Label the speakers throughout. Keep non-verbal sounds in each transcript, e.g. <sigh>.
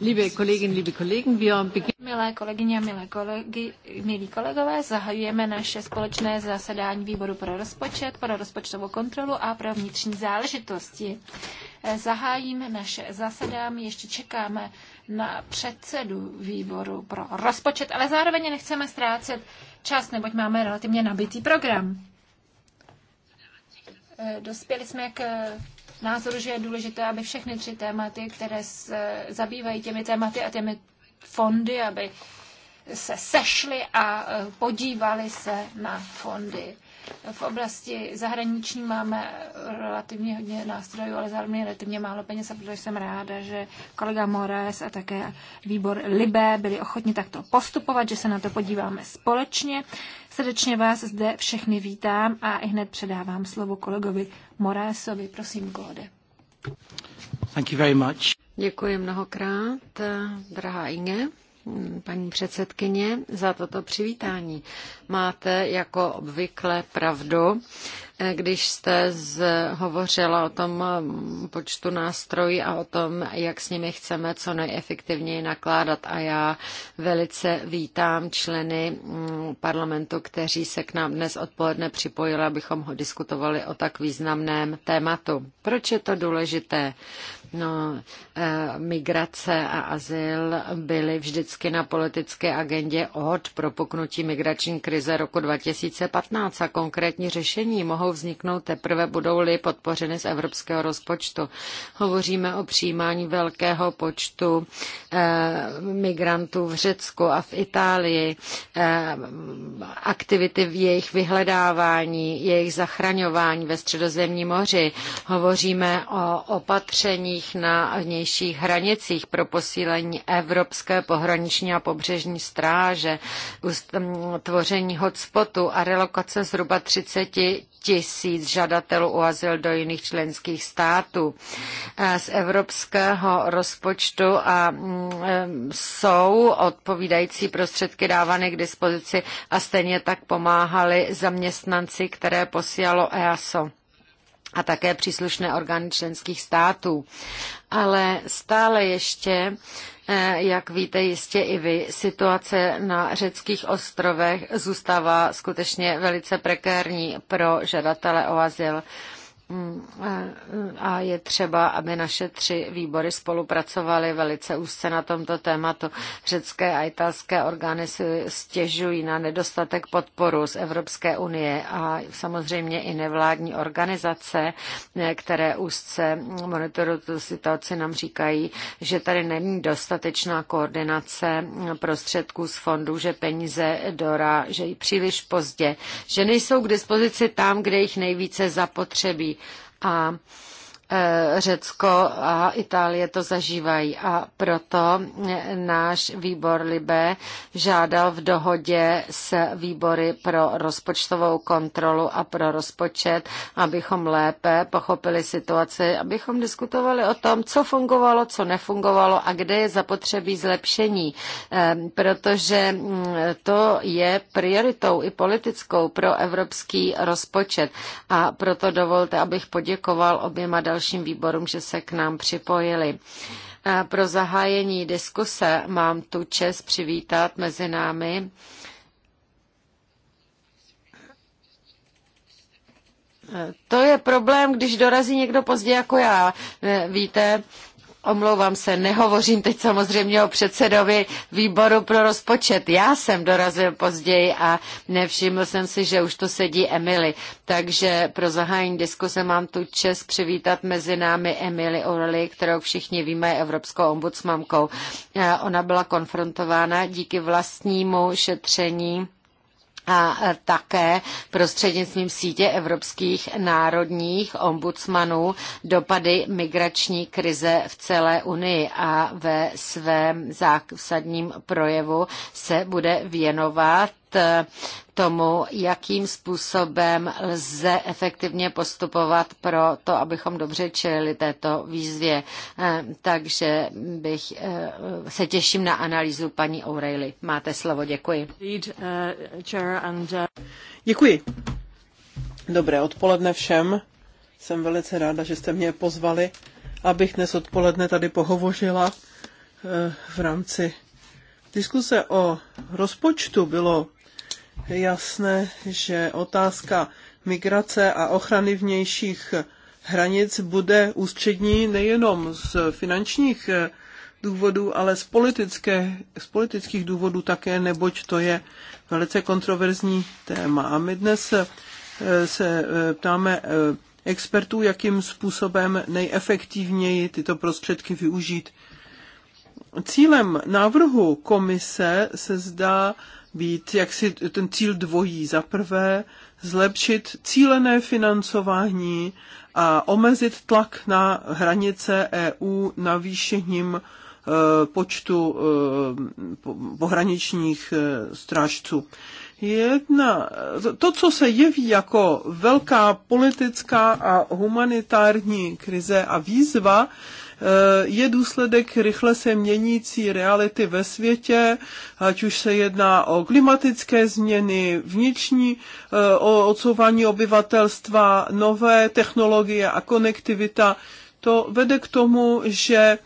Speaker 1: Liebe Kolleginnen, liebe Kollegen, wir
Speaker 2: Milé kolegyně a milé kolegy, milí kolegové, zahajujeme naše společné zasedání výboru pro rozpočet, pro rozpočtovou kontrolu a pro vnitřní záležitosti. Eh, zahájím naše zasedání, ještě čekáme na předsedu výboru pro rozpočet, ale zároveň nechceme ztrácet čas, neboť máme relativně nabitý program. Eh, dospěli jsme k názoru, že je důležité, aby všechny tři tématy, které se zabývají těmi tématy a těmi fondy, aby se sešly a eh, podívali se na fondy. V oblasti zahraniční máme relativně hodně nástrojů, ale zároveň relativně málo peněz a protože jsem ráda, že kolega Moraes a také výbor Libé byli ochotni takto postupovat, že se na to podíváme společně. Srdečně vás zde všechny vítám a i hned předávám slovo kolegovi Moraesovi. Prosím, Klode.
Speaker 3: Thank you very much.
Speaker 1: Děkuji mnohokrát, drahá Inge paní předsedkyně, za toto přivítání. Máte jako obvykle pravdu Eh, když jste hovořila o tom eh, počtu nástrojů a o tom, jak s nimi chceme co nejefektivněji nakládat. A já velice vítám členy mm, parlamentu, kteří se k nám dnes odpoledne připojili, abychom ho diskutovali o tak významném tématu. Proč je to důležité? No, eh, migrace a azyl byly vždycky na politické agendě od propuknutí migrační krize roku 2015 a konkrétní řešení mohou mohou vzniknout teprve, budou-li podpořeny z evropského rozpočtu. Hovoříme o přijímání velkého počtu eh, migrantů v Řecku a v Itálii, eh, aktivity v jejich vyhledávání, jejich zachraňování ve středozemním moři. Hovoříme o opatřeních na vnějších hranicích pro posílení Evropské pohraniční a pobřežní stráže, tvoření hotspotu a relokace zhruba 30 tisíc žadatelů o azyl do jiných členských států. Eh, z evropského rozpočtu a mm, eh, jsou odpovídající prostředky dávány k dispozici a stejně tak pomáhali zaměstnanci, které posílalo EASO a také příslušné orgány členských států. Ale stále ještě, eh, jak víte jistě i vy, situace na řeckých ostrovech zůstává skutečně velice prekérní pro žadatele o azyl a je třeba, aby naše tři výbory spolupracovaly velice úzce na tomto tématu. Řecké a italské orgány si stěžují na nedostatek podporu z Evropské unie a samozřejmě i nevládní organizace, které úzce monitorují tu situaci, nám říkají, že tady není dostatečná koordinace prostředků z fondů, že peníze dorážejí příliš pozdě, že nejsou k dispozici tam, kde jich nejvíce zapotřebí a E, Řecko a Itálie to zažívají a proto náš výbor Libe žádal v dohodě s výbory pro rozpočtovou kontrolu a pro rozpočet, abychom lépe pochopili situaci, abychom diskutovali o tom, co fungovalo, co nefungovalo a kde je zapotřebí zlepšení, e, protože to je prioritou i politickou pro evropský rozpočet a proto dovolte, abych poděkoval oběma dalším dalším výborům, že se k nám připojili. Pro zahájení diskuse mám tu čest přivítat mezi námi To je problém, když dorazí někdo pozdě jako já. Víte, Omlouvám se, nehovořím teď samozřejmě o předsedovi výboru pro rozpočet. Já jsem dorazil později a nevšiml jsem si, že už to sedí Emily. Takže pro zahájení diskuse mám tu čest přivítat mezi námi Emily Orly, kterou všichni víme je evropskou ombudsmankou. Eh, ona byla konfrontována díky vlastnímu šetření a také prostřednictvím sítě evropských národních ombudsmanů dopady migrační krize v celé Unii a ve svém zásadním projevu se bude věnovat tomu, jakým způsobem lze efektivně postupovat pro to, abychom dobře čelili této výzvě. Eh, takže bych eh, se těším na analýzu paní
Speaker 3: O'Reilly. Máte slovo, děkuji. Děkuji. Dobré odpoledne všem. Jsem velice ráda, že jste mě pozvali, abych dnes odpoledne tady pohovořila eh, v rámci diskuse o rozpočtu bylo jasné, že otázka migrace a ochrany vnějších hranic bude ústřední nejenom z finančních eh, důvodů, ale z, politické, z politických důvodů také, neboť to je velice kontroverzní téma. A my dnes eh, se eh, ptáme expertů, jakým způsobem nejefektivněji tyto prostředky využít. Cílem návrhu komise se zdá být jaksi ten cíl dvojí. Za prvé zlepšit cílené financování a omezit tlak na hranice EU navýšením e, počtu e, pohraničních e, strážců. Jedna, to, co se jeví jako velká politická a humanitární krize a výzva, Eh, je důsledek rychle se měnící reality ve světě, ať už se jedná o klimatické změny, vnitřní eh, o odsouvání obyvatelstva, nové technologie a konektivita. To vede k tomu, že eh,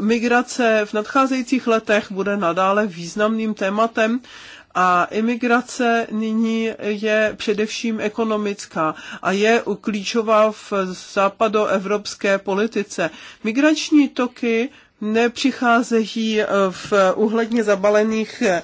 Speaker 3: migrace v nadcházejících letech bude nadále významným tématem a imigrace nyní je především ekonomická a je uklíčová v západoevropské politice. Migrační toky nepřicházejí eh, v uhledně zabalených eh,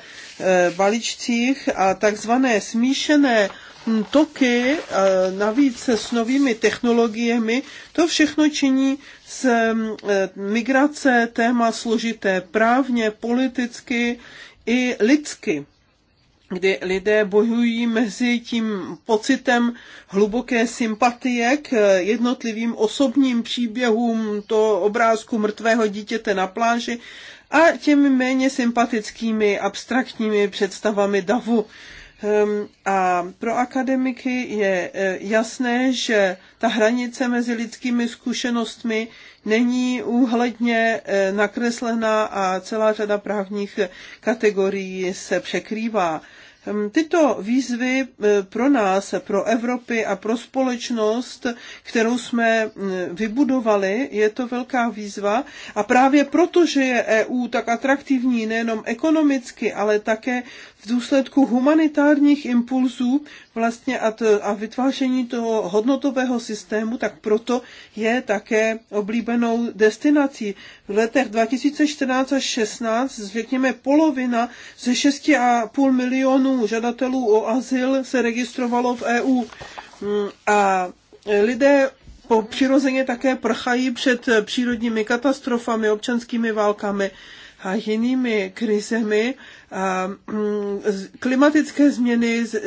Speaker 3: balíčcích a takzvané smíšené hm, toky, eh, navíc s novými technologiemi, to všechno činí z hm, migrace téma složité právně, politicky i lidsky kdy lidé bojují mezi tím pocitem hluboké sympatie k jednotlivým osobním příběhům to obrázku mrtvého dítěte na pláži a těmi méně sympatickými abstraktními představami davu. Ehm, a pro akademiky je e, jasné, že ta hranice mezi lidskými zkušenostmi není úhledně e, nakreslená a celá řada právních kategorií se překrývá. Ehm, tyto výzvy eh, pro nás, pro Evropy a pro společnost, kterou jsme mm, vybudovali, je to velká výzva a právě proto, že je EU tak atraktivní nejenom ekonomicky, ale také v důsledku humanitárních impulzů vlastně a, t, a vytváření toho hodnotového systému, tak proto je také oblíbenou destinací. V letech 2014 až 16, řekněme polovina ze 6,5 milionů žadatelů o azyl se registrovalo v EU. Mm, a lidé po přirozeně také prchají před přírodními katastrofami, občanskými válkami a jinými krizemi. A mm, klimatické změny e,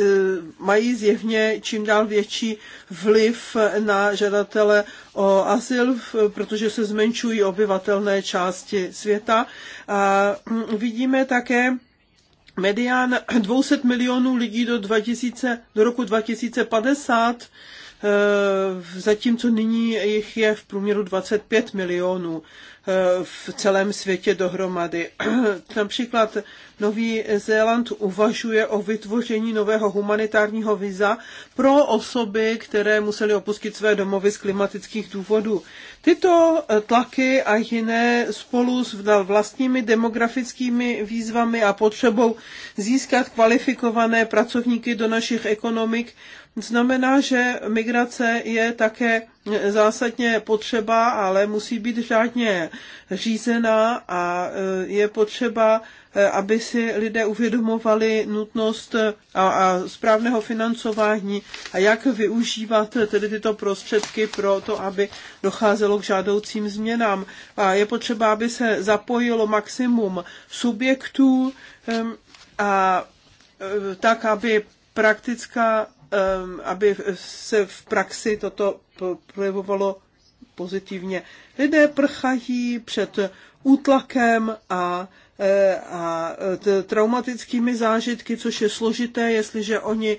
Speaker 3: mají zjevně čím dál větší vliv na žadatele o azyl, protože se zmenšují obyvatelné části světa. A mm, vidíme také, medián 200 milionů lidí do, 2000, do roku 2050, e, zatímco nyní jich je v průměru 25 milionů. Eh, v celém světě dohromady. <clears throat> Například Nový Zéland uvažuje o vytvoření nového humanitárního viza pro osoby, které museli opustit své domovy z klimatických důvodů. Tyto eh, tlaky a jiné spolu s vlastními demografickými výzvami a potřebou získat kvalifikované pracovníky do našich ekonomik znamená, že migrace je také eh, zásadně potřeba, ale musí být řádně řízená a eh, je potřeba Eh, aby si lidé uvědomovali nutnost eh, a, a správného financování a jak využívat eh, tedy tyto prostředky pro to, aby docházelo k žádoucím změnám. A je potřeba, aby se zapojilo maximum subjektů a tak, aby praktická, aby se v praxi toto projevovalo pozitivně. Lidé prchají před útlakem a Eh, a eh, traumatickými zážitky, což je složité, jestliže oni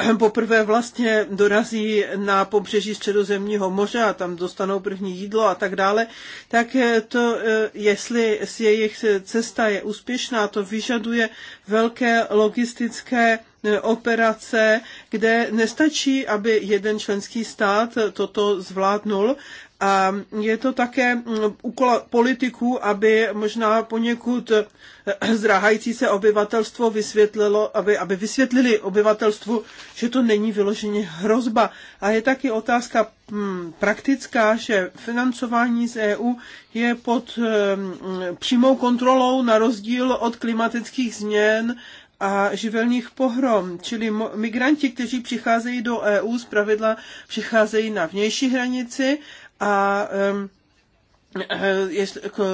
Speaker 3: eh, <clears throat> poprvé vlastně dorazí na pobřeží Středozemního moře a tam dostanou první jídlo a tak dále, tak to, jestli jejich cesta je úspěšná, to vyžaduje velké logistické operace, kde nestačí, aby jeden členský stát toto zvládnul, a je to také mm, úkol politiků, aby možná poněkud eh, <clears throat> zdráhající se obyvatelstvo vysvětlilo, aby, aby vysvětlili obyvatelstvu, že to není vyloženě hrozba. A je taky otázka mm, praktická, že financování z EU je pod eh, mm, přímou kontrolou na rozdíl od klimatických změn a živelních pohrom, čili migranti, kteří přicházejí do EU, zpravidla přicházejí na vnější hranici a eh,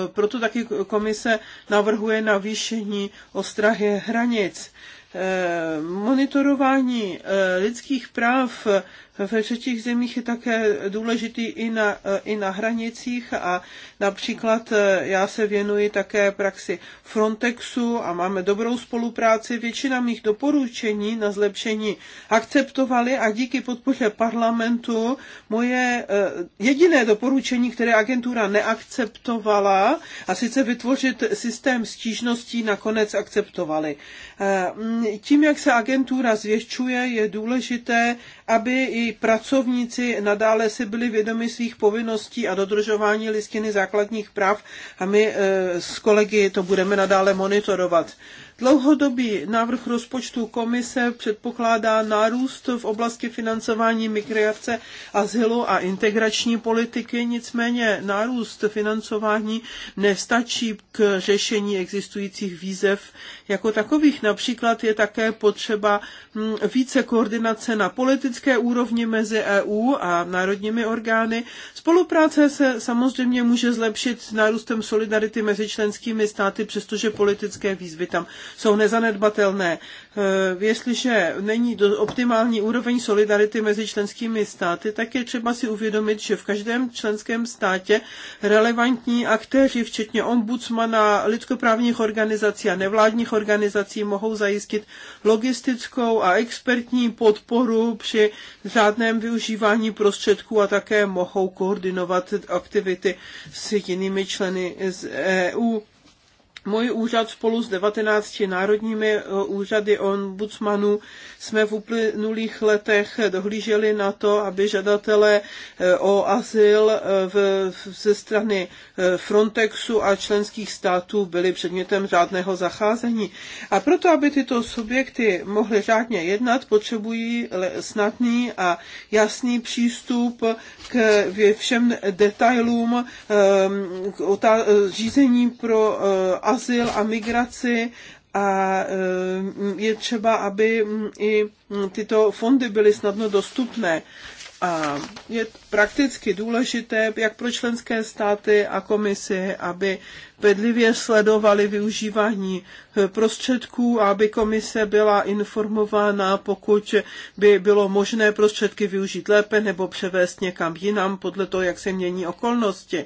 Speaker 3: proto taky komise navrhuje navýšení ostrahy hranic eh, monitorování eh, lidských práv ve třetích zemích je také důležitý i na, i na hranicích a například eh, já se věnuji také praxi Frontexu a máme dobrou spolupráci. Většina mých doporučení na zlepšení akceptovali a díky podpoře parlamentu moje eh, jediné doporučení, které agentura neakceptovala a sice vytvořit systém stížností, nakonec akceptovali. Eh, tím, jak se agentura zvětšuje, je důležité, aby i pracovníci nadále si byli vědomi svých povinností a dodržování listiny základních práv a my eh, s kolegy to budeme nadále monitorovat. Dlouhodobý návrh rozpočtu komise předpokládá nárůst v oblasti financování migrace, azylu a integrační politiky, nicméně nárůst financování nestačí k řešení existujících výzev jako takových. Například je také potřeba hm, více koordinace na politické úrovni mezi EU a národními orgány. Spolupráce se samozřejmě může zlepšit nárůstem solidarity mezi členskými státy, přestože politické výzvy tam jsou nezanedbatelné. E, jestliže není do optimální úroveň solidarity mezi členskými státy, tak je třeba si uvědomit, že v každém členském státě relevantní aktéři, včetně ombudsmana, lidskoprávních organizací a nevládních organizací, mohou zajistit logistickou a expertní podporu při řádném využívání prostředků a také mohou koordinovat aktivity s jinými členy z EU. Můj úřad spolu s 19 národními eh, úřady ombudsmanů jsme v uplynulých letech dohlíželi na to, aby žadatelé eh, o azyl eh, v, ze strany Frontexu a členských států byli předmětem řádného zacházení. A proto, aby tyto subjekty mohly řádně jednat, potřebují snadný a jasný přístup k všem detailům k řízení pro azyl azyl a migraci a eh, je třeba, aby mm, i mm, tyto fondy byly snadno dostupné. A je prakticky důležité jak pro členské státy a komisi, aby bedlivě sledovali využívání eh, prostředků, aby komise byla informována, pokud by bylo možné prostředky využít lépe nebo převést někam jinam podle toho, jak se mění okolnosti.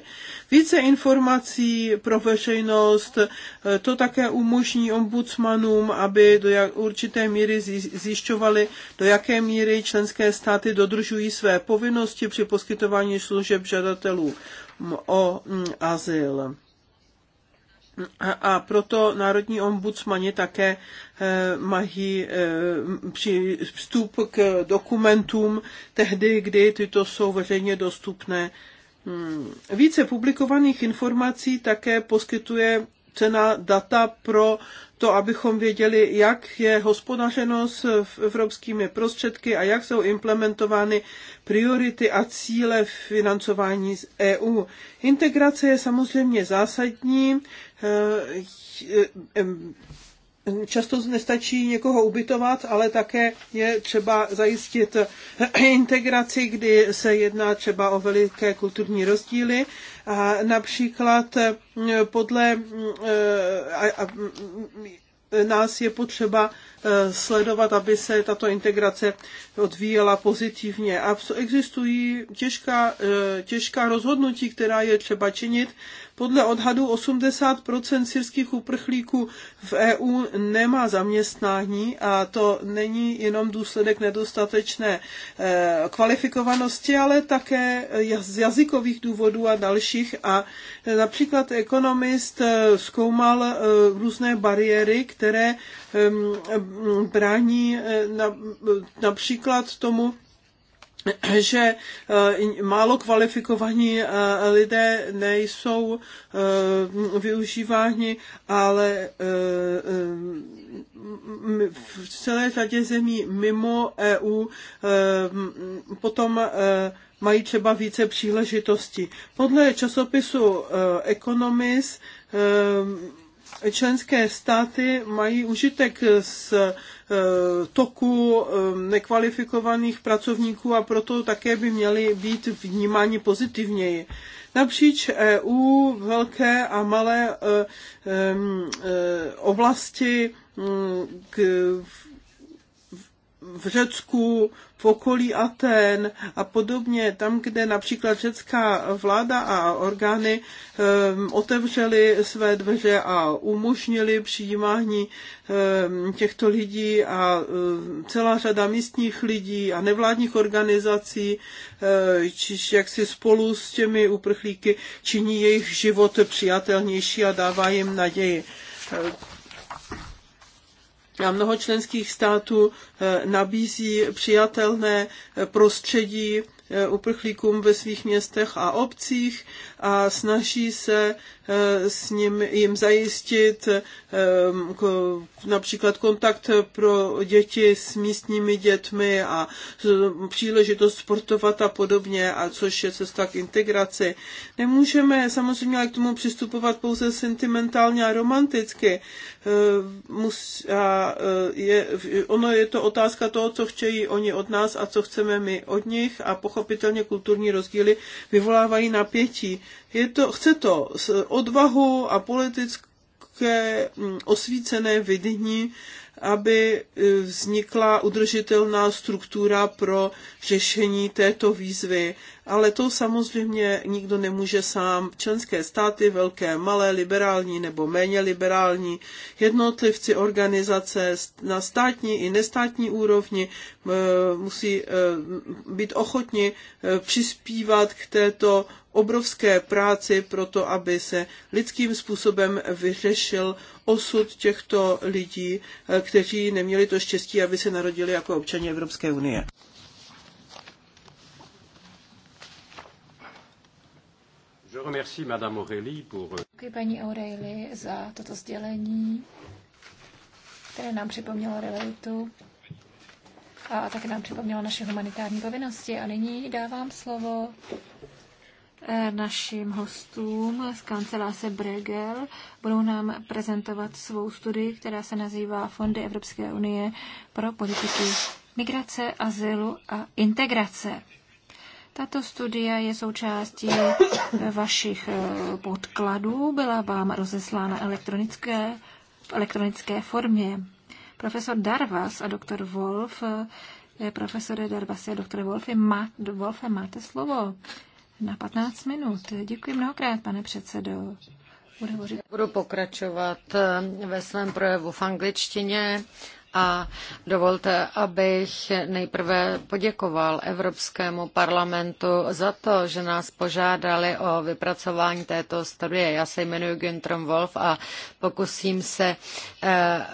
Speaker 3: Více informací pro veřejnost eh, to také umožní ombudsmanům, aby do jak určité míry zjišťovali, do jaké míry členské státy dodržují své povinnosti při poskytování služeb žadatelů o mm, azyl. A proto národní ombudsmani také eh, mají eh, při vstup k dokumentům tehdy, kdy tyto jsou veřejně dostupné. Hmm. Více publikovaných informací také poskytuje cená data pro to, abychom věděli, jak je hospodařeno s evropskými prostředky a jak jsou implementovány priority a cíle financování z EU. Integrace je samozřejmě zásadní. Eh, eh, často nestačí někoho ubytovat, ale také je třeba zajistit <clears throat> integraci, kdy se jedná třeba o veliké kulturní rozdíly. A například mm, podle mm, a, a, mm, nás je potřeba eh, sledovat, aby se tato integrace odvíjela pozitivně. A existují těžká, eh, těžká rozhodnutí, která je třeba činit podle odhadu 80 syrských uprchlíků v EU nemá zaměstnání a to není jenom důsledek nedostatečné eh, kvalifikovanosti, ale také z jazykových důvodů a dalších. A eh, například ekonomist eh, zkoumal různé bariéry, které ehm, brání například tomu, že eh, málo kvalifikovaní eh, lidé nejsou eh, využíváni, ale v celé řadě zemí mimo EU potom mají třeba více příležitostí. Podle časopisu Economist členské státy mají užitek z eh, toku eh, nekvalifikovaných pracovníků a proto také by měly být vnímáni pozitivněji. Napříč EU velké a malé eh, oblasti mm, v Řecku, v okolí Aten a podobně, tam, kde například řecká vláda a orgány um, otevřely své dveře a umožnili přijímání um, těchto lidí a um, celá řada místních lidí a nevládních organizací, um, čiž jak si spolu s těmi uprchlíky činí jejich život přijatelnější a dává jim naději a mnoho členských států eh, nabízí přijatelné eh, prostředí eh, uprchlíkům ve svých městech a obcích a snaží se s ním, jim zajistit například kontakt pro děti s místními dětmi a příležitost sportovat a podobně, a což je cesta k integraci. Nemůžeme samozřejmě k tomu přistupovat pouze sentimentálně a romanticky. Eh, mus, a eh, je, ono je to otázka toho, co chtějí oni od nás a co chceme my od nich a pochopitelně kulturní rozdíly vyvolávají napětí. Je to, chce to odvahu a politické hm, osvícené vidění, aby eh, vznikla udržitelná struktura pro řešení této výzvy ale to samozřejmě nikdo nemůže sám. Členské státy, velké, malé, liberální nebo méně liberální, jednotlivci, organizace na státní i nestátní úrovni eh, musí eh, být ochotni eh, přispívat k této obrovské práci pro to, aby se lidským způsobem vyřešil osud těchto lidí, kteří neměli to štěstí, aby se narodili jako občani Evropské unie.
Speaker 4: remercie
Speaker 2: Madame Aurélie pour... Euh, Děkuji paní Aureli za toto sdělení, které nám připomnělo realitu a také nám připomnělo naše humanitární povinnosti. A nyní dávám slovo eh, našim hostům z kanceláře Bregel. Budou nám prezentovat svou studii, která se nazývá Fondy Evropské unie pro politiky migrace, azylu a integrace. Tato studie je součástí vašich eh, podkladů, byla vám rozeslána elektronické, v elektronické formě. Profesor Darvas a doktor Wolf, eh, profesore Darvas a doktor Wolf, má, Wolfe, máte slovo na 15 minut. Děkuji mnohokrát, pane předsedo.
Speaker 1: Budu, Budu pokračovat eh, ve svém projevu v angličtině. A dovolte, abych nejprve poděkoval Evropskému parlamentu za to, že nás požádali o vypracování této studie. Já se jmenuji Günther Wolf a pokusím se eh, eh,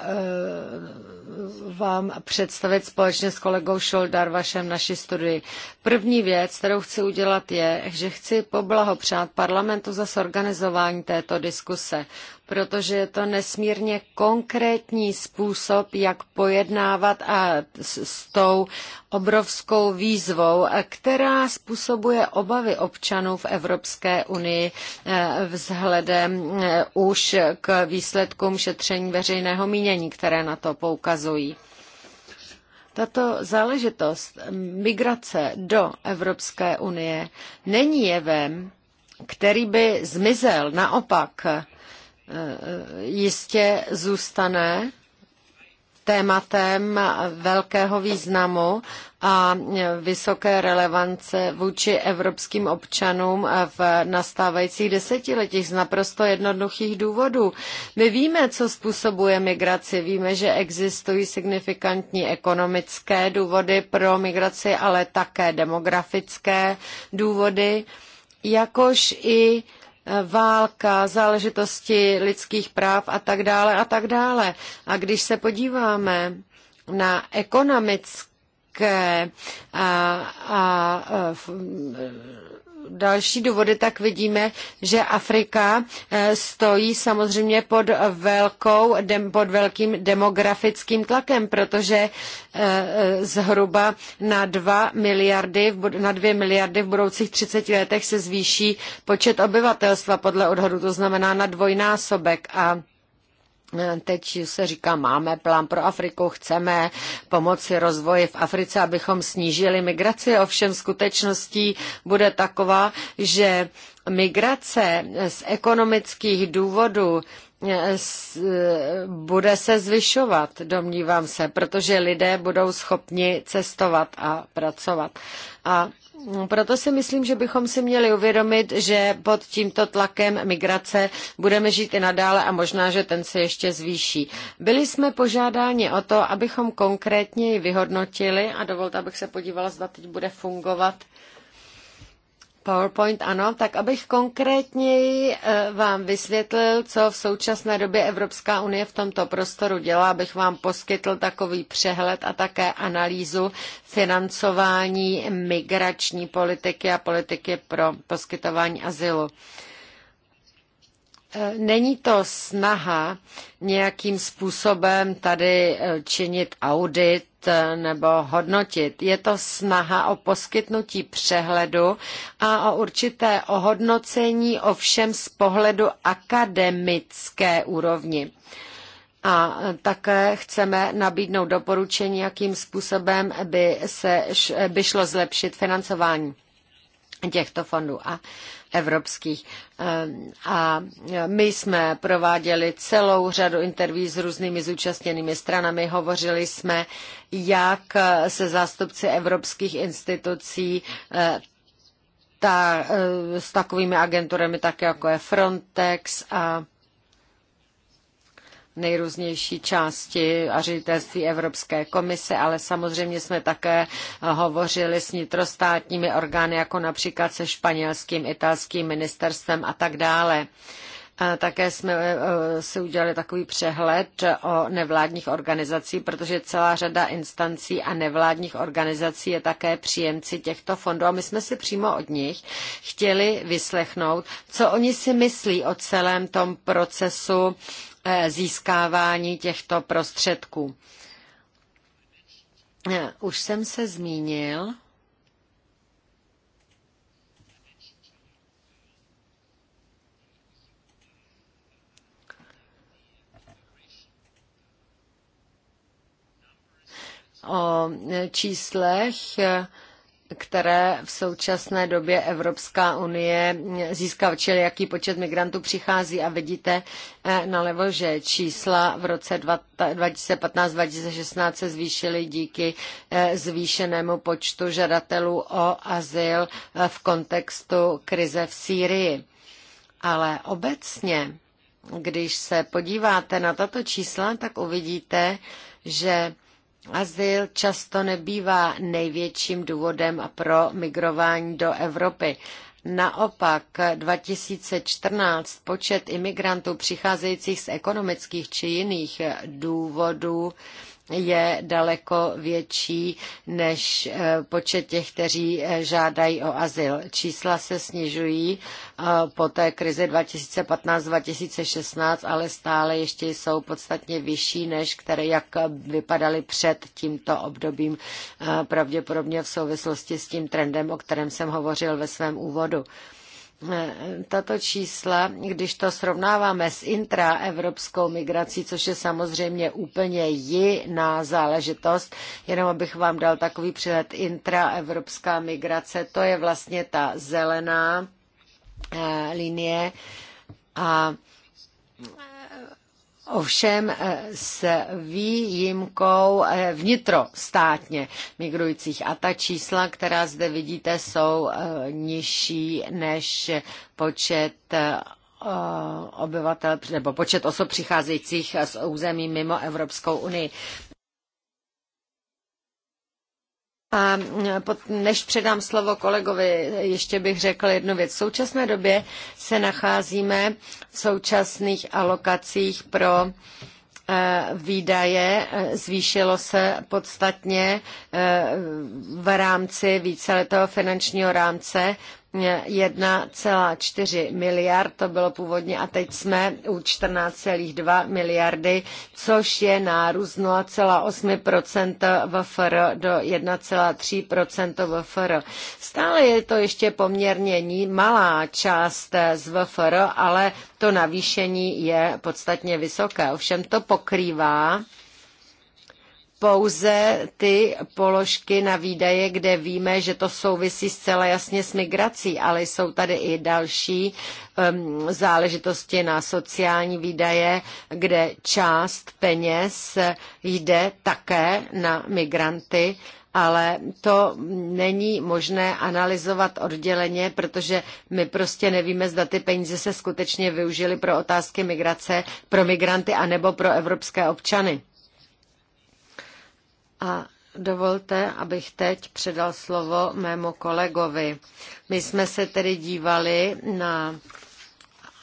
Speaker 1: vám představit společně s kolegou Šoldar vašem naši studii. První věc, kterou chci udělat, je, že chci poblahopřát parlamentu za sorganizování této diskuse protože je to nesmírně konkrétní způsob, jak pojednávat a s tou obrovskou výzvou, která způsobuje obavy občanů v Evropské unii eh, vzhledem eh, už k výsledkům šetření veřejného mínění, které na to poukazují. Tato záležitost migrace do Evropské unie není jevem, který by zmizel. Naopak, jistě zůstane tématem velkého významu a vysoké relevance vůči evropským občanům v nastávajících desetiletích z naprosto jednoduchých důvodů. My víme, co způsobuje migraci, víme, že existují signifikantní ekonomické důvody pro migraci, ale také demografické důvody, jakož i válka, záležitosti lidských práv a tak dále a tak dále. A když se podíváme na ekonomické a, a, a další důvody, tak vidíme, že Afrika eh, stojí samozřejmě pod, velkou, pod velkým demografickým tlakem, protože eh, eh, zhruba na 2 miliardy, na 2 miliardy v budoucích 30 letech se zvýší počet obyvatelstva podle odhadu, to znamená na dvojnásobek. A Teď se říká, máme plán pro Afriku, chceme pomoci rozvoji v Africe, abychom snížili migraci. Ovšem skutečností bude taková, že migrace z ekonomických důvodů eh, eh, bude se zvyšovat, domnívám se, protože lidé budou schopni cestovat a pracovat. A proto si myslím, že bychom si měli uvědomit, že pod tímto tlakem migrace budeme žít i nadále a možná, že ten se ještě zvýší. Byli jsme požádáni o to, abychom konkrétněji vyhodnotili a dovolte, abych se podívala, zda teď bude fungovat PowerPoint, ano, tak abych konkrétněji eh, vám vysvětlil, co v současné době Evropská unie v tomto prostoru dělá, abych vám poskytl takový přehled a také analýzu financování migrační politiky a politiky pro poskytování azylu. Eh, není to snaha nějakým způsobem tady eh, činit audit Eh, nebo hodnotit. Je to snaha o poskytnutí přehledu a o určité ohodnocení ovšem z pohledu akademické úrovni. A také chceme nabídnout doporučení, jakým způsobem by, se, by šlo zlepšit financování těchto fondů. A evropských. Ehm, a my jsme prováděli celou řadu interví s různými zúčastněnými stranami. Hovořili jsme jak se zástupci evropských institucí, eh, ta, eh, s takovými agenturami tak jako je Frontex a nejrůznější části a ředitelství Evropské komise, ale samozřejmě jsme také hovořili s nitrostátními orgány, jako například se španělským, italským ministerstvem a tak dále. Také jsme e, e, si udělali takový přehled o nevládních organizací, protože celá řada instancí a nevládních organizací je také příjemci těchto fondů. A my jsme si přímo od nich chtěli vyslechnout, co oni si myslí o celém tom procesu Eh, získávání těchto prostředků. Eh, už jsem se zmínil, o eh, číslech které v současné době Evropská unie získá, čili jaký počet migrantů přichází a vidíte eh, nalevo, že čísla v roce 2015-2016 se zvýšily díky eh, zvýšenému počtu žadatelů o azyl eh, v kontextu krize v Sýrii. Ale obecně, když se podíváte na tato čísla, tak uvidíte, že Azyl často nebývá největším důvodem pro migrování do Evropy. Naopak 2014 počet imigrantů přicházejících z ekonomických či jiných důvodů je daleko větší než eh, počet těch, kteří eh, žádají o azyl. Čísla se snižují eh, po té krizi 2015-2016, ale stále ještě jsou podstatně vyšší, než které, jak vypadaly před tímto obdobím, pravděpodobně v souvislosti s tím trendem, o kterém jsem hovořil ve svém úvodu. Eh, tato čísla, když to srovnáváme s intraevropskou migrací, což je samozřejmě úplně jiná záležitost, jenom abych vám dal takový přehled, intraevropská migrace, to je vlastně ta zelená eh, linie a ovšem eh, s výjimkou eh, vnitrostátně migrujících. A ta čísla, která zde vidíte, jsou eh, nižší než počet obyvatel nebo počet osob přicházejících z území mimo Evropskou unii. A než předám slovo kolegovi, ještě bych řekl jednu věc. V současné době se nacházíme v současných alokacích pro eh, výdaje zvýšilo se podstatně eh, v rámci víceletého finančního rámce 1,4 miliard, to bylo původně, a teď jsme u 14,2 miliardy, což je nárůst 0,8 VFR do 1,3 VFR. Stále je to ještě poměrně ní malá část z VFR, ale to navýšení je podstatně vysoké. Ovšem to pokrývá pouze ty položky na výdaje, kde víme, že to souvisí zcela jasně s migrací, ale jsou tady i další um, záležitosti na sociální výdaje, kde část peněz jde také na migranty ale to není možné analyzovat odděleně, protože my prostě nevíme, zda ty peníze se skutečně využily pro otázky migrace, pro migranty anebo pro evropské občany. A Dovolte, abych teď předal slovo mému kolegovi. My jsme se tedy dívali na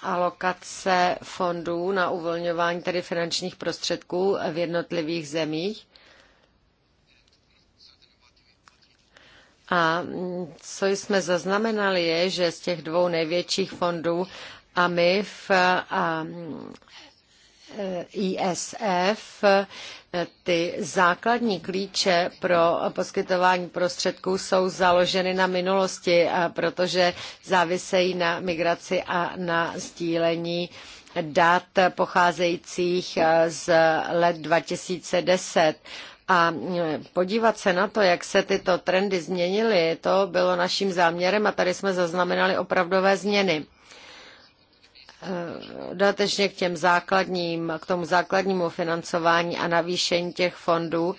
Speaker 1: alokace fondů na uvolňování tedy finančních prostředků v jednotlivých zemích. A co jsme zaznamenali je, že z těch dvou největších fondů AMIF a E, ISF e, ty základní klíče pro poskytování prostředků jsou založeny na minulosti, protože závisejí na migraci a na sdílení dat pocházejících e, z let 2010. A podívat se na to, jak se tyto trendy změnily, to bylo naším záměrem a tady jsme zaznamenali opravdové změny. Eh, dodatečně k, těm základním, k tomu základnímu financování a navýšení těch fondů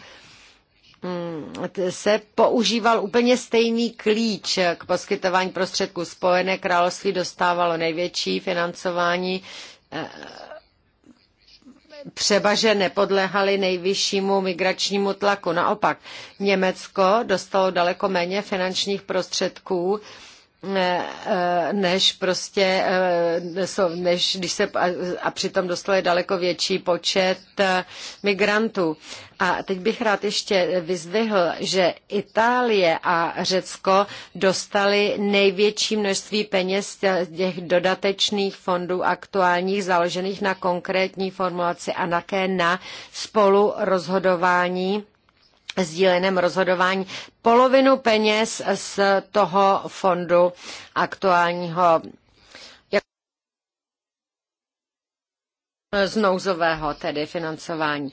Speaker 1: hmm, se používal úplně stejný klíč k poskytování prostředků. Spojené království dostávalo největší financování eh, třeba, že nepodlehali nejvyššímu migračnímu tlaku. Naopak, Německo dostalo daleko méně finančních prostředků Eh, než prostě, eh, než když se, a přitom dostali daleko větší počet eh, migrantů. A teď bych rád ještě vyzdvihl, že Itálie a Řecko dostali největší množství peněz těch dodatečných fondů aktuálních, založených na konkrétní formulaci a také na spolurozhodování sdíleném rozhodování polovinu peněz z toho fondu aktuálního z nouzového tedy financování.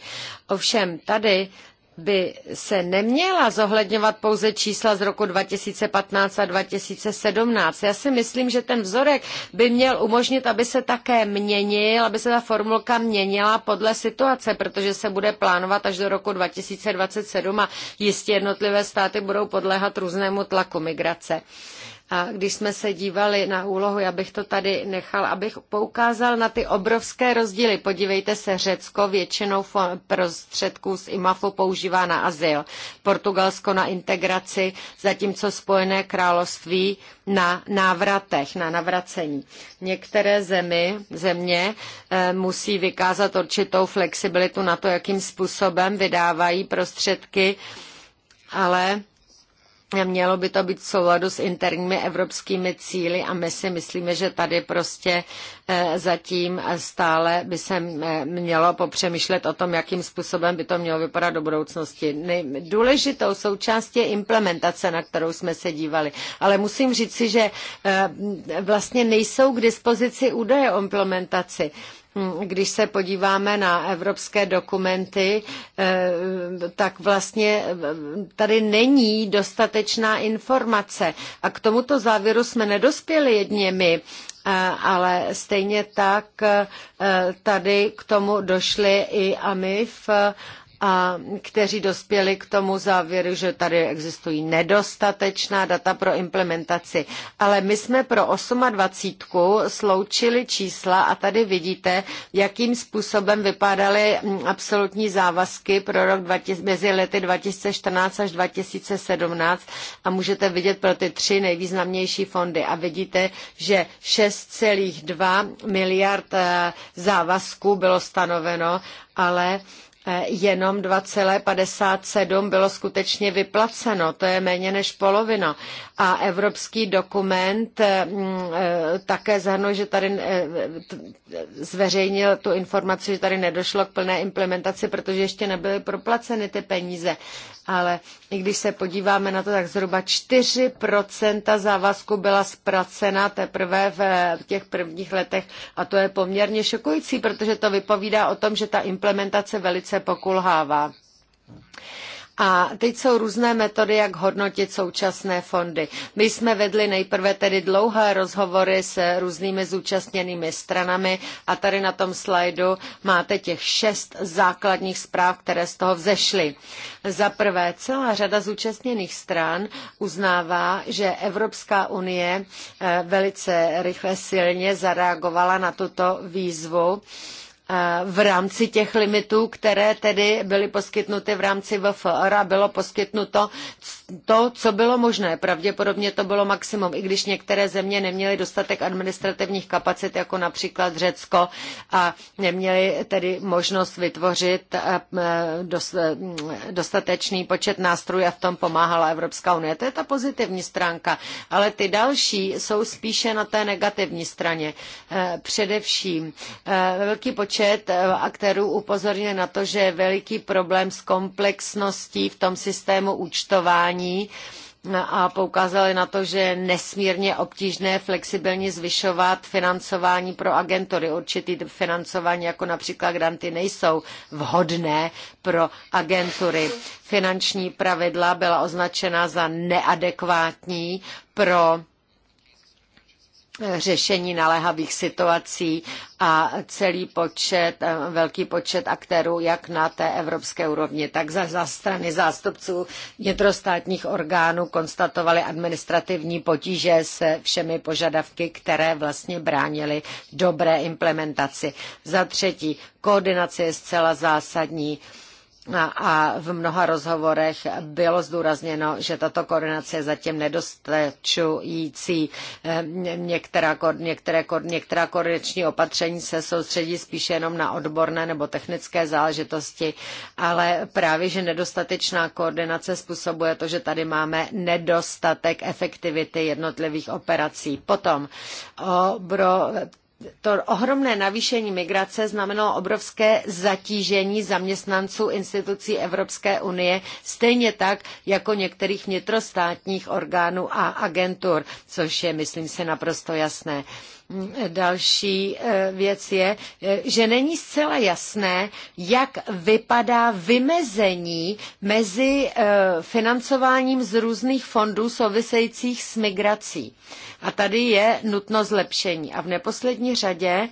Speaker 1: Ovšem tady by se neměla zohledňovat pouze čísla z roku 2015 a 2017. Já si myslím, že ten vzorek by měl umožnit, aby se také měnil, aby se ta formulka měnila podle situace, protože se bude plánovat až do roku 2027 a jistě jednotlivé státy budou podléhat různému tlaku migrace když jsme se dívali na úlohu, já bych to tady nechal, abych poukázal na ty obrovské rozdíly. Podívejte se, Řecko většinou prostředků z IMAFu používá na azyl, Portugalsko na integraci, zatímco Spojené království na návratech, na navracení. Některé zemi, země eh, musí vykázat určitou flexibilitu na to, jakým způsobem vydávají prostředky, ale Mělo by to být v souladu s interními evropskými cíly a my si myslíme, že tady prostě eh, zatím stále by se eh, mělo popřemýšlet o tom, jakým způsobem by to mělo vypadat do budoucnosti. Důležitou součástí je implementace, na kterou jsme se dívali. Ale musím říci, že eh, vlastně nejsou k dispozici údaje o implementaci. Když se podíváme na evropské dokumenty, eh, tak vlastně eh, tady není dostatečná informace. A k tomuto závěru jsme nedospěli jedně my, eh, ale stejně tak tady k tomu došly i AMIF a kteří dospěli k tomu závěru, že tady existují nedostatečná data pro implementaci. Ale my jsme pro 28 sloučili čísla a tady vidíte, jakým způsobem vypadaly absolutní závazky pro rok 20, mezi lety 2014 až 2017 a můžete vidět pro ty tři nejvýznamnější fondy a vidíte, že 6,2 miliard eh, závazků bylo stanoveno, ale Eh, jenom 2,57 bylo skutečně vyplaceno, to je méně než polovina. A evropský dokument eh, mm, eh, také zahrnul, že tady zveřejnil tu informaci, že tady nedošlo k plné implementaci, protože ještě nebyly proplaceny ty peníze. Ale i když se podíváme na to, tak zhruba 4% závazku byla zpracena teprve v těch prvních letech a to je poměrně šokující, protože to vypovídá o tom, že ta implementace velice velice pokulhává. A teď jsou různé metody, jak hodnotit současné fondy. My jsme vedli nejprve tedy dlouhé rozhovory s různými zúčastněnými stranami a tady na tom slajdu máte těch šest základních zpráv, které z toho vzešly. Za prvé, celá řada zúčastněných stran uznává, že Evropská unie eh, velice rychle silně zareagovala na tuto výzvu v rámci těch limitů, které tedy byly poskytnuty v rámci VFR a bylo poskytnuto to, co bylo možné. Pravděpodobně to bylo maximum, i když některé země neměly dostatek administrativních kapacit, jako například Řecko, a neměly tedy možnost vytvořit eh, eh, eh, dostatečný počet nástrojů a v tom pomáhala Evropská unie. To je ta pozitivní stránka, ale ty další jsou spíše na té negativní straně. Především velký počet počet eh, aktérů upozorňuje na to, že je veliký problém s komplexností v tom systému účtování eh, a poukázali na to, že je nesmírně obtížné flexibilně zvyšovat financování pro agentury. Určitý financování, jako například granty, nejsou vhodné pro agentury. Finanční pravidla byla označena za neadekvátní pro řešení naléhavých situací a celý počet, eh, velký počet aktérů, jak na té evropské úrovni, tak za, za strany zástupců vnitrostátních orgánů konstatovali administrativní potíže se všemi požadavky, které vlastně bránily dobré implementaci. Za třetí, koordinace je zcela zásadní a v mnoha rozhovorech bylo zdůrazněno, že tato koordinace je zatím nedostačující. E, některá, některé, některá koordinační opatření se soustředí spíše jenom na odborné nebo technické záležitosti, ale právě, že nedostatečná koordinace způsobuje to, že tady máme nedostatek efektivity jednotlivých operací. Potom obro, to ohromné navýšení migrace znamenalo obrovské zatížení zaměstnanců institucí Evropské unie, stejně tak jako některých vnitrostátních orgánů a agentur, což je, myslím si, naprosto jasné. Další eh, věc je, eh, že není zcela jasné, jak vypadá vymezení mezi eh, financováním z různých fondů souvisejících s migrací. A tady je nutno zlepšení. A v neposlední řadě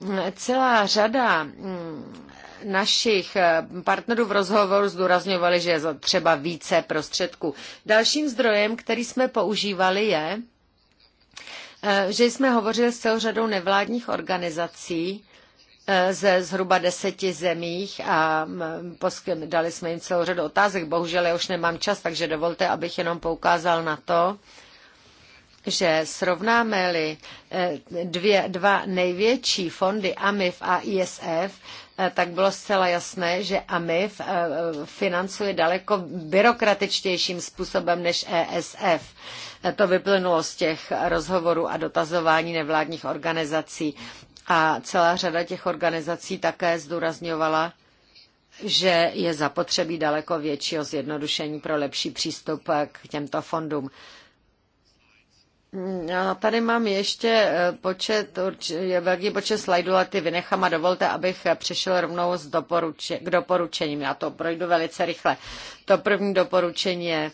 Speaker 1: mm, celá řada mm, našich partnerů v rozhovoru zdůrazňovali, že je třeba více prostředků. Dalším zdrojem, který jsme používali, je Eh, že jsme hovořili s celou řadou nevládních organizací eh, ze zhruba deseti zemích a mm, dali jsme jim celou řadu otázek. Bohužel já už nemám čas, takže dovolte, abych jenom poukázal na to, že srovnáme-li eh, dvě, dva největší fondy AMIF a ISF, tak bylo zcela jasné, že AMIF financuje daleko byrokratičtějším způsobem než ESF to vyplynulo z těch rozhovorů a dotazování nevládních organizací. A celá řada těch organizací také zdůrazňovala, že je zapotřebí daleko většího zjednodušení pro lepší přístup k těmto fondům. A no, tady mám ještě eh, počet, je velký počet slajdů, ale ty vynechám a dovolte, abych přešel rovnou s doporuče, k doporučením. Já to projdu velice rychle. To první doporučení je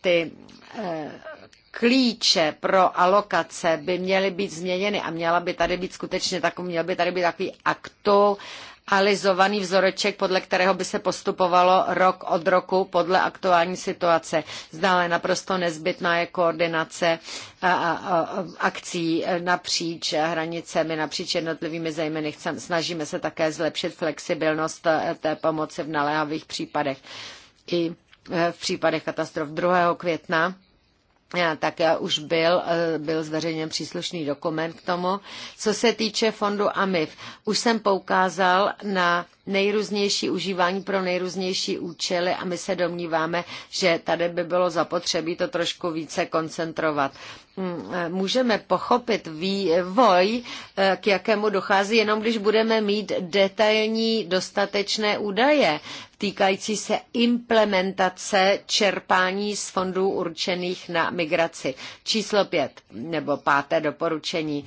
Speaker 1: ty e, klíče pro alokace by měly být změněny a měla by tady být skutečně takový, měl by tady být takový aktu, vzoreček, podle kterého by se postupovalo rok od roku podle aktuální situace. Zdále naprosto nezbytná je koordinace akcí napříč hranicemi, napříč jednotlivými zejmény. Snažíme se také zlepšit flexibilnost té pomoci v naléhavých případech. I Eh, v případech katastrof 2. května eh, tak už byl, eh, byl zveřejněn příslušný dokument k tomu. Co se týče fondu AMIF, už jsem poukázal na nejrůznější užívání pro nejrůznější účely a my se domníváme, že tady by bylo zapotřebí to trošku více koncentrovat mm, eh, můžeme pochopit vývoj, eh, k jakému dochází, jenom když budeme mít detailní dostatečné údaje týkající se implementace čerpání z fondů určených na migraci. Číslo pět nebo páté doporučení.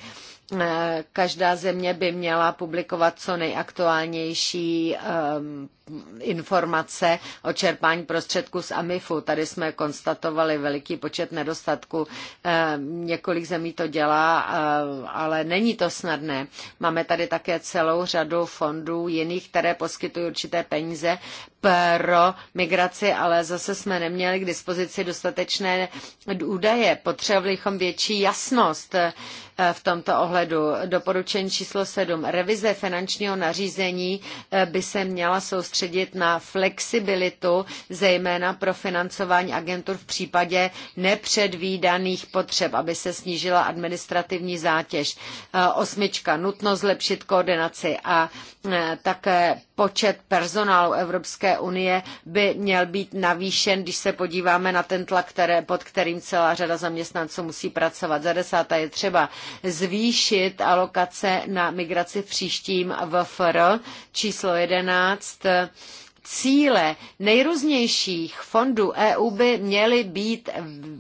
Speaker 1: Eh, každá země by měla publikovat co nejaktuálnější ehm, informace o čerpání prostředků z AMIFu. Tady jsme konstatovali veliký počet nedostatků. Ehm, několik zemí to dělá, eh, ale není to snadné. Máme tady také celou řadu fondů jiných, které poskytují určité peníze pro migraci, ale zase jsme neměli k dispozici dostatečné údaje. Potřebovali bychom větší jasnost eh, v tomto ohledu ohledu doporučení číslo 7. Revize finančního nařízení eh, by se měla soustředit na flexibilitu, zejména pro financování agentur v případě nepředvídaných potřeb, aby se snížila administrativní zátěž. Eh, osmička, nutno zlepšit koordinaci a eh, také počet personálu Evropské unie by měl být navýšen, když se podíváme na ten tlak, které, pod kterým celá řada zaměstnanců musí pracovat. Za desáté je třeba zvýšit zvýšit alokace na migraci v příštím VFR číslo 11 cíle nejrůznějších fondů EU by měly být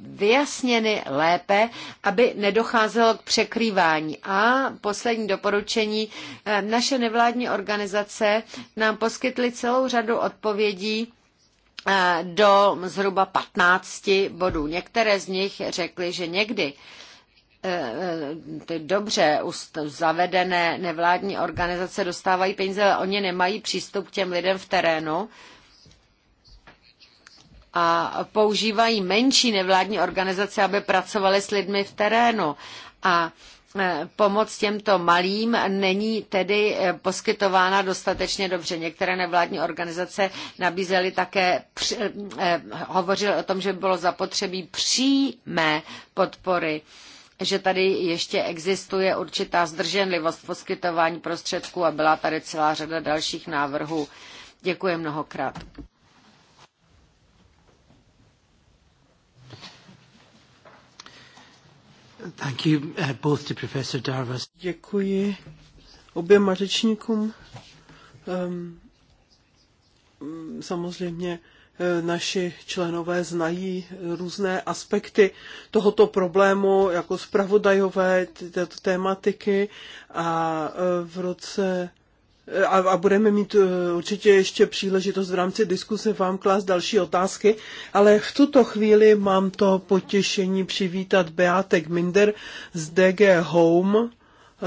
Speaker 1: vyjasněny lépe, aby nedocházelo k překrývání. A poslední doporučení, eh, naše nevládní organizace nám poskytly celou řadu odpovědí eh, do zhruba 15 bodů. Některé z nich řekly, že někdy Eh, eh, ty dobře zavedené nevládní organizace dostávají peníze, ale oni nemají přístup k těm lidem v terénu a používají menší nevládní organizace, aby pracovali s lidmi v terénu. A eh, pomoc těmto malým není tedy poskytována dostatečně dobře. Některé nevládní organizace nabízely také, hovořily o tom, že by bylo zapotřebí přímé podpory že tady ještě existuje určitá zdrženlivost v poskytování prostředků a byla tady celá řada dalších návrhů. Děkuji mnohokrát.
Speaker 3: Thank you uh, both to Professor Darvas. Děkuji oběma řečníkům. Um, mm, samozřejmě E, naši členové znají různé aspekty tohoto problému jako zpravodajové této tématiky a e, v roce e, a, a budeme mít určitě ještě příležitost v rámci diskuse vám klást další otázky, ale v tuto chvíli mám to potěšení přivítat Beátek Minder z DG Home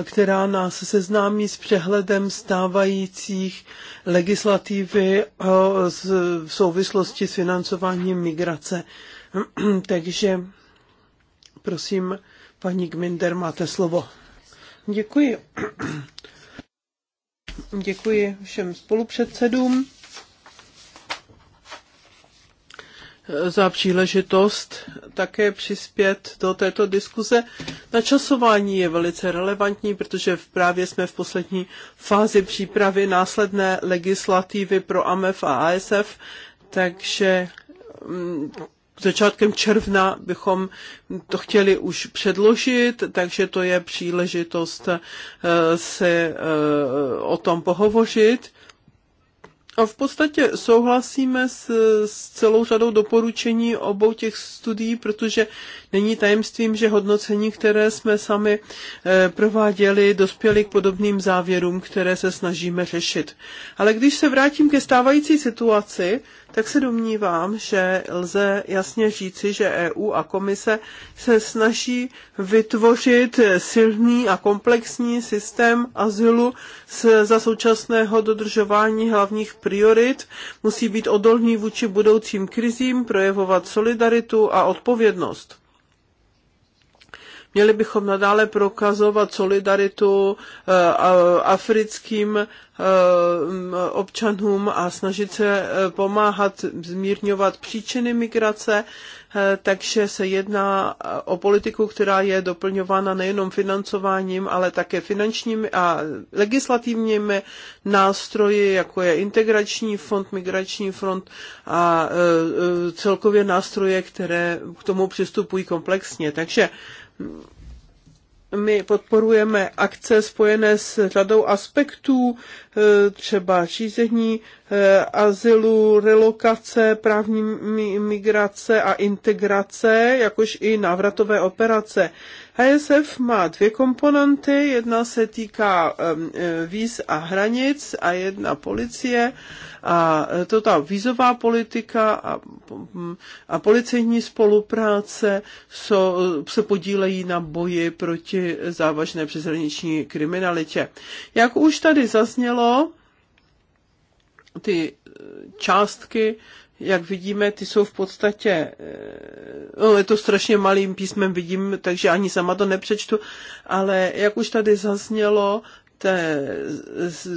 Speaker 3: která nás seznámí s přehledem stávajících legislativy eh, v souvislosti s financováním migrace. <clears throat> Takže prosím, paní Gminder, máte slovo. Děkuji. <clears throat> Děkuji všem spolupředsedům za příležitost také přispět do této diskuze. Načasování je velice relevantní, protože právě jsme v poslední fázi přípravy následné legislativy pro AMF a ASF, takže mm, začátkem června bychom to chtěli už předložit, takže to je příležitost eh, se eh, o tom pohovořit. A v podstatě souhlasíme s, s celou řadou doporučení obou těch studií, protože není tajemstvím, že hodnocení, které jsme sami e, prováděli, dospěly k podobným závěrům, které se snažíme řešit. Ale když se vrátím ke stávající situaci, tak se domnívám, že lze jasně říci, že EU a komise se snaží vytvořit silný a komplexní systém azylu za současného dodržování hlavních priorit. Musí být odolný vůči budoucím krizím, projevovat solidaritu a odpovědnost. Měli bychom nadále prokazovat solidaritu eh, africkým eh, občanům a snažit se eh, pomáhat zmírňovat příčiny migrace, takže se jedná o politiku, která je doplňována nejenom financováním, ale také finančními a legislativními nástroji, jako je integrační fond, migrační fond a celkově nástroje, které k tomu přistupují komplexně. Takže my podporujeme akce spojené s řadou aspektů Eh, třeba řízení eh, azylu, relokace, právní migrace a integrace, jakož i návratové operace. HSF má dvě komponenty, jedna se týká eh, víz a hranic a jedna policie a to ta vízová politika a, mm, a policejní spolupráce so, se podílejí na boji proti závažné přeshraniční kriminalitě. Jak už tady zaznělo, slovo. Ty eh, částky, jak vidíme, ty jsou v podstatě, eh, no je to strašně malým písmem, vidím, takže ani sama to nepřečtu, ale jak už tady zaznělo, te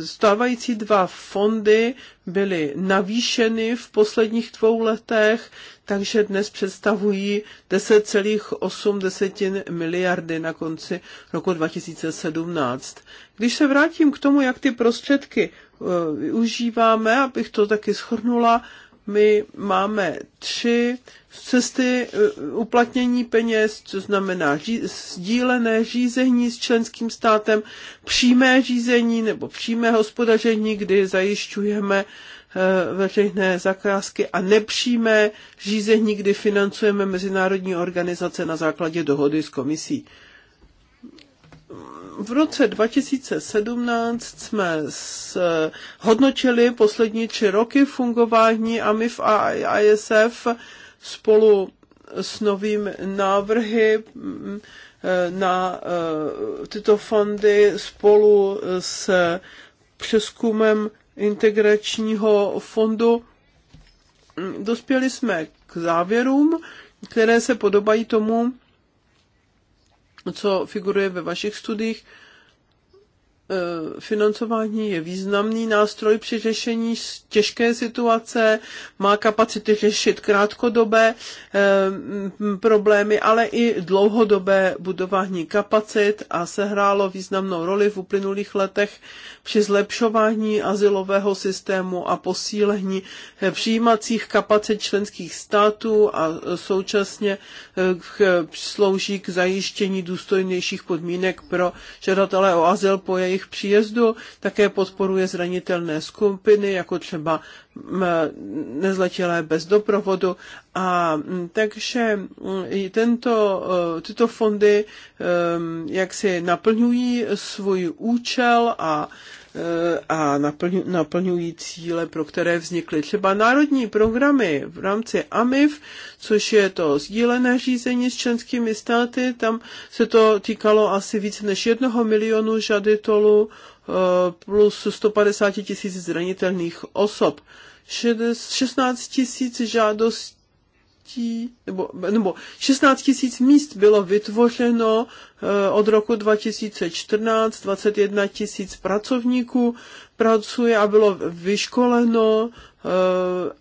Speaker 3: stávající dva fondy byly navýšeny v posledních dvou letech, takže dnes představují 10,8 miliardy na konci roku 2017. Když se vrátím k tomu, jak ty prostředky eh, využíváme, abych to taky shrnula, my máme tři cesty e, uplatnění peněz, co znamená ží, sdílené řízení s členským státem, přímé řízení nebo přímé hospodaření, kdy zajišťujeme e, veřejné zakázky a nepřímé řízení, kdy financujeme mezinárodní organizace na základě dohody s komisí v roce 2017 jsme hodnotili poslední tři roky fungování AMIF a ISF spolu s novým návrhy mm, eh, na eh, tyto fondy spolu s přeskumem integračního fondu. Dospěli jsme k závěrům, které se podobají tomu, co figuruje ve vašich studiích, Eh, financování je významný nástroj při řešení těžké situace, má kapacity řešit krátkodobé eh, problémy, ale i dlouhodobé budování kapacit a sehrálo významnou roli v uplynulých letech při zlepšování asilového systému a posílení eh, přijímacích kapacit členských států a současně slouží k zajištění důstojnějších podmínek pro žadatele o azyl po jejich jejich příjezdu, také podporuje zranitelné skupiny, jako třeba nezletilé bez doprovodu. A takže tento, e, tyto fondy e, jak si naplňují svůj účel a Eh, a naplňují cíle, pro které vznikly třeba národní programy v rámci AMIF, což je to sdílené řízení s členskými státy, tam se to týkalo asi více než jednoho milionu žaditelů eh, plus 150 tisíc zranitelných osob. 16 tisíc žádostí nebo, nebo 16 tisíc míst bylo vytvořeno eh, od roku 2014, 21 tisíc pracovníků pracuje a bylo vyškoleno, eh,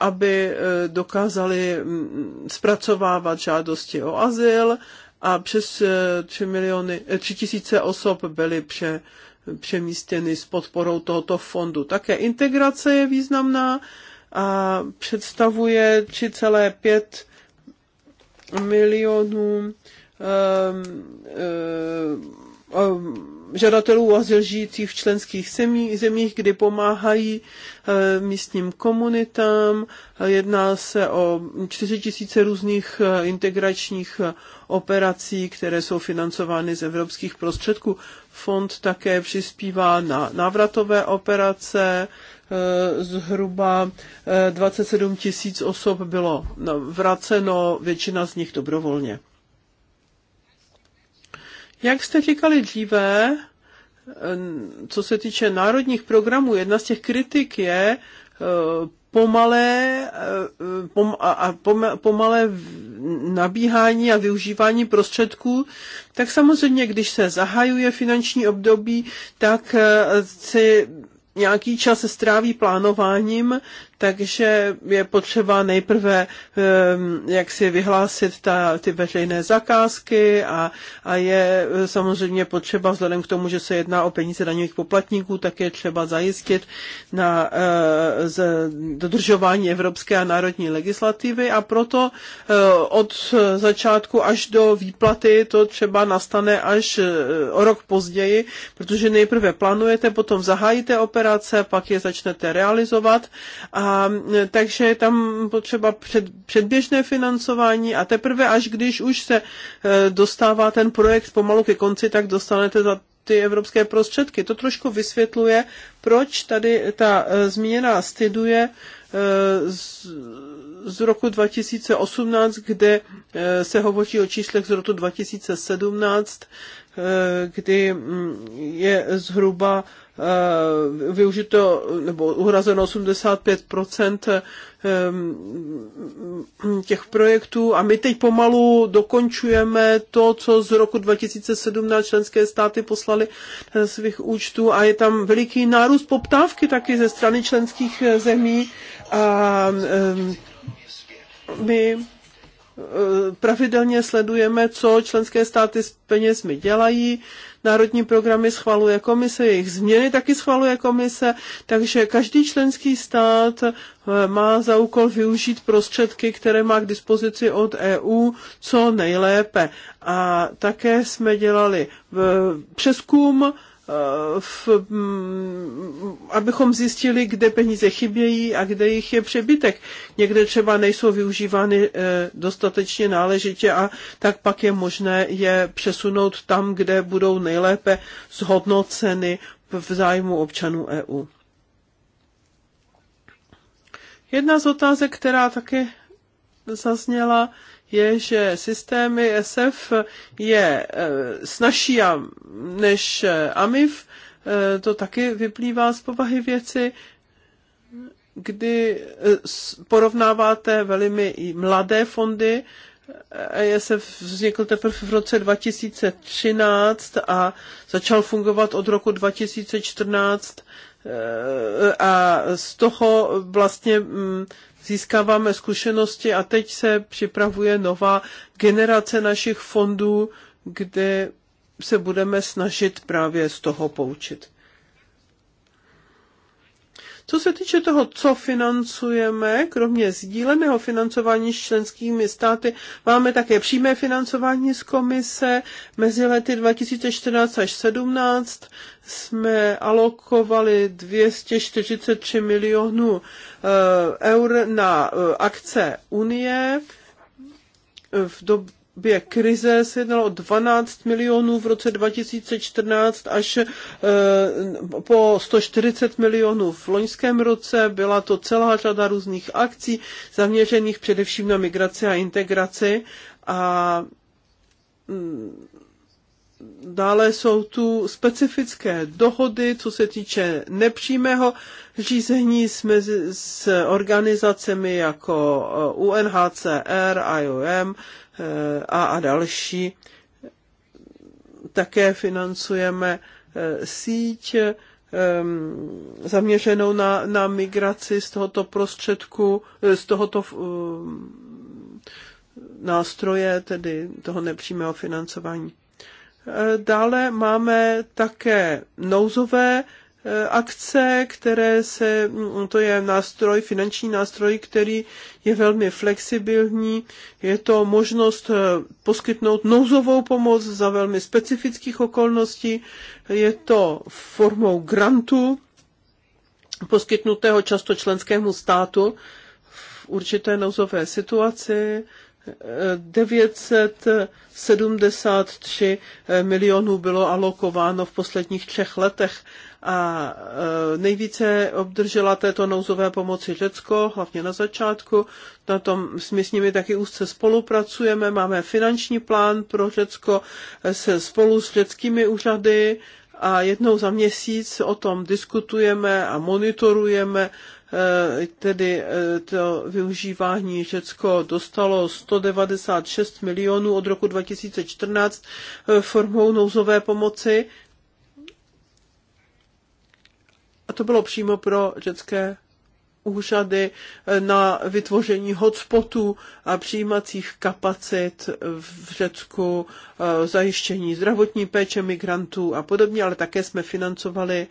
Speaker 3: aby eh, dokázali mm, zpracovávat žádosti o azyl a přes 3, miliony, 3 tisíce osob byly pře, přemístěny s podporou tohoto fondu. Také integrace je významná a představuje 3,5 milionů ehm, ehm, ehm, žadatelů o azyl žijících v členských zemích, kdy pomáhají místním komunitám. Jedná se o 4 tisíce různých eh, integračních eh, operací, které jsou financovány z evropských prostředků. Fond také přispívá na návratové operace, e, zhruba 27 e, tisíc osob bylo no, vraceno, většina z nich dobrovolně. Jak jste říkali dříve, e, co se týče národních programů, jedna z těch kritik je, pomalé, pom, a pom, pomalé nabíhání a využívání prostředků, tak samozřejmě, když se zahajuje finanční období, tak se nějaký čas stráví plánováním takže je potřeba nejprve ehm, jak si vyhlásit ta, ty veřejné zakázky a, a je eh, samozřejmě potřeba vzhledem k tomu, že se jedná o peníze daňových poplatníků, tak je třeba zajistit na eh, z, dodržování evropské a národní legislativy a proto eh, od začátku až do výplaty to třeba nastane až o rok později, protože nejprve plánujete, potom zahájíte operace, pak je začnete realizovat a a e, takže je tam potřeba před, předběžné financování a teprve až když už se e, dostává ten projekt pomalu ke konci, tak dostanete za ty evropské prostředky. To trošku vysvětluje, proč tady ta e, zmíněná styduje z, z roku 2018, kde se hovoří o číslech z roku 2017, kdy je zhruba Eh, využito nebo uhrazeno 85 eh, mm, těch projektů a my teď pomalu dokončujeme to, co z roku 2017 členské státy poslali eh, svých účtů a je tam veliký nárůst poptávky taky ze strany členských zemí a my Eh, pravidelně sledujeme, co členské státy s penězmi dělají. Národní programy schvaluje komise, jejich změny taky schvaluje komise, takže každý členský stát eh, má za úkol využít prostředky, které má k dispozici od EU, co nejlépe. A také jsme dělali přeskum Eh, v, mm, abychom zjistili, kde peníze chybějí a kde jich je přebytek. Někde třeba nejsou využívány eh, dostatečně náležitě a tak pak je možné je přesunout tam, kde budou nejlépe zhodnoceny v zájmu občanů EU. Jedna z otázek, která taky zazněla, je, že systém ESF je eh, snažší než eh, AMIF, eh, to taky vyplývá z povahy věci, kdy porovnáváte velmi i mladé fondy, ESF vznikl teprve v roce 2013 a začal fungovat od roku 2014 a z toho vlastně mm, získáváme zkušenosti a teď se připravuje nová generace našich fondů, kde se budeme snažit právě z toho poučit. Co se týče toho, co financujeme, kromě sdíleného financování s členskými státy, máme také přímé financování z komise. Mezi lety 2014 až 17 jsme alokovali 243 milionů eh, eur na eh, akce Unie v do, době krize se jednalo o 12 milionů v roce 2014 až eh, po 140 milionů v loňském roce. Byla to celá řada různých akcí zaměřených především na migraci a integraci a mm, Dále jsou tu specifické dohody, co se týče nepřímého řízení s, mezi, s organizacemi jako eh, UNHCR, IOM, a, a další. Také financujeme e, síť e, zaměřenou na, na migraci z tohoto prostředku, e, z tohoto nástroje, tedy toho nepřímého financování. Dále máme také nouzové Eh, akce, které se, mm, to je nástroj, finanční nástroj, který je velmi flexibilní. Je to možnost eh, poskytnout nouzovou pomoc za velmi specifických okolností. Je to formou grantu poskytnutého často členskému státu v určité nouzové situaci. 973 eh, milionů bylo alokováno v posledních třech letech a e, nejvíce obdržela této nouzové pomoci Řecko, hlavně na začátku. Na tom my s nimi taky úzce spolupracujeme, máme finanční plán pro Řecko e, se spolu s řeckými úřady a jednou za měsíc o tom diskutujeme a monitorujeme e, tedy to využívání Řecko dostalo 196 milionů od roku 2014 formou nouzové pomoci to bylo přímo pro řecké úřady eh, na vytvoření hotspotů a přijímacích kapacit v Řecku, eh, zajištění zdravotní péče migrantů a podobně, ale také jsme financovali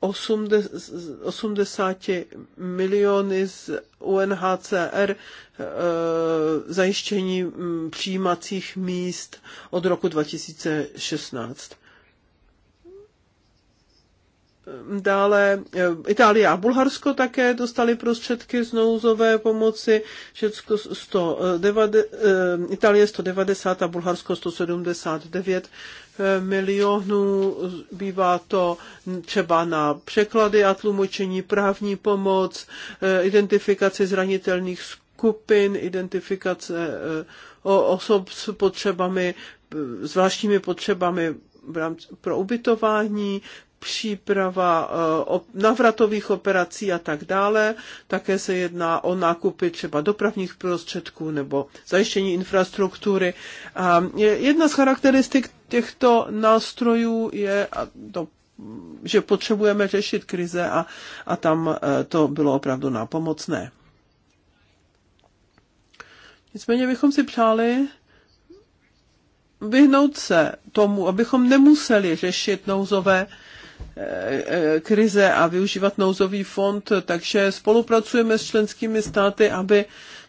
Speaker 3: 80 miliony z UNHCR eh, zajištění mm, přijímacích míst od roku 2016. Dále eh, Itálie a Bulharsko také dostali prostředky z nouzové pomoci, Řecko 190, eh, eh, Itálie 190 a Bulharsko 179 milionů. Bývá to třeba na překlady a tlumočení, právní pomoc, identifikaci zranitelných skupin, identifikace osob s potřebami, zvláštními potřebami pro ubytování, příprava eh, navratových operací a tak dále. Také se jedná o nákupy třeba dopravních prostředků nebo zajištění infrastruktury. jedna z charakteristik těchto nástrojů je to že potřebujeme řešit krize a, a tam eh, to bylo opravdu nápomocné. Nicméně bychom si přáli vyhnout se tomu, abychom nemuseli řešit nouzové E, e, krize a využívat nouzový fond, takže spolupracujeme s členskými státy, aby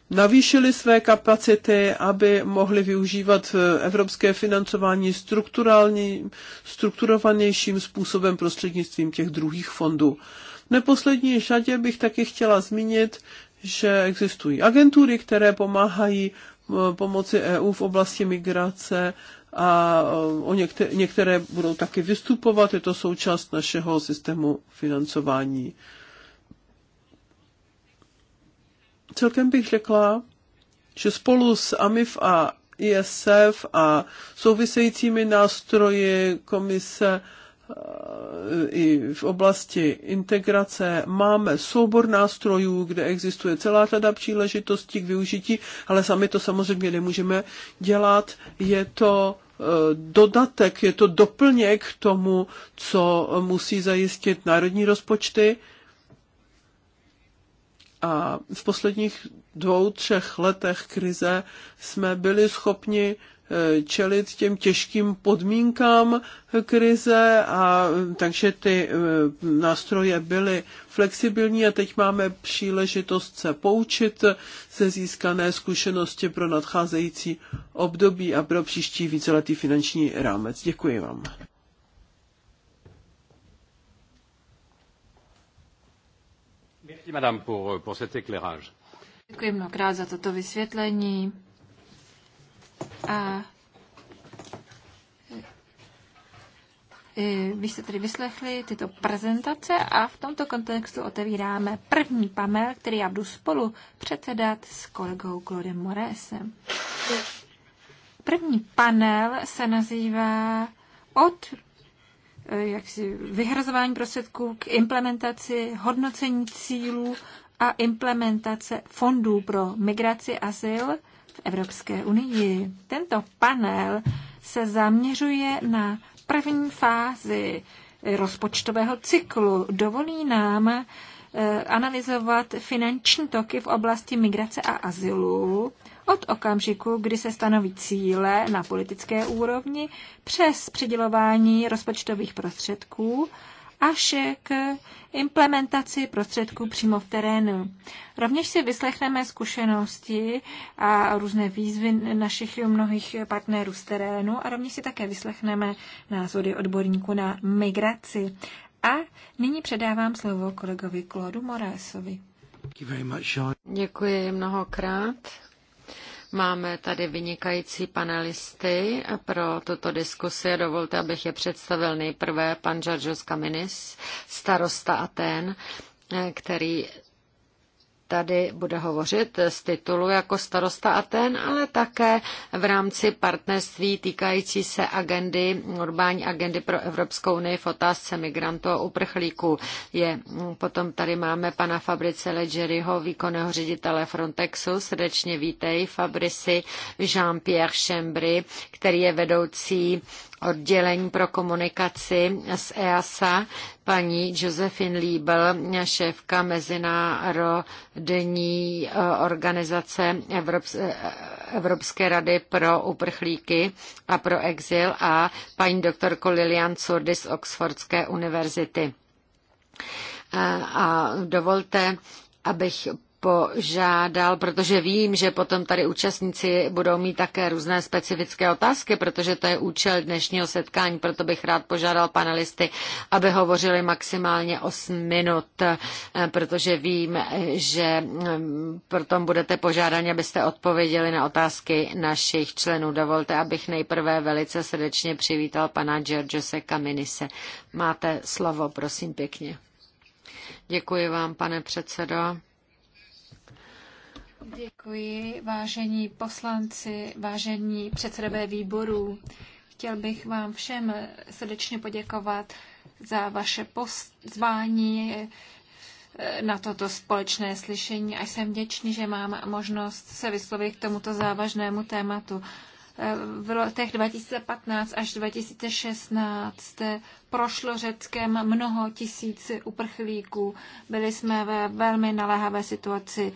Speaker 3: navýšili své kapacity, aby mohli využívat e, evropské financování strukturální, strukturovanějším způsobem prostřednictvím těch druhých fondů. V neposlední řadě bych taky chtěla zmínit, že existují agentury, které pomáhají pomoci EU v oblasti migrace a o některé, některé budou taky vystupovat, je to součást našeho systému financování. Celkem bych řekla, že spolu s AMIF a ISF a souvisejícími nástroji komise i v oblasti integrace máme soubor nástrojů, kde existuje celá řada příležitostí k využití, ale sami to samozřejmě nemůžeme dělat. Je to dodatek, je to doplněk k tomu, co musí zajistit národní rozpočty. A v posledních dvou, třech letech krize jsme byli schopni Eh, čelit těm těžkým podmínkám krize a takže ty eh, nástroje byly flexibilní a teď máme příležitost se poučit ze získané zkušenosti pro nadcházející období a pro příští víceletý finanční rámec. Děkuji vám.
Speaker 2: Děkuji mnohokrát za toto vysvětlení. A e, vy jste tedy vyslechli tyto prezentace a v tomto kontextu otevíráme první panel, který já budu spolu předsedat s kolegou Claudem Moresem. První panel se nazývá od e, jaksi, vyhrazování prostředků k implementaci, hodnocení cílů a implementace fondů pro migraci, azyl – Evropské unii. Tento panel se zaměřuje na první fázi rozpočtového cyklu. Dovolí nám eh, analyzovat finanční toky v oblasti migrace a azylu od okamžiku, kdy se stanoví cíle na politické úrovni přes přidělování rozpočtových prostředků až k implementaci prostředků přímo v terénu. Rovněž si vyslechneme zkušenosti a různé výzvy našich mnohých partnerů z terénu a rovněž si také vyslechneme názory odborníků na migraci. A
Speaker 1: nyní předávám slovo kolegovi Claudu Moraesovi. Děkuji mnohokrát. Máme tady vynikající panelisty pro tuto diskusi. Dovolte, abych je představil nejprve pan Georgios Kaminis, starosta Aten, který tady bude hovořit z titulu jako starosta Aten, ale také v rámci partnerství týkající se agendy, urbání agendy pro Evropskou unii v otázce migrantů a uprchlíků. Je, potom tady máme pana Fabrice Leggeriho, výkonného ředitele Frontexu. Srdečně vítej, Fabrici Jean-Pierre Chembry, který je vedoucí oddělení pro komunikaci z EASA, paní Josephine Liebel, šéfka Mezinárodní eh, organizace eh, Evropské rady pro uprchlíky a pro exil a paní doktorko Lilian Curdy z Oxfordské univerzity. Eh, a dovolte, abych požádal, protože vím, že potom tady účastníci budou mít také různé specifické otázky, protože to je účel dnešního setkání, proto bych rád požádal panelisty, aby hovořili maximálně 8 minut, eh, protože vím, eh, že mm, proto budete požádáni, abyste odpověděli na otázky našich členů. Dovolte, abych nejprve velice srdečně přivítal pana Georgese Kaminise. Máte slovo, prosím pěkně. Děkuji vám, pane předsedo.
Speaker 2: Děkuji, vážení poslanci, vážení předsedové výborů. Chtěl bych vám všem srdečně poděkovat za vaše pozvání na toto společné slyšení a jsem vděčný, že mám možnost se vyslovit k tomuto závažnému tématu. V letech 2015 až 2016 prošlo Řeckem mnoho tisíc uprchlíků. Byli jsme ve velmi naléhavé situaci.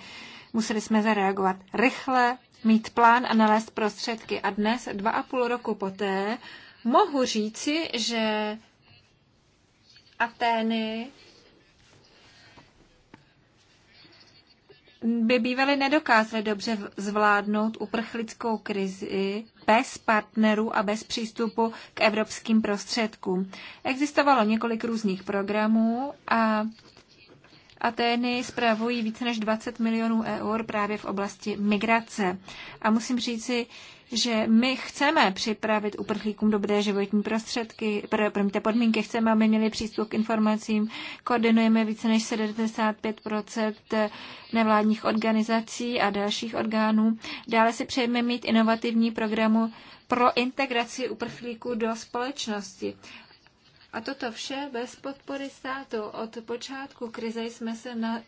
Speaker 2: Museli jsme zareagovat rychle, mít plán a nalézt prostředky. A dnes, dva a půl roku poté, mohu říci, že Atény by bývaly nedokázaly dobře zvládnout uprchlickou krizi bez partnerů a bez přístupu k evropským prostředkům. Existovalo několik různých programů a Atény spravují více než 20 milionů eur právě v oblasti migrace. A musím říci, že my chceme připravit uprchlíkům dobré životní prostředky, Pro mě podmínky, chceme, aby měli přístup k informacím, koordinujeme více než 75 nevládních organizací a dalších orgánů. Dále si přejeme mít inovativní programu pro integraci uprchlíků do společnosti. A toto vše bez podpory státu. Od počátku krize jsme se na,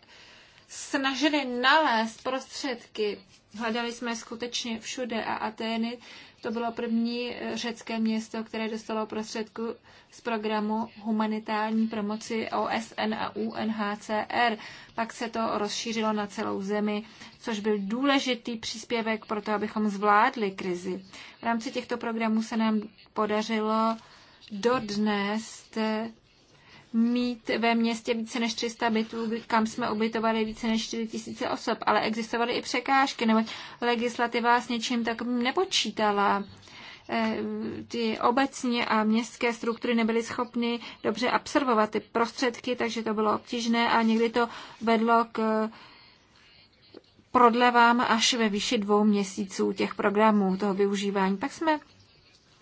Speaker 2: snažili nalézt prostředky. Hledali jsme skutečně všude a Atény to bylo první eh, řecké město, které dostalo prostředku z programu humanitární promoci OSN a UNHCR. Pak se to rozšířilo na celou zemi, což byl důležitý příspěvek pro to, abychom zvládli krizi. V rámci těchto programů se nám podařilo dodnes mít ve městě více než 300 bytů, kam jsme ubytovali více než 4 000 osob, ale existovaly i překážky, nebo legislativa s něčím takovým nepočítala. Eh, ty obecně a městské struktury nebyly schopny dobře absorbovat ty prostředky, takže to bylo obtížné a někdy to vedlo k eh, prodlevám až ve výši dvou měsíců těch programů, toho využívání. Pak jsme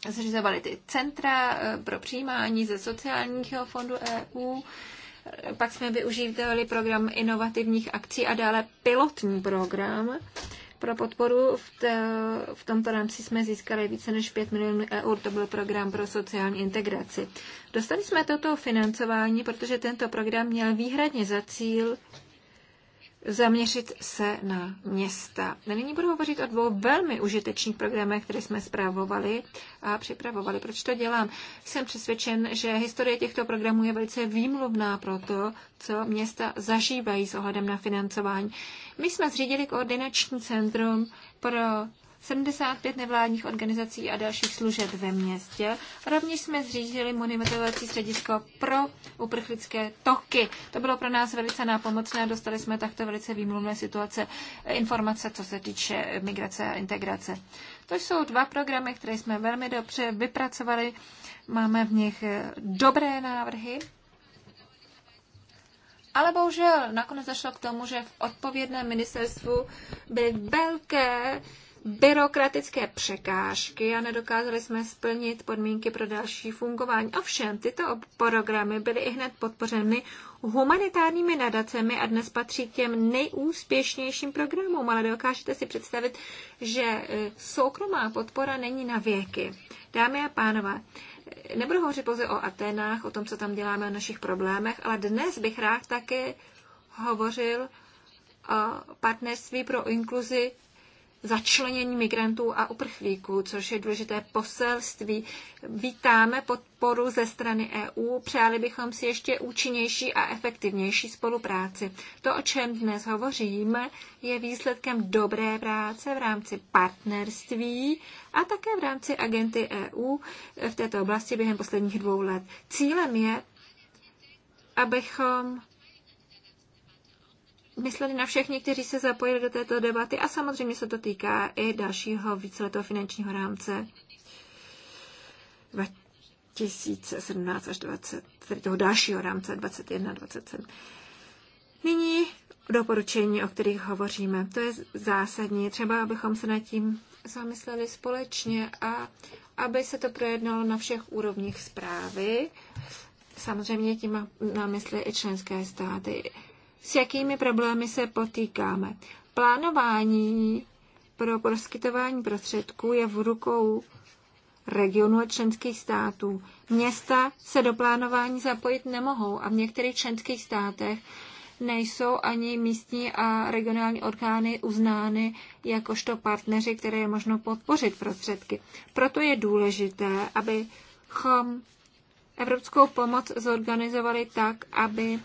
Speaker 2: zřizovali ty centra eh, pro přijímání ze sociálního eh, fondu e EU. Pak jsme využívali program inovativních akcí a dále pilotní program pro podporu. V, té, v tomto rámci jsme získali více než 5 milionů eur, to byl program pro sociální integraci. Dostali jsme toto financování, protože tento program měl výhradně za cíl zaměřit se na města. Nyní budu hovořit o dvou velmi užitečných programech, které jsme zprávovali a připravovali. Proč to dělám? Jsem přesvědčen, že historie těchto programů je velice výmluvná pro to, co města zažívají s ohledem na financování. My jsme zřídili koordinační centrum pro 75 nevládních organizací a dalších služeb ve městě. Rovněž jsme zřídili monitorovací středisko pro uprchlické toky. To bylo pro nás velice nápomocné, a dostali jsme takto velice výmluvné situace eh, informace, co se týče eh, migrace a integrace. To jsou dva programy, které jsme velmi dobře vypracovali. Máme v nich eh, dobré návrhy, ale bohužel nakonec došlo k tomu, že v odpovědném ministerstvu byly velké byrokratické překážky a nedokázali jsme splnit podmínky pro další fungování. Ovšem, tyto programy byly i hned podpořeny humanitárními nadacemi a dnes patří k těm nejúspěšnějším programům, ale dokážete si představit, že e, soukromá podpora není na věky. Dámy a pánové, nebudu hovořit pouze o Atenách, o tom, co tam děláme, o našich problémech, ale dnes bych rád také hovořil o partnerství pro inkluzi začlenění migrantů a uprchlíků, což je důležité poselství. Vítáme podporu ze strany EU, přáli bychom si ještě účinnější a efektivnější spolupráci. To, o čem dnes hovoříme, je výsledkem dobré práce v rámci partnerství a také v rámci agenty EU v této oblasti během posledních dvou let. Cílem je, abychom mysleli na všechny, kteří se zapojili do této debaty a samozřejmě se to týká i dalšího víceletého finančního rámce 2017 až 20, tedy toho dalšího rámce 21-27. Nyní doporučení, o kterých hovoříme. To je zásadní. Třeba, abychom se nad tím zamysleli společně a aby se to projednalo na všech úrovních zprávy. Samozřejmě tím mám na mysli i členské státy s jakými problémy se potýkáme. Plánování pro poskytování prostředků je v rukou regionu a členských států. Města se do plánování zapojit nemohou a v některých členských státech nejsou ani místní a regionální orgány uznány jakožto partneři, které je možno podpořit prostředky. Proto je důležité, abychom evropskou pomoc zorganizovali tak, aby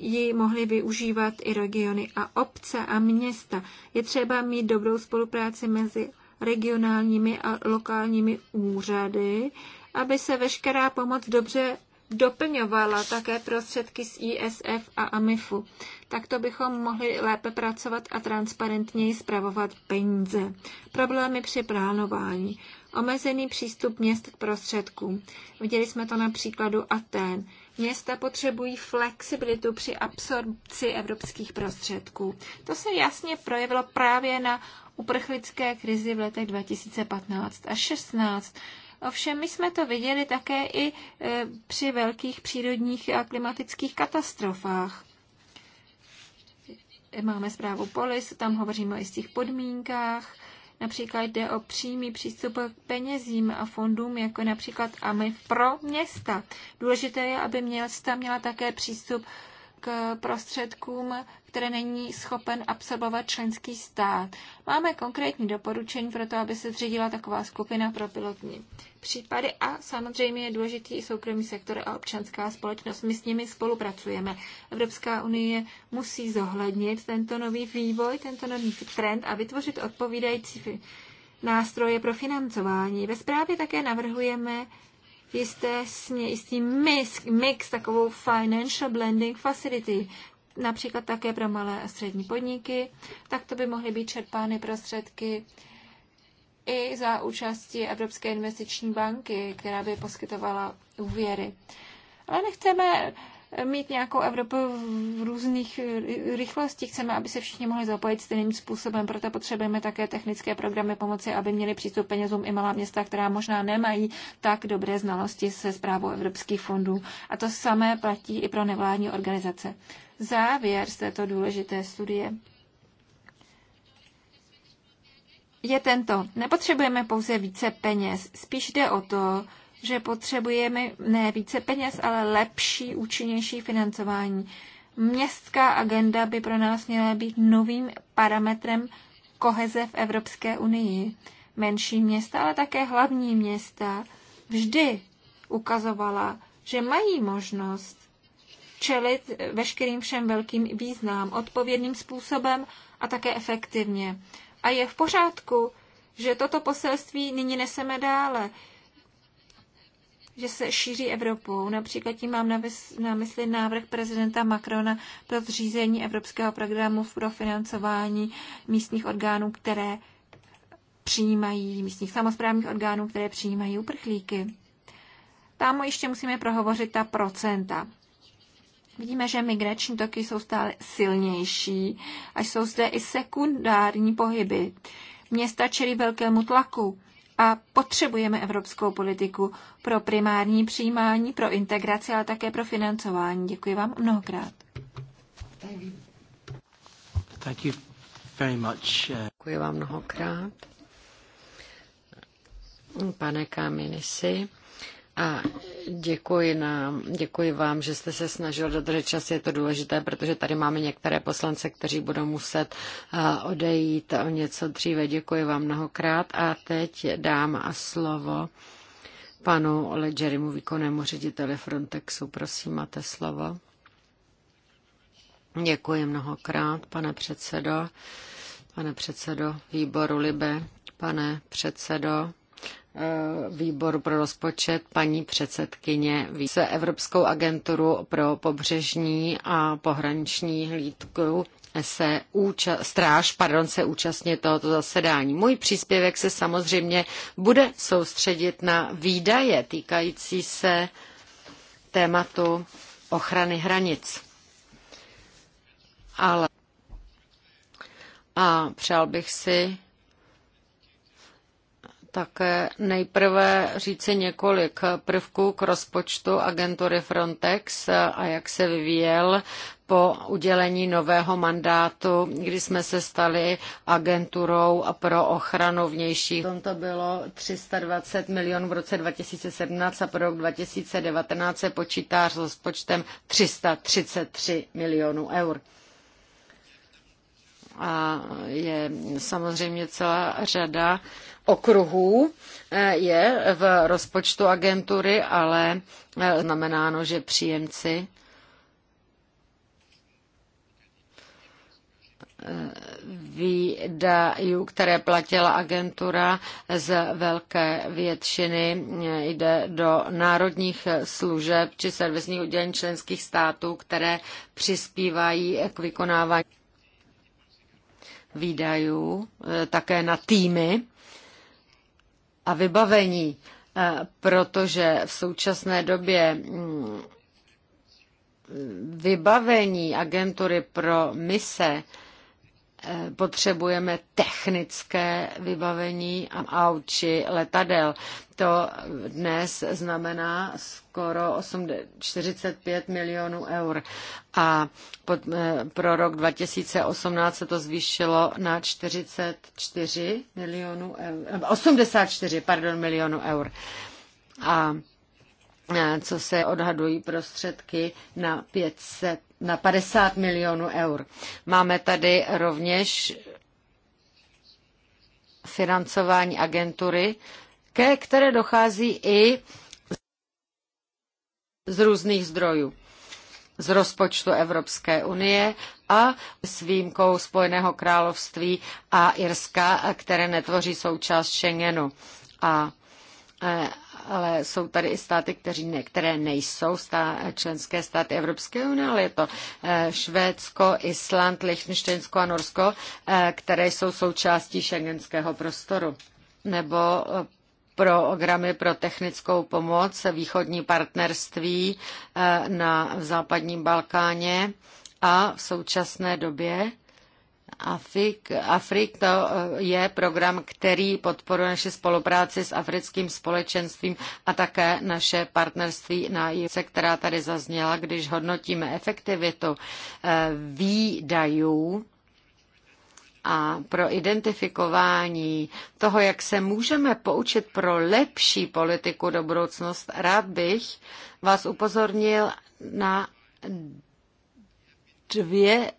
Speaker 2: ji mohly využívat i regiony a obce a města. Je třeba mít dobrou spolupráci mezi regionálními a lokálními úřady, aby se veškerá pomoc dobře doplňovala také prostředky z ISF a AMIFu. Takto bychom mohli lépe pracovat a transparentněji zpravovat peníze. Problémy při plánování. Omezený přístup měst k prostředkům. Viděli jsme to na příkladu Aten. Města potřebují flexibilitu při absorpci evropských prostředků. To se jasně projevilo právě na uprchlické krizi v letech 2015 a 16. Ovšem my jsme to viděli také i e, při velkých přírodních a klimatických katastrofách. Máme zprávu Polis, tam hovoříme o jistých podmínkách Například jde o přímý přístup k penězím a fondům, jako například AMIF pro města. Důležité je, aby města měla také přístup k prostředkům, které není schopen absorbovat členský stát. Máme konkrétní doporučení pro to, aby se zřídila taková skupina pro pilotní případy a samozřejmě je důležitý i soukromý sektor a občanská společnost. My s nimi spolupracujeme. Evropská unie musí zohlednit tento nový vývoj, tento nový trend a vytvořit odpovídající nástroje pro financování. Ve zprávě také navrhujeme jisté, jistý mix, mix, takovou financial blending facility, například také pro malé a střední podniky, tak to by mohly být čerpány prostředky i za účasti Evropské investiční banky, která by poskytovala úvěry. Ale nechceme mít nějakou Evropu v různých rychlosti Chceme, aby se všichni mohli zapojit stejným způsobem, proto potřebujeme také technické programy pomoci, aby měli přístup penězům i malá města, která možná nemají tak dobré znalosti se zprávou evropských fondů. A to samé platí i pro nevládní organizace. Závěr z této důležité studie je tento. Nepotřebujeme pouze více peněz. Spíš jde o to, že potřebujeme ne více peněz, ale lepší, účinnější financování. Městská agenda by pro nás měla být novým parametrem koheze v Evropské unii. Menší města, ale také hlavní města vždy ukazovala, že mají možnost čelit veškerým všem velkým význam, odpovědným způsobem a také efektivně. A je v pořádku, že toto poselství nyní neseme dále že se šíří Evropou. Například tím mám na, mysli návrh prezidenta Macrona pro zřízení Evropského programu pro financování místních orgánů, které přijímají, místních samozprávních orgánů, které přijímají uprchlíky. Tam ještě musíme prohovořit ta procenta. Vidíme, že migrační toky jsou stále silnější a jsou zde i sekundární pohyby. Města čelí velkému tlaku a potřebujeme evropskou politiku pro primární přijímání, pro integraci, ale také pro financování. Děkuji vám mnohokrát.
Speaker 1: Thank you very much. Uh, Děkuji vám mnohokrát. Pane Kaminisi, a děkuji, nám, děkuji vám, že jste se snažil dodržet čas. Je to důležité, protože tady máme některé poslance, kteří budou muset odejít o něco dříve. Děkuji vám mnohokrát a teď dám a slovo panu Ledgerimu, výkonnému řediteli Frontexu. Prosím, máte slovo. Děkuji mnohokrát, pane předsedo, pane předsedo výboru Libe, pane předsedo Eh, výboru pro rozpočet paní předsedkyně se Evropskou agenturu pro pobřežní a pohraniční hlídku se úča- stráž pardon, se účastní tohoto zasedání. Můj příspěvek se samozřejmě bude soustředit na výdaje týkající se tématu ochrany hranic. Ale a přál bych si, také nejprve říci několik prvků k rozpočtu agentury Frontex a jak se vyvíjel po udělení nového mandátu, kdy jsme se stali agenturou pro ochranu vnějších. To bylo 320 milionů v roce 2017 a pro rok 2019 se počítá s rozpočtem 333 milionů eur a je samozřejmě celá řada okruhů eh, je v rozpočtu agentury, ale eh, znamenáno, že příjemci eh, výdajů, které platila agentura z velké většiny, jde do národních služeb či servisních oddělení členských států, které přispívají k vykonávání výdajů také na týmy a vybavení, eh, protože v současné době mm, vybavení agentury pro mise Eh, potřebujeme technické vybavení a či letadel. To dnes znamená skoro 45 milionů eur a pod, eh, pro rok 2018 se to zvýšilo na 44 milionů eur, 84 eh, pardon, milionů eur. A co se odhadují prostředky na 500 na 50 milionů eur. Máme tady rovněž financování agentury, ke které dochází i z různých zdrojů z rozpočtu Evropské unie a s výjimkou Spojeného království a Irska, které netvoří součást Schengenu. A eh, ale jsou tady i státy, kteří ne, které nejsou stá, členské státy Evropské unie, ale je to eh, Švédsko, Island, Liechtensteinsko a Norsko, eh, které jsou součástí šengenského prostoru. Nebo eh, programy pro technickou pomoc, východní partnerství na západním Balkáně a v současné době Afrik, Afrik to eh, je program, který podporuje naši spolupráci s africkým společenstvím a také naše partnerství na jíce, která tady zazněla, když hodnotíme efektivitu eh, výdajů a pro identifikování toho, jak se můžeme poučit pro lepší politiku do budoucnost, rád bych vás upozornil na dvě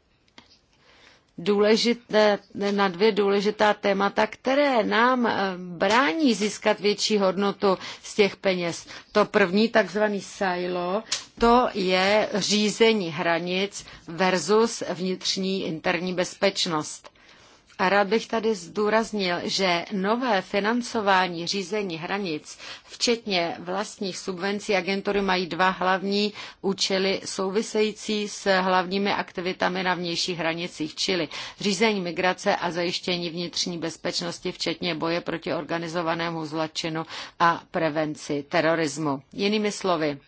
Speaker 1: důležité, na dvě důležitá témata, které nám eh, brání získat větší hodnotu z těch peněz. To první, takzvaný silo, to je řízení hranic versus vnitřní interní bezpečnost. A rád bych tady zdůraznil, že nové financování řízení hranic, včetně vlastních subvencí agentury, mají dva hlavní účely související s hlavními aktivitami na vnějších hranicích, čili řízení migrace a zajištění vnitřní bezpečnosti, včetně boje proti organizovanému zločinu a prevenci terorismu. Jinými slovy,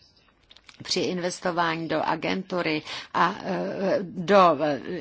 Speaker 1: při investování do agentury a e, do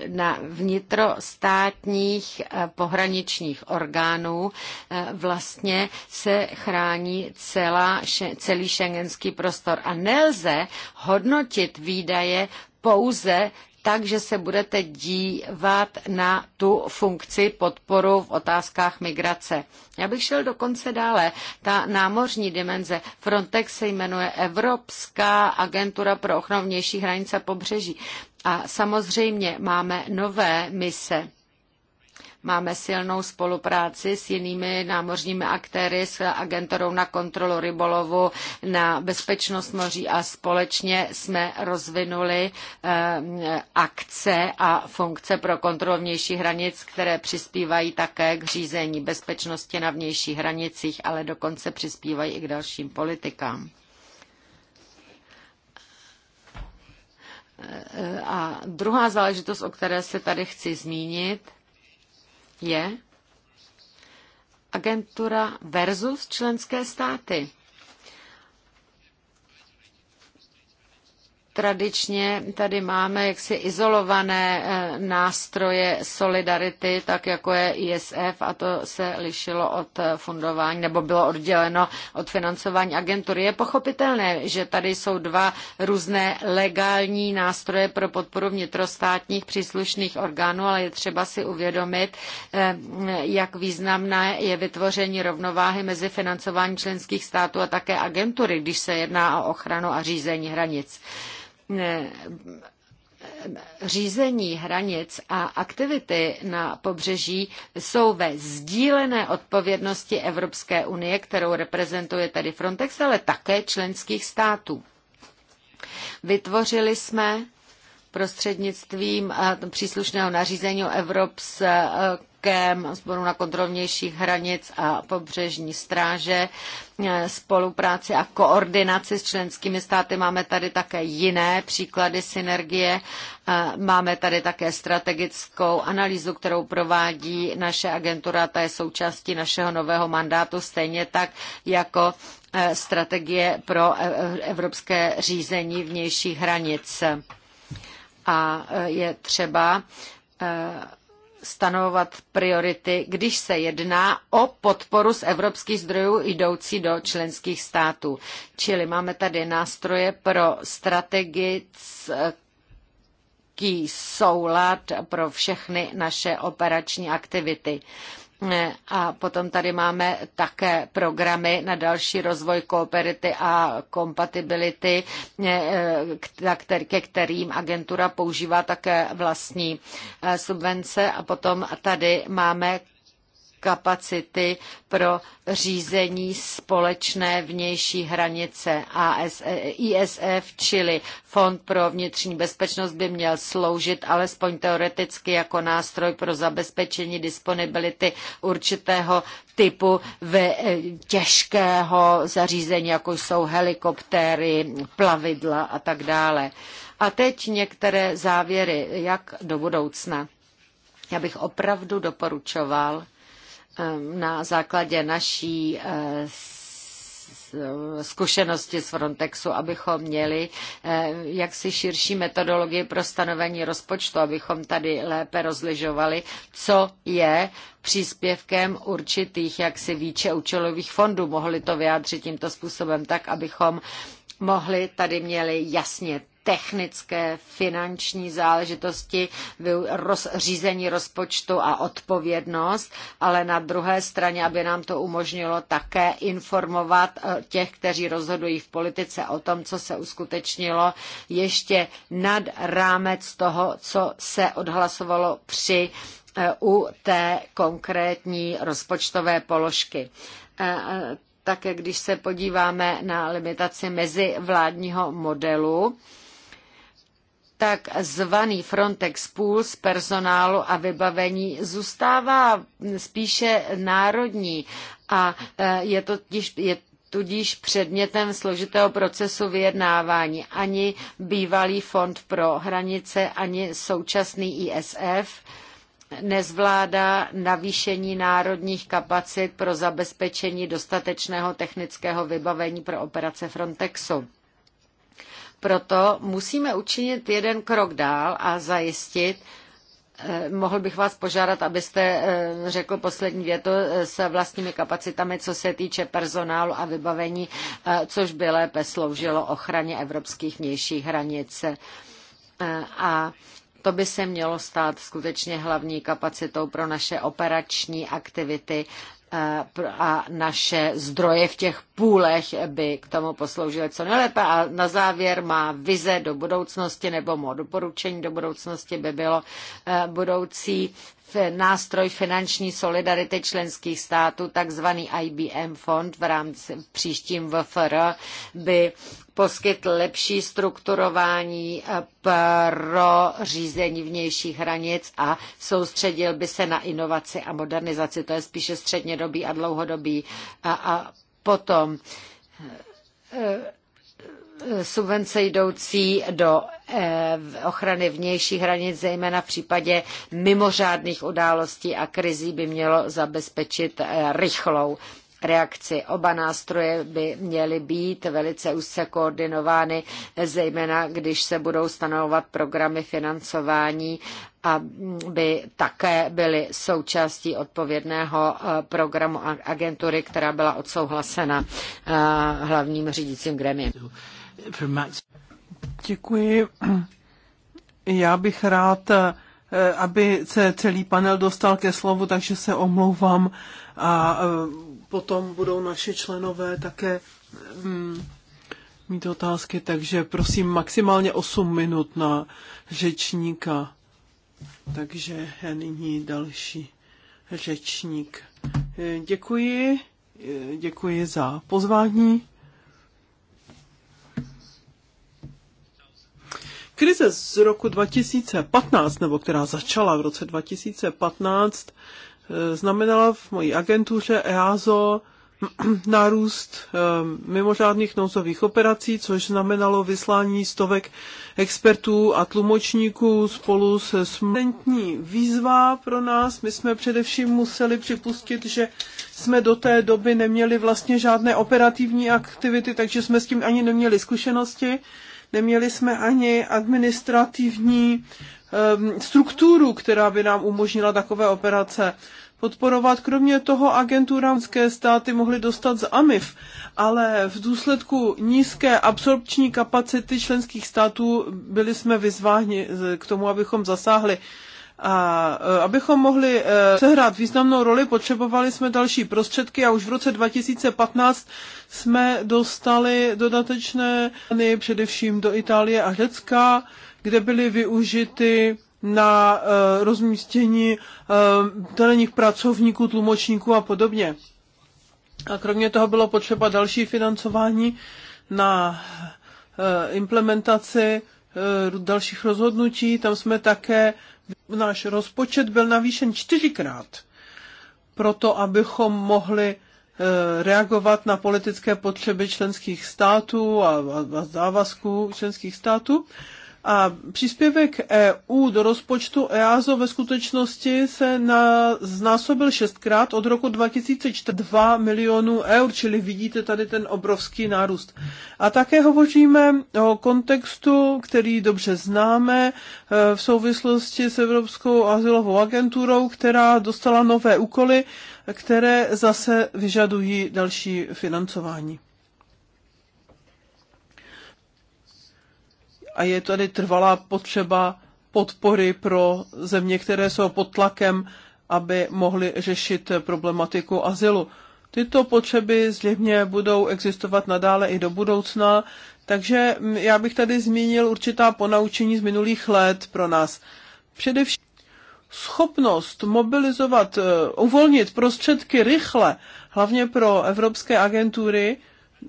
Speaker 1: na vnitrostátních e, pohraničních orgánů e, vlastně se chrání celá, celý šengenský prostor a nelze hodnotit výdaje pouze takže se budete dívat na tu funkci podporu v otázkách migrace. Já bych šel dokonce dále. Ta námořní dimenze Frontex se jmenuje Evropská agentura pro ochranu vnější hranice pobřeží. A samozřejmě máme nové mise Máme silnou spolupráci s jinými námořními aktéry, s agenturou na kontrolu rybolovu, na bezpečnost moří a společně jsme rozvinuli eh, akce a funkce pro kontrolu vnějších hranic, které přispívají také k řízení bezpečnosti na vnějších hranicích, ale dokonce přispívají i k dalším politikám. Eh, eh, a druhá záležitost, o které se tady chci zmínit, je agentura versus členské státy. Tradičně tady máme jaksi izolované eh, nástroje solidarity, tak jako je ISF a to se lišilo od eh, fundování nebo bylo odděleno od financování agentury. Je pochopitelné, že tady jsou dva různé legální nástroje pro podporu vnitrostátních příslušných orgánů, ale je třeba si uvědomit, eh, jak významné je vytvoření rovnováhy mezi financováním členských států a také agentury, když se jedná o ochranu a řízení hranic řízení hranic a aktivity na pobřeží jsou ve sdílené odpovědnosti Evropské unie, kterou reprezentuje tedy Frontex, ale také členských států. Vytvořili jsme prostřednictvím eh, příslušného nařízení o Evropském sboru na kontrolnějších hranic a pobřežní stráže eh, spolupráci a koordinaci s členskými státy. Máme tady také jiné příklady synergie. Eh, máme tady také strategickou analýzu, kterou provádí naše agentura, ta je součástí našeho nového mandátu, stejně tak jako strategie pro evropské řízení vnějších hranic a e, je třeba e, stanovovat priority, když se jedná o podporu z evropských zdrojů jdoucí do členských států. Čili máme tady nástroje pro strategický soulad pro všechny naše operační aktivity. A potom tady máme také programy na další rozvoj kooperity a kompatibility, eh, ke kterým agentura používá také vlastní eh, subvence. A potom tady máme kapacity pro řízení společné vnější hranice e, ISF, čili Fond pro vnitřní bezpečnost by měl sloužit alespoň teoreticky jako nástroj pro zabezpečení disponibility určitého typu ve, e, těžkého zařízení, jako jsou helikoptéry, plavidla a tak dále. A teď některé závěry, jak do budoucna. Já bych opravdu doporučoval, Ehm, na základě naší eh, zkušenosti z Frontexu, abychom měli eh, jaksi širší metodologii pro stanovení rozpočtu, abychom tady lépe rozlišovali, co je příspěvkem určitých jaksi více účelových fondů. Mohli to vyjádřit tímto způsobem tak, abychom mohli tady měli jasně technické, finanční záležitosti, rozřízení řízení rozpočtu a odpovědnost, ale na druhé straně, aby nám to umožnilo také informovat eh, těch, kteří rozhodují v politice o tom, co se uskutečnilo ještě nad rámec toho, co se odhlasovalo při eh, u té konkrétní rozpočtové položky eh, také když se podíváme na limitaci mezivládního modelu, tak zvaný Frontex Pool z personálu a vybavení zůstává spíše národní a e, je to tíž, je tudíž předmětem složitého procesu vyjednávání. Ani bývalý fond pro hranice, ani současný ISF nezvládá navýšení národních kapacit pro zabezpečení dostatečného technického vybavení pro operace Frontexu. Proto musíme učinit jeden krok dál a zajistit, eh, Mohl bych vás požádat, abyste eh, řekl poslední větu eh, s vlastními kapacitami, co se týče personálu a vybavení, což by lépe sloužilo ochraně evropských vnějších hranic. A to by se mělo stát skutečně hlavní kapacitou pro naše operační aktivity a naše zdroje v těch půlech by k tomu posloužily co nejlépe. A na závěr má vize do budoucnosti nebo mou doporučení do budoucnosti by bylo eh, budoucí nástroj finanční solidarity členských států, takzvaný IBM fond v rámci v příštím VFR, by poskytl lepší strukturování eh, pro řízení vnějších hranic a soustředil by se na inovaci a modernizaci. To je spíše střednědobý a dlouhodobý. A, a potom eh, subvence jdoucí do eh, ochrany vnějších hranic, zejména v případě mimořádných událostí a krizí, by mělo zabezpečit eh, rychlou reakci. Oba nástroje by měly být velice úzce koordinovány, zejména když se budou stanovovat programy financování aby také byly součástí odpovědného eh, programu agentury, která byla odsouhlasena
Speaker 3: hlavním řídícím gremiem. Děkuji. Já bych rád, eh, aby se celý panel dostal ke slovu, takže se omlouvám a eh, potom budou naše členové také mm, mít otázky, takže prosím maximálně 8 minut na řečníka. Takže je nyní další řečník. Eh, děkuji, děkuji za pozvání. krize z roku 2015, nebo která začala v roce 2015, eh, znamenala v mojí agentuře e EASO <clears throat> nárůst eh, mimořádných nouzových operací, což znamenalo vyslání stovek expertů a tlumočníků spolu se smutní výzva pro nás. My jsme především museli připustit, že jsme do té doby neměli vlastně žádné operativní aktivity, takže jsme s tím ani neměli zkušenosti neměli jsme ani administrativní ehm, strukturu, která by nám umožnila takové operace podporovat. Kromě toho agenturánské státy mohly dostat z AMIF, ale v důsledku nízké absorpční kapacity členských států byli jsme vyzváni k tomu, abychom zasáhli. A e, abychom mohli e, sehrát významnou roli, potřebovali jsme další prostředky a už v roce 2015 jsme dostali dodatečné především do Itálie a Řecka, kde byly využity na e, rozmístění terénních pracovníků, tlumočníků a podobně. A kromě toho bylo potřeba další financování na implementaci Eh, dalších rozhodnutí. Tam jsme také, náš rozpočet byl navýšen čtyřikrát, proto abychom mohli eh, reagovat na politické potřeby členských států a, a, a závazků členských států. A příspěvek EU do rozpočtu EASO ve skutečnosti se na, znásobil šestkrát od roku 2002 milionů eur, čili vidíte tady ten obrovský nárůst. A také hovoříme o kontextu, který dobře známe e, v souvislosti s Evropskou asilovou agenturou, která dostala nové úkoly, které zase vyžadují další financování. a je tady trvalá potřeba podpory pro země, které jsou pod tlakem, aby mohly řešit problematiku azylu. Tyto potřeby zřejmě budou existovat nadále i do budoucna, takže já bych tady zmínil určitá ponaučení z minulých let pro nás. Především schopnost mobilizovat, e, uvolnit prostředky rychle, hlavně pro evropské agentury,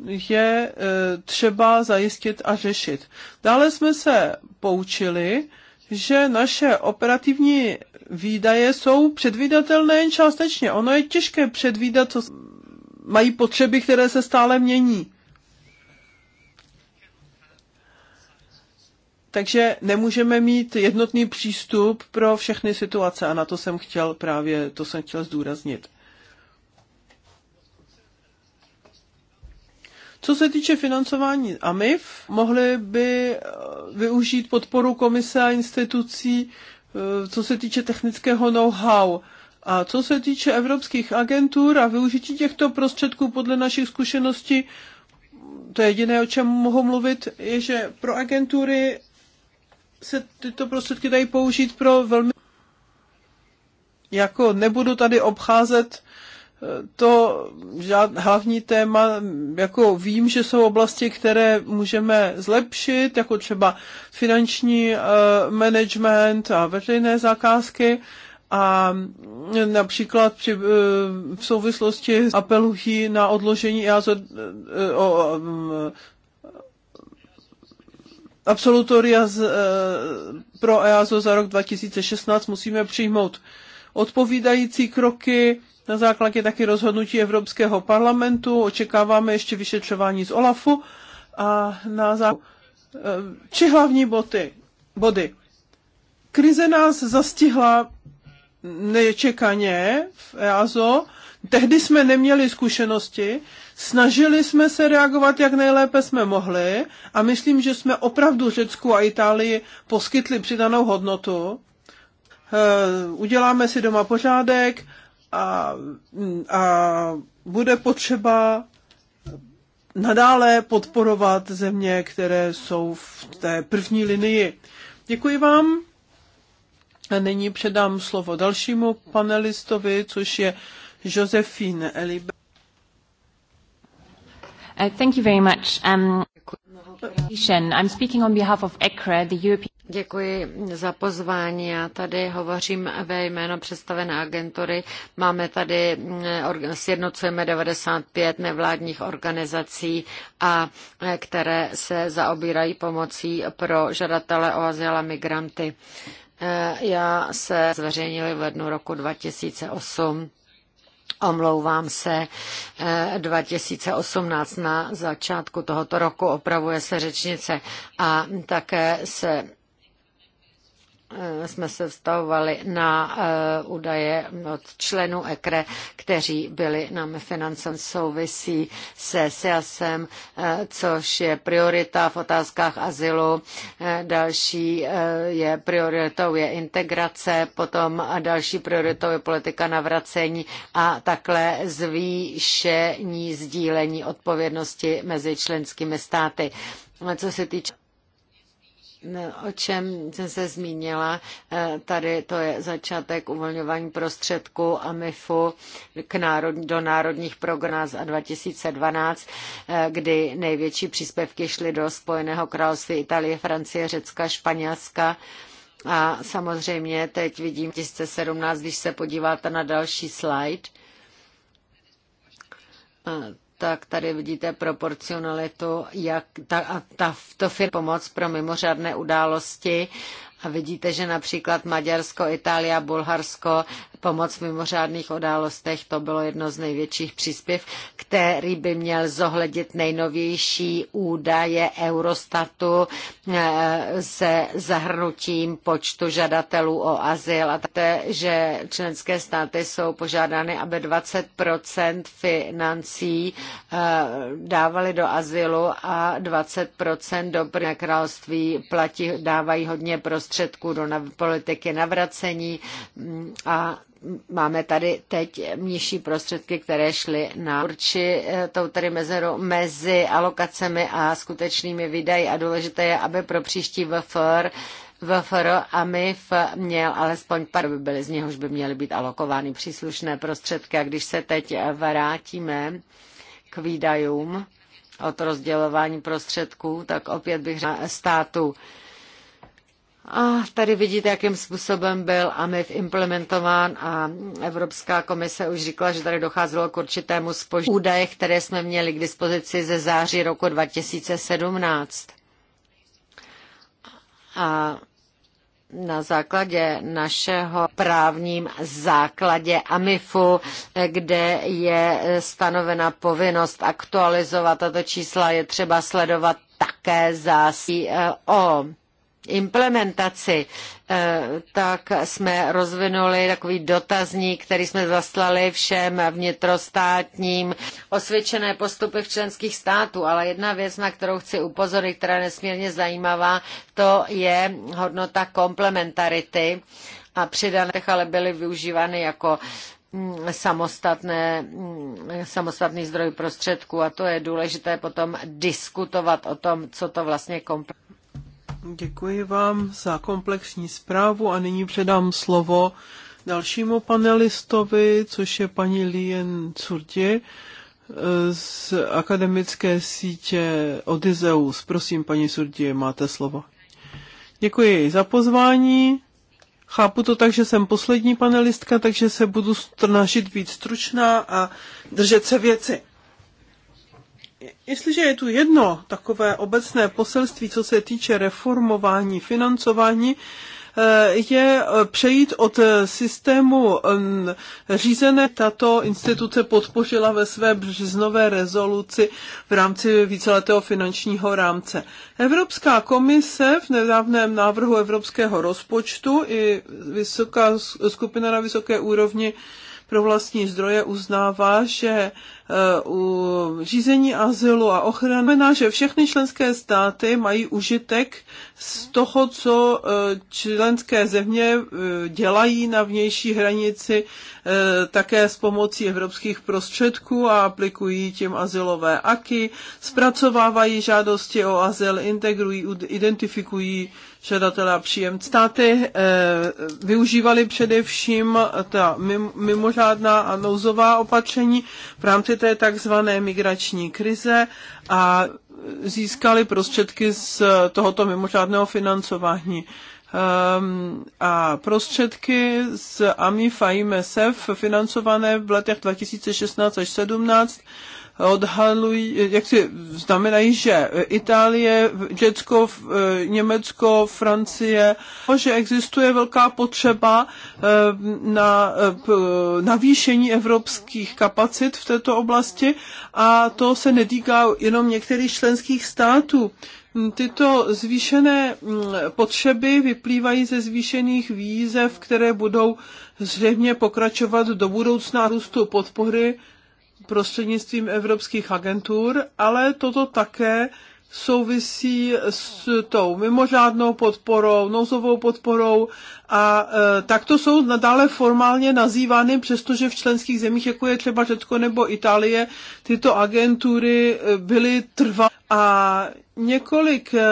Speaker 3: je eh, třeba zajistit a řešit. Dále jsme se poučili, že naše operativní výdaje jsou předvídatelné jen částečně. Ono je těžké předvídat, co mají potřeby, které se stále mění. Takže nemůžeme mít jednotný přístup pro všechny situace a na to jsem chtěl právě, to jsem chtěl zdůraznit. Co se týče financování AMIF, mohli by eh, využít podporu komise a institucí, eh, co se týče technického know-how. A co se týče evropských agentur a využití těchto prostředků podle našich zkušeností, to je jediné, o čem mohu mluvit, je, že pro agentury se tyto prostředky dají použít pro velmi... Jako nebudu tady obcházet to žád, hlavní téma, jako vím, že jsou oblasti, které můžeme zlepšit, jako třeba finanční uh, management a veřejné zakázky a například při, uh, v souvislosti s apelují na odložení EASO uh, o um, absolutoria z, uh, pro EASO za rok 2016 musíme přijmout uh, odpovídající kroky na základě taky rozhodnutí Evropského parlamentu. Očekáváme ještě vyšetřování z OLAFu a na základě... Či eh, hlavní boty, body. Krize nás zastihla nečekaně v EASO. Tehdy jsme neměli zkušenosti, snažili jsme se reagovat, jak nejlépe jsme mohli a myslím, že jsme opravdu Řecku a Itálii poskytli přidanou hodnotu Eh, uděláme si doma pořádek a, a bude potřeba nadále podporovat země, které jsou v té první linii. Děkuji vám. A nyní předám slovo dalšímu panelistovi, což je Josefine Elibe. Uh,
Speaker 4: thank you very much. Um...
Speaker 1: Děkuji. za pozvání. Já tady hovořím ve jméno představené agentury. Máme tady, eh, sjednocujeme 95 nevládních organizací, a eh, které se zaobírají pomocí pro žadatele o azyl a migranty. Eh, já se zveřejnili v lednu roku 2008 Omlouvám se, 2018 eh, na začátku tohoto roku opravuje se řečnice a také se Eh, jsme se vztahovali na eh, údaje od členů EKRE, e, kteří byli nám financem souvisí se SIASem, e eh, což je priorita v otázkách azylu. Další je prioritou je integrace, potom další prioritou je politika navracení a takhle zvýšení sdílení odpovědnosti mezi členskými státy. Co se týče o čem jsem se zmínila, eh, tady to je začátek uvolňování prostředků a MIFu k národ, do národních programů a 2012, eh, kdy největší příspěvky šly do Spojeného království Itálie, Francie, Řecka, Španělska. A samozřejmě teď vidím 2017, když se podíváte na další slide, tak tady vidíte proporcionalitu, jak ta, a ta, to je pomoc pro mimořádné události a vidíte, že například Maďarsko, Itálie, Bulharsko pomoc v mimořádných událostech. To bylo jedno z největších příspěv, který by měl zohlednit nejnovější údaje Eurostatu eh, se zahrnutím počtu žadatelů o azyl. A také, že členské státy jsou požádány, aby 20 financí eh, dávali do azylu a 20 do království platí, dávají hodně prostředků do politiky navracení mm, a máme tady teď nižší prostředky, které šly na eh, tou tady mezeru mezi alokacemi a skutečnými výdaji a důležité je, aby pro příští VFR VFR a MIF měl alespoň pár, by byly z něhož by měly být alokovány příslušné prostředky. A když se teď vrátíme k výdajům od rozdělování prostředků, tak opět bych řekla státu a tady vidíte, jakým způsobem byl AMIF implementován a Evropská komise už říkala, že tady docházelo k určitému spoždění údaje, které jsme měli k dispozici ze září roku 2017. A na základě našeho právním základě AMIFu, kde je stanovena povinnost aktualizovat tato čísla, je třeba sledovat také zásí eh, o implementaci, eh, tak jsme rozvinuli takový dotazník, který jsme zaslali všem vnitrostátním osvědčené postupy v členských států. Ale jedna věc, na kterou chci upozornit, která je nesmírně zajímavá, to je hodnota komplementarity a přidané, ale byly využívány jako mm, samostatné, mm, samostatný zdroj prostředků a to je důležité potom diskutovat o tom, co to vlastně komplementárita
Speaker 3: Děkuji vám za komplexní zprávu a nyní předám slovo dalšímu panelistovi, což je paní Lien Curti eh, z akademické sítě Odiseus. Prosím, paní Surdi, máte slovo. Děkuji za pozvání. Chápu to tak, že jsem poslední panelistka, takže se budu snažit být stručná a držet se věci. Jestliže je tu jedno takové obecné poselství, co se týče reformování financování, eh, je eh, přejít od eh, systému řízené. Tato instituce podpořila ve své březnové rezoluci v rámci víceletého finančního rámce. Evropská komise v nedávném návrhu evropského rozpočtu i vysoká skupina na vysoké úrovni pro vlastní zdroje uznává, že e, u řízení azylu a ochrany znamená, že všechny členské státy mají užitek z toho, co e, členské země e, dělají na vnější hranici také s pomocí evropských prostředků a aplikují tím azylové aky, zpracovávají žádosti o azyl, integrují, identifikují žadatelé a příjemce. Státy eh, využívaly především ta mimořádná a nouzová opatření v rámci té takzvané migrační krize a získali prostředky z tohoto mimořádného financování ehm, a prostředky z AMIF a IMSF financované v letech 2016 až 17 odhalují, jak si znamenají, že Itálie, Řecko, eh, Německo, Francie, že existuje velká potřeba eh, na eh, navýšení evropských kapacit v této oblasti a to se netýká jenom některých členských států. Tyto zvýšené mm, potřeby vyplývají ze zvýšených výzev, které budou zřejmě pokračovat do budoucna růstu podpory prostřednictvím evropských agentur, ale toto také souvisí s tou mimořádnou podporou, nouzovou podporou a e, takto jsou nadále formálně nazývány, přestože v členských zemích, jako je třeba Řecko nebo Itálie, tyto agentury e, byly trvalé a několik e,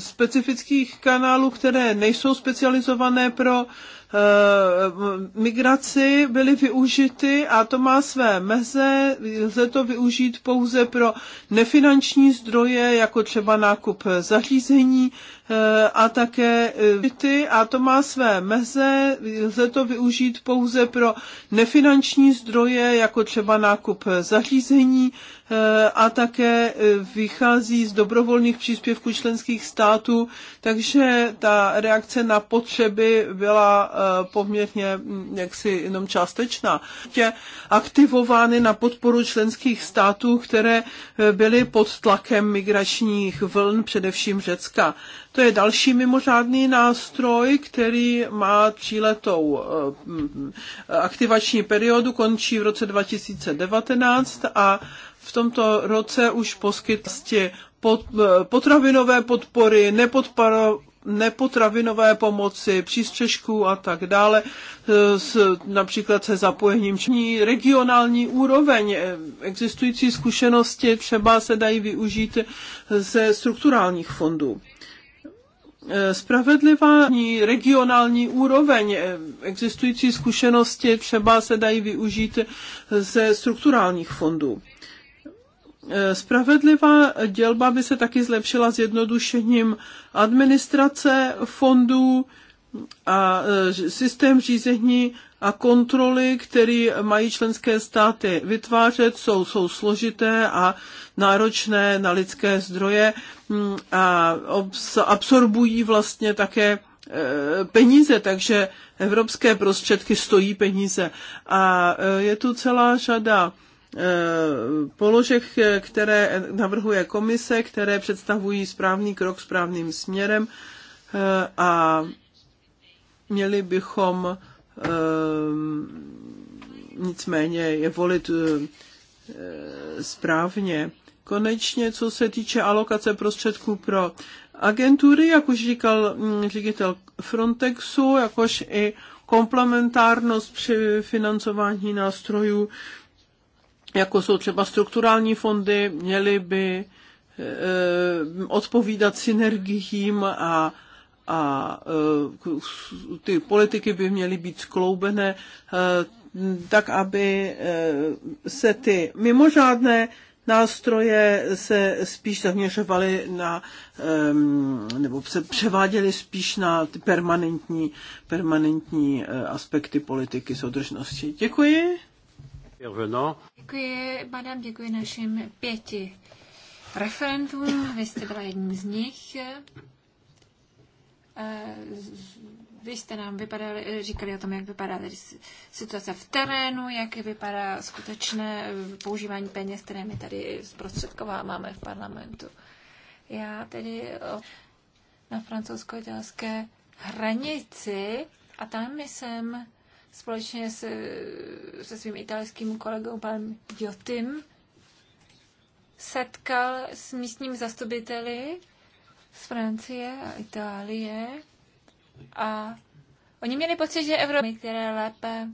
Speaker 3: specifických kanálů, které nejsou specializované pro e, Eh, migraci byly využity a to má své meze. Lze to využít pouze pro nefinanční zdroje, jako třeba nákup zařízení Eh, a také eh, ty, a to má své meze, lze to využít pouze pro nefinanční zdroje, jako třeba nákup eh, zařízení a také vychází z dobrovolných příspěvků členských států, takže ta reakce na potřeby byla poměrně hm, jaksi jenom částečná. Aktivovány na podporu členských států, které byly pod tlakem migračních vln, především Řecka. To je další mimořádný nástroj, který má tříletou eh, mm, aktivační periodu, končí v roce 2019 a v tomto roce už poskytnosti eh, potravinové podpory, nepodporo, nepotravinové pomoci, přístřežků a tak dále, eh, s, například se zapojením ční regionální úroveň. Existující zkušenosti třeba se dají využít ze strukturálních fondů. Eh, spravedlivá regionální úroveň. Eh, existující zkušenosti třeba se dají využít eh, ze strukturálních fondů. Spravedlivá dělba by se taky zlepšila zjednodušením administrace fondů a systém řízení a kontroly, které mají členské státy vytvářet, jsou, jsou složité a náročné na lidské zdroje mm, a absorbují vlastně také e, peníze, takže evropské prostředky stojí peníze. A e, je tu celá řada e, položek, které navrhuje komise, které představují správný krok správným směrem a měli bychom nicméně je volit správně. Konečně, co se týče alokace prostředků pro agentury, jak už říkal mm, ředitel Frontexu, jakož i komplementárnost při financování nástrojů, jako jsou třeba strukturální fondy, měly by eh, odpovídat synergiím a, a eh, ty politiky by měly být skloubené eh, tak, aby se ty mimořádné nástroje se spíš zaměřovaly na, ehm, nebo se převáděly spíš na ty permanentní, permanentní eh, aspekty politiky soudržnosti. Děkuji.
Speaker 2: Děkuji, madam, děkuji našim pěti referentům. Vy jste byla jedním z nich eh, vy jste nám vypadali, eh, říkali o tom, jak vypadá situace v terénu, jak vypadá skutečné eh, používání peněz, které my tady zprostředkováváme v parlamentu. Já tedy eh, na francouzsko-italské hranici a tam jsem společně se, se svým italským kolegou panem Jotim setkal s místním zastupiteli z Francie a Itálie a oni měli pocit, že Evropy, které lépe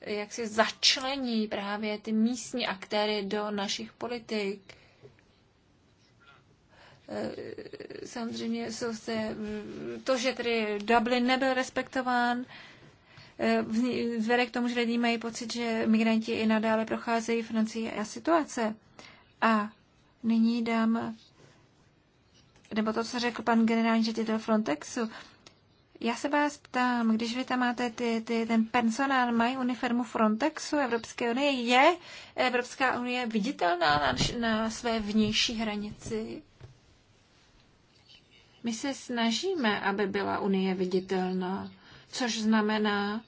Speaker 2: jak si začlení právě ty místní aktéry do našich politik.
Speaker 3: Eh,
Speaker 2: samozřejmě jsou se, to, že tedy Dublin nebyl respektován, eh, vede k tomu, že lidi mají pocit, že migranti i nadále procházejí Francii a situace. A nyní dám, nebo to, co řekl pan generální ředitel Frontexu, já se vás ptám, když vy tam máte ty, ty, ten personál, mají uniformu Frontexu Evropské unie, je Evropská unie viditelná na, na své vnější hranici? My se snažíme, aby byla unie viditelná, což znamená,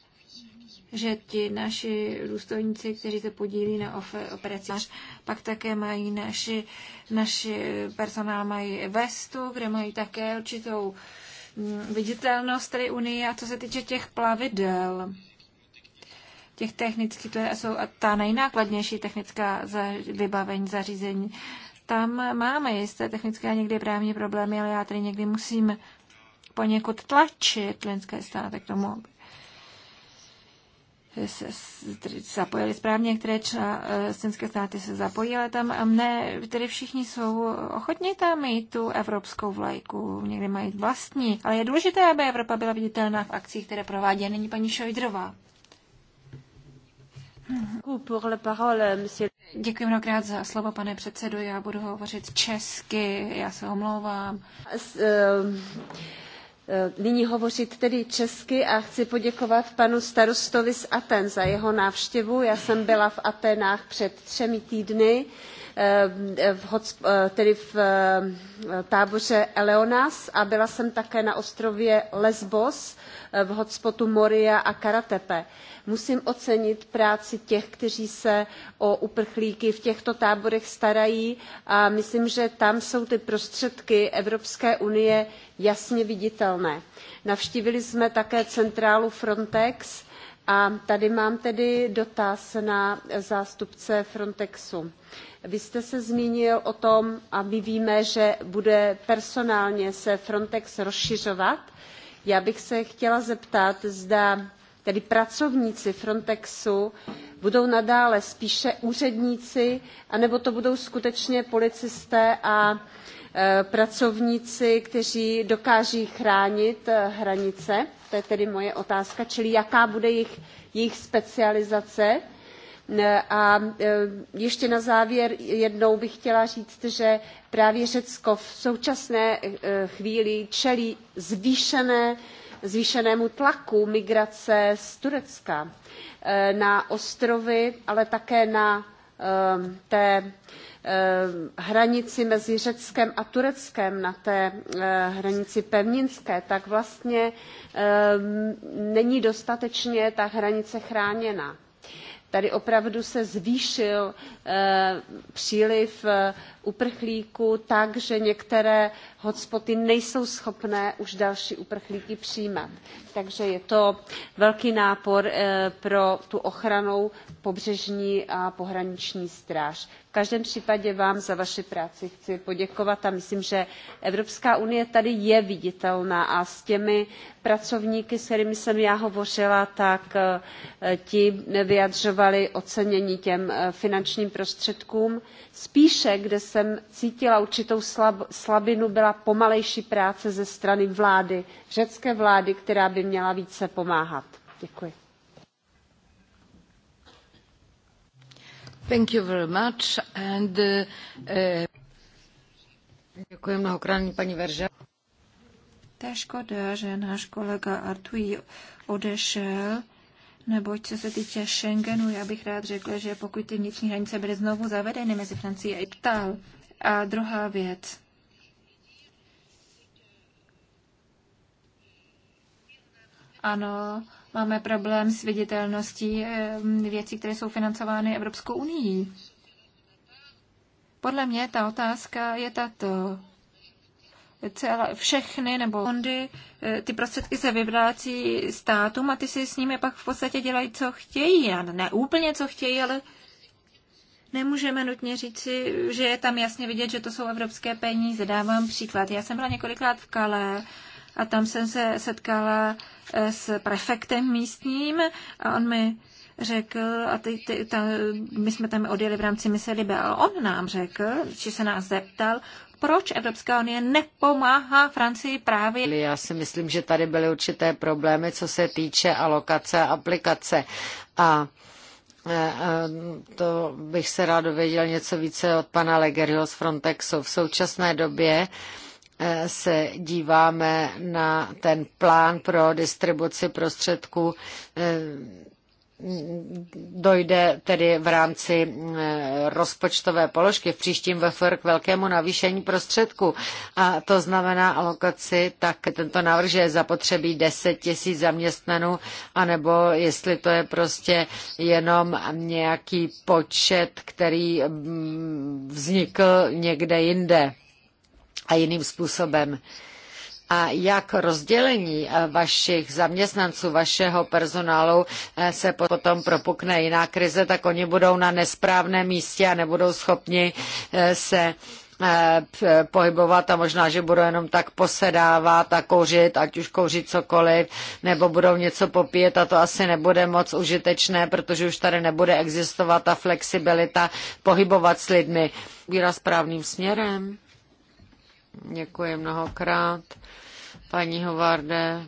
Speaker 2: že ti naši důstojníci, kteří se podílí na operacích, pak také mají naši, naši personál mají vestu, kde mají také určitou uh, Mm, viditelnost tady Unie a co se týče těch plavidel, těch technických, to je, jsou ta nejnákladnější technická za, vybavení, zařízení. Tam máme jisté technické a někdy právní problémy, ale já tady někdy musím poněkud tlačit členské státy k tomu, se zapojili správně, některé eh, členské státy se zapojily, ale tam a ne, tedy všichni jsou ochotní tam mít tu evropskou vlajku, někdy mají vlastní. Ale je důležité, aby Evropa byla viditelná v akcích, které provádí. A nyní paní Šojdrová. Děkuji mnohokrát za slovo, pane předsedo. Já budu hovořit česky, já se omlouvám. S, eh, Eh,
Speaker 4: nyní hovořit tedy česky a chci poděkovat panu starostovi z aten za jeho návštěvu. já jsem byla v aténách před třemi týdny a Eh, v, eh, tedy v eh, táboře Eleonas a byla jsem také na ostrově Lesbos v hotspotu Moria a Karatepe. Musím ocenit práci těch, kteří se o uprchlíky v těchto táborech starají a myslím, že tam jsou ty prostředky Evropské unie jasně viditelné. Navštívili jsme také centrálu Frontex, a tady mám tedy dotaz na zástupce Frontexu. Vy jste se zmínil o tom, a my víme, že bude personálně se Frontex rozšiřovat. Já bych se chtěla zeptat, zda tedy pracovníci Frontexu budou nadále spíše úředníci anebo to budou skutečně policisté a e, pracovníci kteří dokáží chránit e, hranice to je tedy moje otázka čili jaká bude jejich, jejich specializace e, a ještě na závěr jednou bych chtěla říct že právě řecko v současné chvíli čelí zvýšené zvýšenému tlaku migrace z Turecka eh, na ostrovy, ale také na ehm, té ehm, hranici mezi Řeckem a Tureckem, na té eh, hranici pevninské, tak vlastně ehm, není dostatečně ta hranice chráněna. Tady opravdu se zvýšil eh, příliv uprchlíků tak, že některé hotspoty nejsou schopné už další uprchlíky přijímat. Takže je to velký nápor eh, pro tu ochranu pobřežní a pohraniční stráž. V každém případě vám za vaši práci chci poděkovat a myslím, že Evropská unie tady je viditelná a s těmi pracovníky, s kterými jsem já hovořila, tak eh, ti vyjadřovali ocenění těm eh, finančním prostředkům. Spíše, kde se jsem cítila určitou slabinu, byla pomalejší práce ze strany vlády, řecké vlády, která by měla více pomáhat. Děkuji.
Speaker 1: Thank you very much and, uh, uh Děkuji mnohokrát, paní Verže. To škoda, že
Speaker 2: náš kolega Artui odešel neboť co se týče Schengenu, já bych rád řekl, že pokud ty vnitřní hranice byly znovu zavedeny mezi Francií a Itál. A druhá věc. Ano, máme problém s viditelností věcí, které jsou financovány Evropskou unii. Podle mě ta otázka je tato celé, všechny nebo fondy eh, ty prostředky se vyvrácí státům a ty si s nimi pak v podstatě dělají, co chtějí. A ne úplně, co chtějí, ale nemůžeme nutně říci, že je tam jasně vidět, že to jsou evropské peníze. Dávám příklad. Já jsem byla několikrát v Kalé a tam jsem se setkala eh, s prefektem místním a on mi řekl, a ty, ty, ta, my jsme tam odjeli v rámci mise Libe, a on nám řekl, či se nás
Speaker 1: zeptal, proč Evropská unie nepomáhá Francii právě. Já si myslím, že tady byly určité problémy, co se týče alokace a aplikace. A e, e, to bych se rád dověděl něco více od pana Legerio z Frontexu. V současné době e, se díváme na ten plán pro distribuci prostředků dojde tedy v rámci eh, rozpočtové položky v příštím VFR k velkému navýšení prostředku. A to znamená alokaci, tak tento návrh, že je zapotřebí 10 tisíc zaměstnanů, anebo jestli to je prostě jenom nějaký počet, který mm, vznikl někde jinde a jiným způsobem a jak rozdělení eh, vašich zaměstnanců, vašeho personálu eh, se potom propukne jiná krize, tak oni budou na nesprávném místě a nebudou schopni eh, se pohybovat a možná, že budou jenom tak posedávat a kouřit, ať už kouřit cokoliv, nebo budou něco popíjet a to asi nebude moc užitečné, protože už tady nebude existovat ta flexibilita pohybovat s lidmi. Víra správným směrem. Děkuji mnohokrát, paní Hovarde.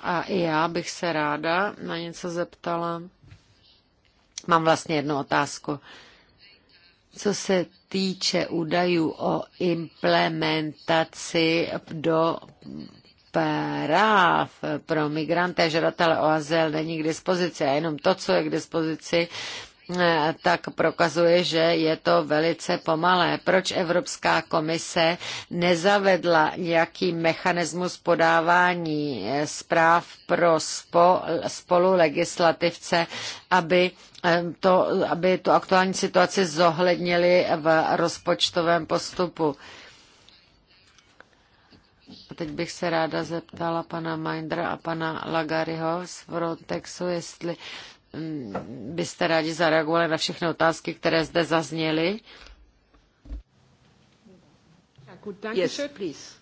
Speaker 1: A i já bych se ráda na něco zeptala. Mám vlastně jednu otázku. Co se týče údajů o implementaci do práv pro migranty a žadatele o azyl není k dispozici a jenom to, co je k dispozici, Eh, tak prokazuje, že je to velice pomalé. Proč Evropská komise nezavedla nějaký mechanismus podávání eh, zpráv pro spolulegislativce, aby eh, to, aby tu aktuální situaci zohlednili v rozpočtovém postupu. A teď bych se ráda zeptala pana Mindra a pana Lagariho z Frontexu, jestli Mm, byste rádi zareagovali na všechny otázky, které zde zazněly?
Speaker 4: Yes, please.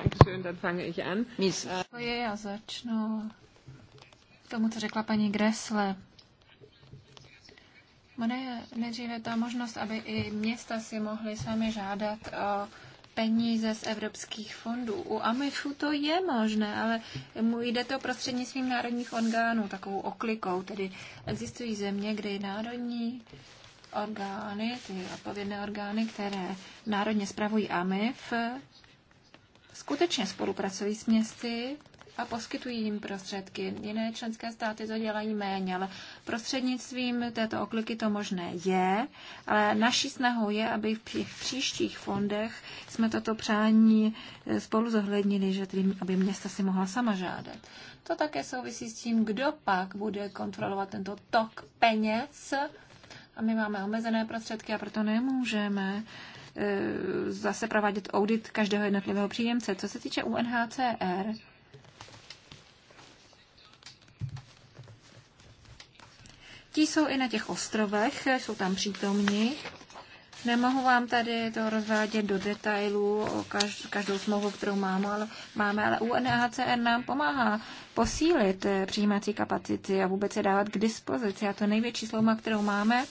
Speaker 4: <laughs>
Speaker 2: Äh, já začnu k tomu, co řekla paní Gressle. Mne je nejdříve ta možnost, aby i města si mohly sami žádat o peníze z evropských fondů. U AMIFu to je možné, ale mu jde to prostřednictvím národních orgánů, takovou oklikou. Tedy existují země, kde národní orgány, ty odpovědné orgány, které národně spravují AMIF, skutečně spolupracují s městy a poskytují jim prostředky. Jiné členské státy to dělají méně, ale prostřednictvím této okliky to možné je, ale naší snahou je, aby v příštích fondech jsme toto přání eh, spolu zohlednili, že tedy, aby města si mohla sama žádat. To také souvisí s tím, kdo pak bude kontrolovat tento tok peněz. A my máme omezené prostředky a proto nemůžeme eh, zase provádět audit každého jednotlivého příjemce. Co se týče UNHCR, Ti jsou i na těch ostrovech, jsou tam přítomní. Nemohu vám tady to rozvádět do detailů o každou smlouvu, kterou mám, ale, máme, ale UNHCR nám pomáhá posílit eh, přijímací kapacity a vůbec je dávat k dispozici. A to největší slouma, kterou máme,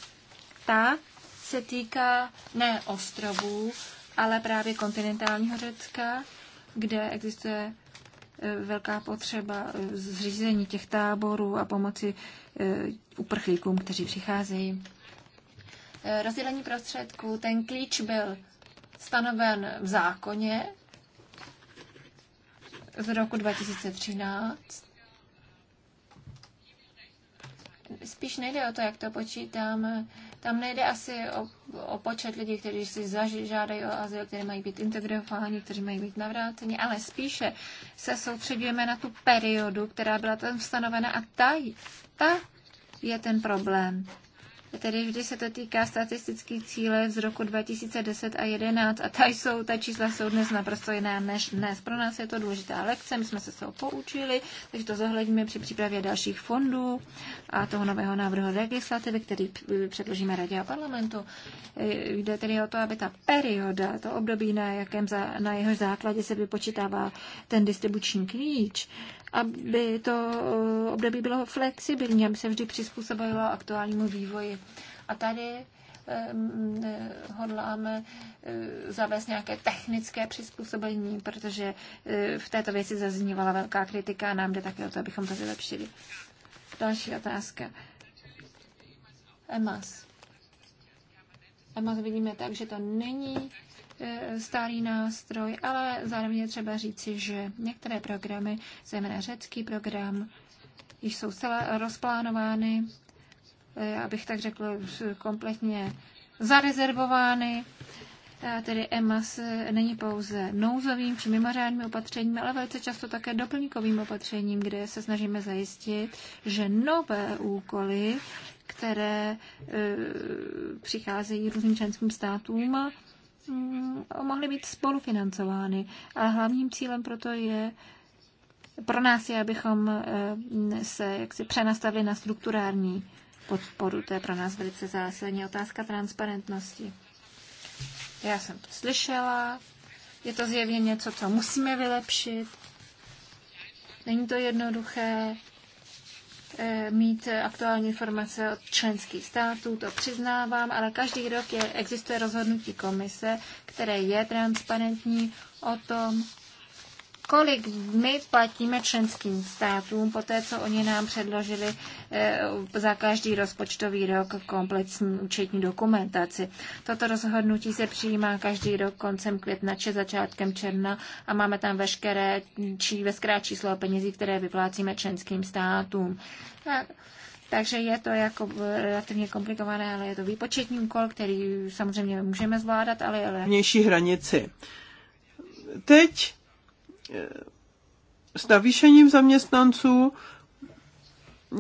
Speaker 2: ta se týká ne ostrovů, ale právě kontinentálního Řecka, kde existuje velká potřeba zřízení těch táborů a pomoci eh, uprchlíkům, kteří přicházejí. Eh, rozdělení prostředků, ten klíč byl stanoven v zákoně z roku 2013. Spíš nejde o to, jak to počítáme, tam nejde asi o, o počet lidí, kteří si zažádají o azyl, kteří mají být integrováni, kteří mají být navráceni, ale spíše se soustředujeme na tu periodu, která byla tam stanovena a ta, ta je ten problém tedy vždy se to týká statistických cíle z roku 2010 a 2011 a ta, jsou, ta čísla jsou dnes naprosto jiná než dnes. Pro nás je to důležitá lekce, my jsme se z toho poučili, takže to zohledníme při přípravě dalších fondů a toho nového návrhu legislativy, který předložíme radě a parlamentu. E, jde tedy o to, aby ta perioda, to období, na, jakém za, na jeho základě se vypočítává ten distribuční klíč, aby to eh, období bylo flexibilní, aby se vždy přizpůsobilo aktuálnímu vývoji. A tady eh, hodláme eh, zavést nějaké technické přizpůsobení, protože v této věci zaznívala velká kritika a nám jde také o to, abychom to vylepšili. Další otázka. EMAS. EMAS vidíme tak, že to není E, starý nástroj, ale zároveň je třeba říci, že některé programy, zejména řecký program, již jsou celé rozplánovány, e, abych tak řekl, kompletně zarezervovány. E, tedy EMAS není pouze nouzovým či mimořádným opatřením, ale velice často také doplňkovým opatřením, kde se snažíme zajistit, že nové úkoly, které e, přicházejí různým členským státům, Mm, mohly být spolufinancovány. A hlavním cílem proto je pro nás je, abychom eh, se jaksi přenastavili na strukturální podporu. To je pro nás velice zásadní otázka transparentnosti. Já jsem to slyšela, je to zjevně něco, co musíme vylepšit. Není to jednoduché, Eh, mít aktuální informace od členských států, to přiznávám, ale každý rok je, existuje rozhodnutí komise, které je transparentní o tom, kolik my platíme členským státům po té, co oni nám předložili eh, za každý rozpočtový rok komplexní účetní dokumentaci. Toto rozhodnutí se přijímá každý rok koncem května či začátkem června a máme tam veškeré, či veškerá číslo penězí, které vyplácíme členským státům. takže je to jako eh, relativně komplikované, ale je to výpočetní úkol, který samozřejmě můžeme zvládat, ale je
Speaker 3: vnější hranici. Teď s navýšením zaměstnanců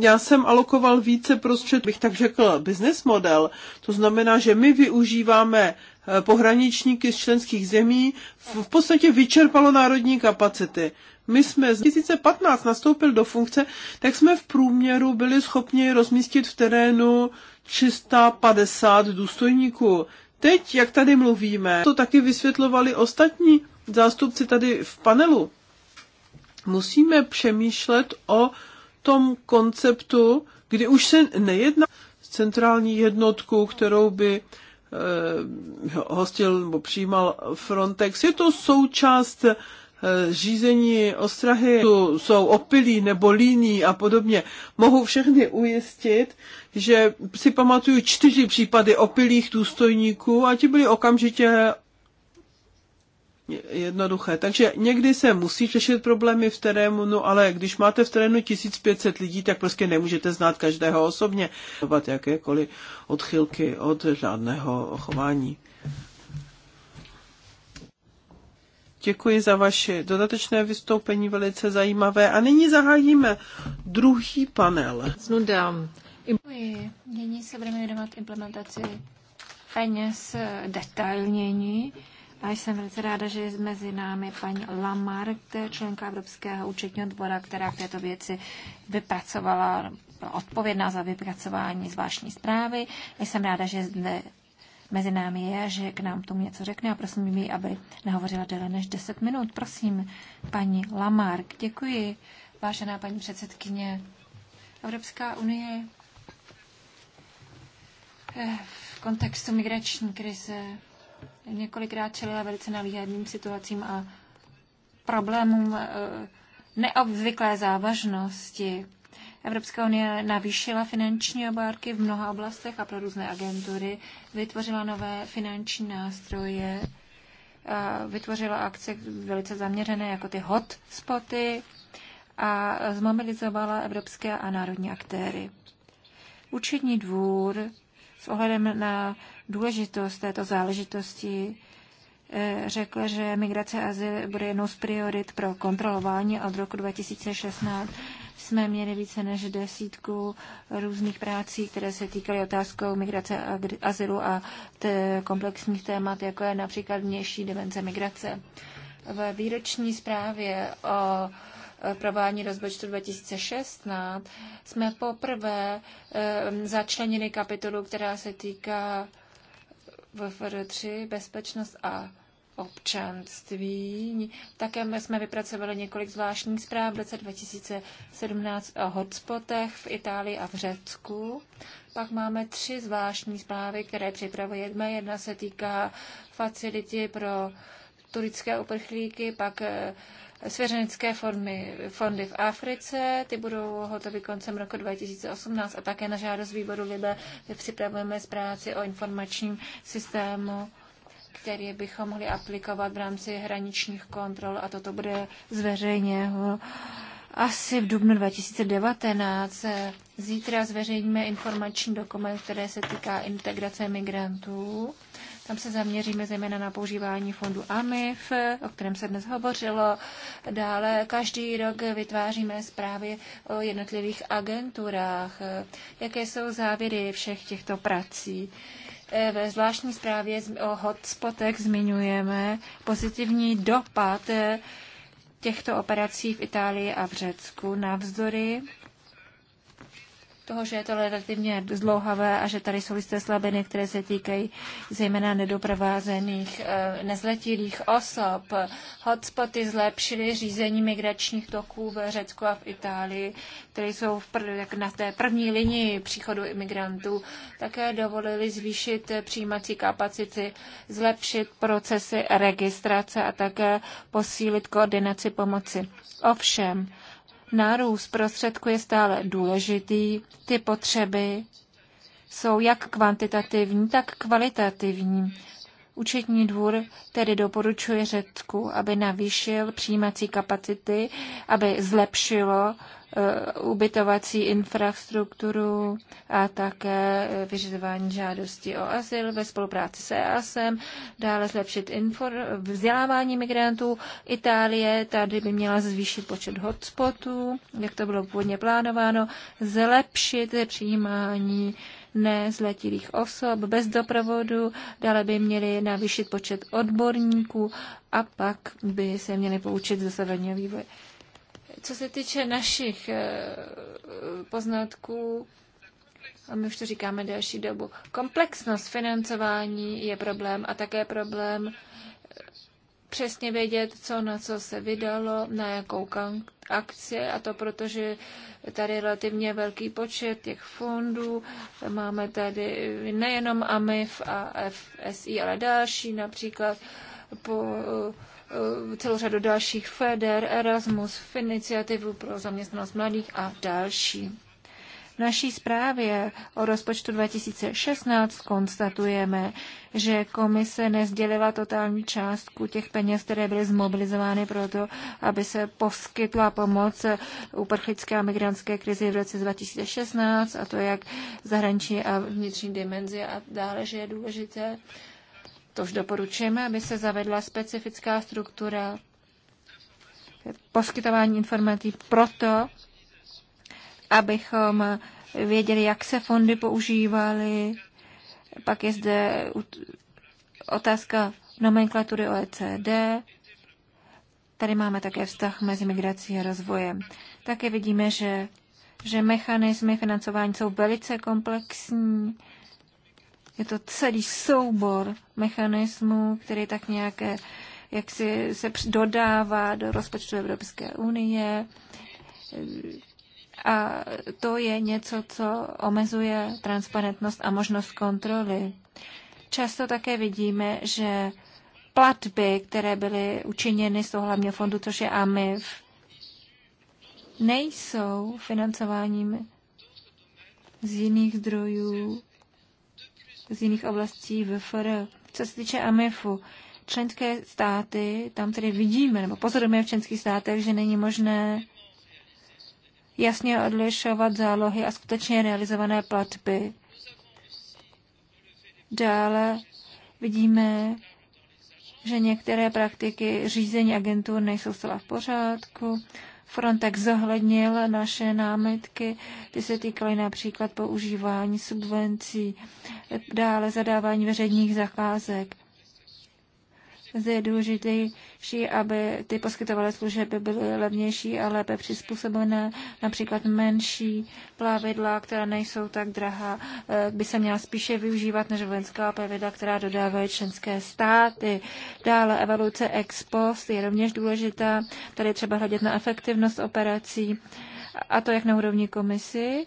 Speaker 3: já jsem alokoval více prostředků, bych tak řekl, business model. To znamená, že my využíváme eh, pohraničníky z členských zemí, v podstatě vyčerpalo národní kapacity. My jsme z 2015 nastoupil do funkce, tak jsme v průměru byli schopni rozmístit v terénu 350 důstojníků. Teď, jak tady mluvíme, to taky vysvětlovali ostatní zástupci tady v panelu. Musíme přemýšlet o tom konceptu, kdy už se nejedná centrální jednotku, kterou by eh, hostil nebo přijímal Frontex. Je to součást Eh, řízení ostrahy jsou opilí nebo líní a podobně, mohu všechny ujistit, že si pamatuju čtyři případy opilých důstojníků a ti byli okamžitě jednoduché. Takže někdy se musí řešit problémy v terénu, no ale když máte v terénu 1500 lidí, tak prostě nemůžete znát každého osobně, jakékoliv odchylky od žádného chování. Děkuji za vaše dodatečné vystoupení, velice zajímavé. A nyní zahájíme druhý panel. Znudám.
Speaker 1: Děkuji.
Speaker 2: Nyní se budeme věnovat implementaci peněz eh, detailnění. A jsem velice ráda, že je mezi námi paní Lamarck, členka Evropského účetního dvora, která k této věci vypracovala, byla odpovědná za vypracování zvláštní zprávy. A jsem ráda, že je zde mezi námi je, že k nám tomu něco řekne a prosím mi, aby nehovořila déle než 10 minut. Prosím, paní Lamark, děkuji, vážená paní předsedkyně. Evropská unie eh, v kontextu migrační krize několikrát čelila velice navíhadným situacím a problémům eh, neobvyklé závažnosti. Evropská unie navýšila finanční obárky v mnoha oblastech a pro různé agentury, vytvořila nové finanční nástroje, vytvořila akce velice zaměřené jako ty hotspoty a zmobilizovala evropské a národní aktéry. Účetní dvůr s ohledem na důležitost této záležitosti e, řekl, že migrace a azyl bude jednou z priorit pro kontrolování a od roku 2016 jsme měli více než desítku různých prací, které se týkaly otázkou migrace a azylu a komplexních témat, jako je například vnější dimenze migrace. V výroční zprávě o provádění rozpočtu 2016 jsme poprvé začlenili kapitolu, která se týká VFR3, bezpečnost a občanství. Také jsme vypracovali několik zvláštních zpráv v roce 2017 o hotspotech v Itálii a v Řecku. Pak máme tři zvláštní zprávy, které připravujeme. Jedna se týká facility pro turické uprchlíky, pak eh, svěřenické formy, fondy v Africe, ty budou hotovy koncem roku 2018 a také na žádost výboru LIBE připravujeme zpráci o informačním systému které bychom mohli aplikovat v rámci hraničních kontrol a toto bude zveřejněno asi v dubnu 2019. Zítra zveřejníme informační dokument, které se týká integrace migrantů. Tam se zaměříme zejména na používání fondu AMIF, o kterém se dnes hovořilo. Dále každý rok vytváříme zprávy o jednotlivých agenturách, jaké jsou závěry všech těchto prací. E, ve zvláštní zprávě o hotspotech zmiňujeme pozitivní dopad e, těchto operací v Itálii a v Řecku navzdory toho, že je to relativně zdlouhavé a že tady jsou jisté slabiny, které se týkají zejména nedoprovázených eh, nezletilých osob. Hotspoty zlepšily řízení migračních toků v Řecku a v Itálii, které jsou v prv, jak na té první linii příchodu imigrantů. Také dovolili zvýšit přijímací kapacity, zlepšit procesy registrace a také posílit koordinaci pomoci. Ovšem, Nárůst prostředku je stále důležitý. Ty potřeby jsou jak kvantitativní, tak kvalitativní. Účetní dvůr tedy doporučuje Řecku, aby navýšil přijímací kapacity, aby zlepšilo eh, ubytovací infrastrukturu a také eh, vyřizování žádosti o azyl ve spolupráci s EASem, dále zlepšit vzdělávání migrantů. Itálie tady by měla zvýšit počet hotspotů, jak to bylo původně plánováno, zlepšit přijímání nezletilých osob bez doprovodu, dále by měli navýšit počet odborníků a pak by se měli poučit z dosavadního vývoje. Co se týče našich eh, poznatků, a my už to říkáme další dobu, komplexnost financování je problém a také problém přesně vědět, co na co se vydalo, na jakou akci a to protože tady relativně velký počet těch fondů. Máme tady nejenom AMIF a FSI, ale další, například po eh, celou řadu dalších FEDER, Erasmus, iniciativu pro zaměstnanost mladých a další. V naší zprávě o rozpočtu 2016 konstatujeme, že komise nezdělila totální částku těch peněz, které byly zmobilizovány proto, aby se poskytla pomoc uprchlické a migrantské krizi v roce 2016, a to jak zahraniční a vnitřní dimenze a dále, že je důležité. Tož doporučujeme, aby se zavedla specifická struktura poskytování informací proto, abychom věděli, jak se fondy používaly. Pak je zde otázka nomenklatury OECD. Tady máme také vztah mezi migrací a rozvojem. Také vidíme, že, že mechanismy financování jsou velice komplexní. Je to celý soubor mechanismů, který tak nějak jak si se dodává do rozpočtu Evropské unie. A to je něco, co omezuje transparentnost a možnost kontroly. Často také vidíme, že platby, které byly učiněny z toho hlavního fondu, což je AMIF, nejsou financováním z jiných zdrojů, z jiných oblastí VFR. Co se týče AMIFu, členské státy, tam tedy vidíme, nebo pozorujeme v členských státech, že není možné jasně odlišovat zálohy a skutečně realizované platby. Dále vidíme, že některé praktiky řízení agentur nejsou zcela v pořádku. Frontex zohlednil naše námitky, ty se týkaly například používání subvencí, dále zadávání veřejných zakázek je důležitější, aby ty poskytovalé služeby byly levnější a lépe přizpůsobené, například menší plavidla, která nejsou tak drahá, eh, by se měla spíše využívat než vojenská plavidla, která dodávají členské státy. Dále evoluce ex post je rovněž důležitá. Tady je třeba hledět na efektivnost operací a to jak na úrovni komisi,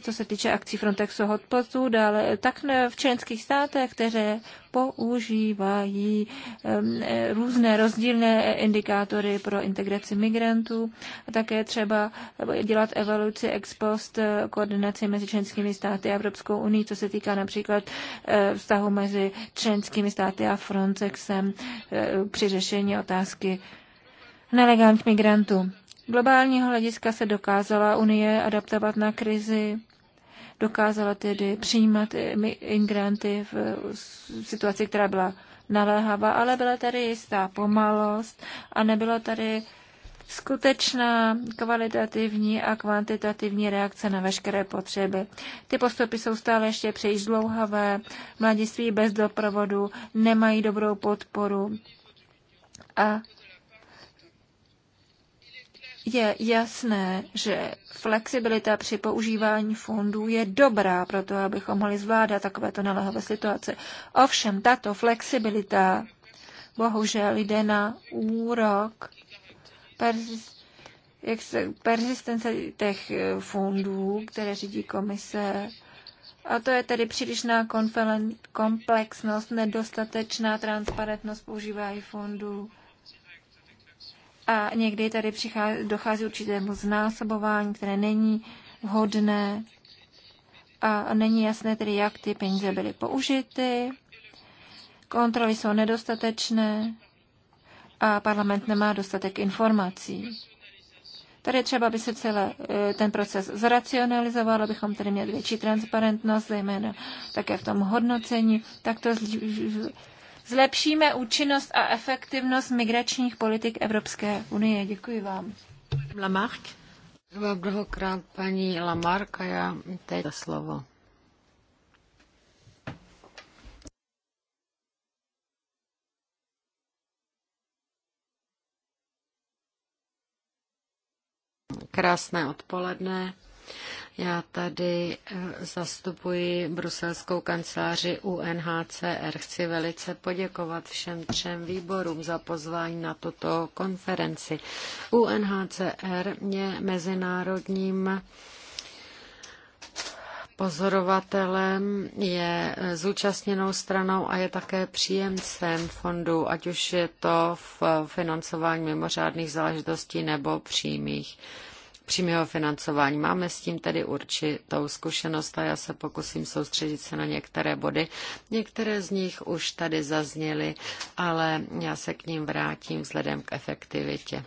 Speaker 2: co se týče akcí Frontexu Hotpotu, dále tak v členských státech, které používají e, různé rozdílné indikátory pro integraci migrantů a také třeba dělat evoluci ex post e, koordinaci mezi členskými státy a Evropskou unii, co se týká například e, vztahu mezi členskými státy a Frontexem při řešení otázky nelegálních migrantů globálního hlediska se dokázala Unie adaptovat na krizi, dokázala tedy přijímat imigranty v situaci, která byla naléhavá, ale byla tady jistá pomalost a nebyla tady skutečná kvalitativní a kvantitativní reakce na veškeré potřeby. Ty postupy jsou stále ještě příliš dlouhavé, mladiství bez doprovodu nemají dobrou podporu a je jasné, že flexibilita při používání fondů je dobrá pro to, abychom mohli zvládat takovéto naléhavé situace. Ovšem, tato flexibilita bohužel jde na úrok persistence těch eh, fondů, které řídí komise, a to je tedy přílišná komplexnost, nedostatečná transparentnost používání fondů a někdy tady přichází, dochází určitému znásobování, které není vhodné a není jasné tedy, jak ty peníze byly použity, kontroly jsou nedostatečné a parlament nemá dostatek informací. Tady třeba by se celé e, ten proces zracionalizoval, abychom tedy měli větší transparentnost, zejména také v tom hodnocení, tak to zlepšíme účinnost a efektivnost migračních politik Evropské unie. Děkuji vám.
Speaker 1: Lamarck. Vám mnohokrát paní Lamarck a já teď slovo. Krásné odpoledne. Já tady eh, zastupuji bruselskou kanceláři UNHCR. Chci velice poděkovat všem třem výborům za pozvání na tuto konferenci. UNHCR je mezinárodním pozorovatelem, je eh, zúčastněnou stranou a je také příjemcem fondu, ať už je to v eh, financování mimořádných záležitostí nebo přímých přímého financování. Máme s tím tedy určitou zkušenost a já se pokusím soustředit se na některé body. Některé z nich už tady zazněly, ale já se k ním vrátím vzhledem k efektivitě.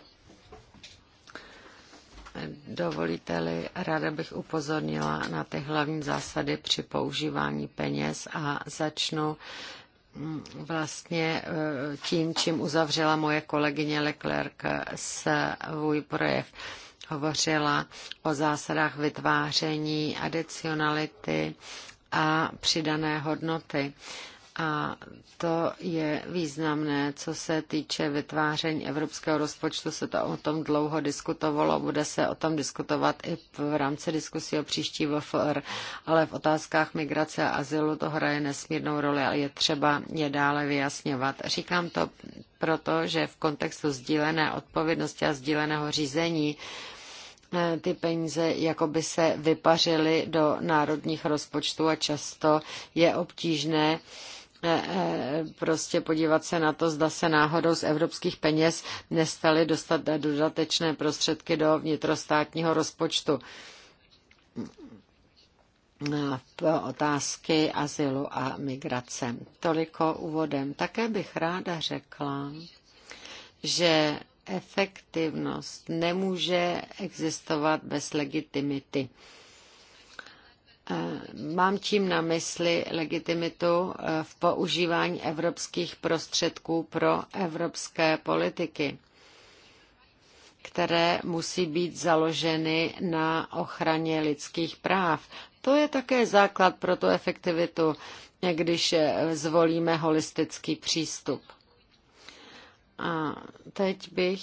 Speaker 1: Dovolíte-li, ráda bych upozornila na ty hlavní zásady při používání peněz a začnu mm, vlastně e, tím, čím uzavřela moje kolegyně Leclerc svůj projev hovořila o zásadách vytváření adicionality a přidané hodnoty. A to je významné, co se týče vytváření evropského rozpočtu, se to o tom dlouho diskutovalo, bude se o tom diskutovat i v rámci diskusí o příští VFR, ale v otázkách migrace a azylu to hraje nesmírnou roli, a je třeba je dále vyjasňovat. Říkám to proto, že v kontextu sdílené odpovědnosti a sdíleného řízení Eh, ty peníze jako by se vypařily do národních rozpočtů a často je obtížné eh, eh, prostě podívat se na to, zda se náhodou z evropských peněz nestaly dostat dodatečné prostředky do vnitrostátního rozpočtu otázky azylu a migrace. Toliko úvodem. Také bych ráda řekla, že efektivnost nemůže existovat bez legitimity. Eh, mám čím na mysli legitimitu eh, v používání evropských prostředků pro evropské politiky, které musí být založeny na ochraně lidských práv. To je také základ pro tu efektivitu, eh, když zvolíme holistický přístup. A teď bych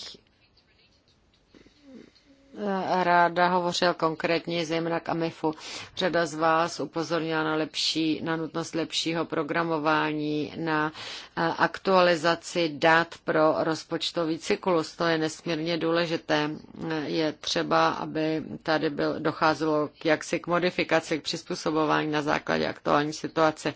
Speaker 1: eh, ráda hovořil konkrétně zejména k AMIFu. Řada z vás upozornila na, lepší, na nutnost lepšího programování, na eh, aktualizaci dat pro rozpočtový cyklus. To je nesmírně důležité. Eh, je třeba, aby tady byl, docházelo k jaksi k modifikaci, k přizpůsobování na základě aktuální situace.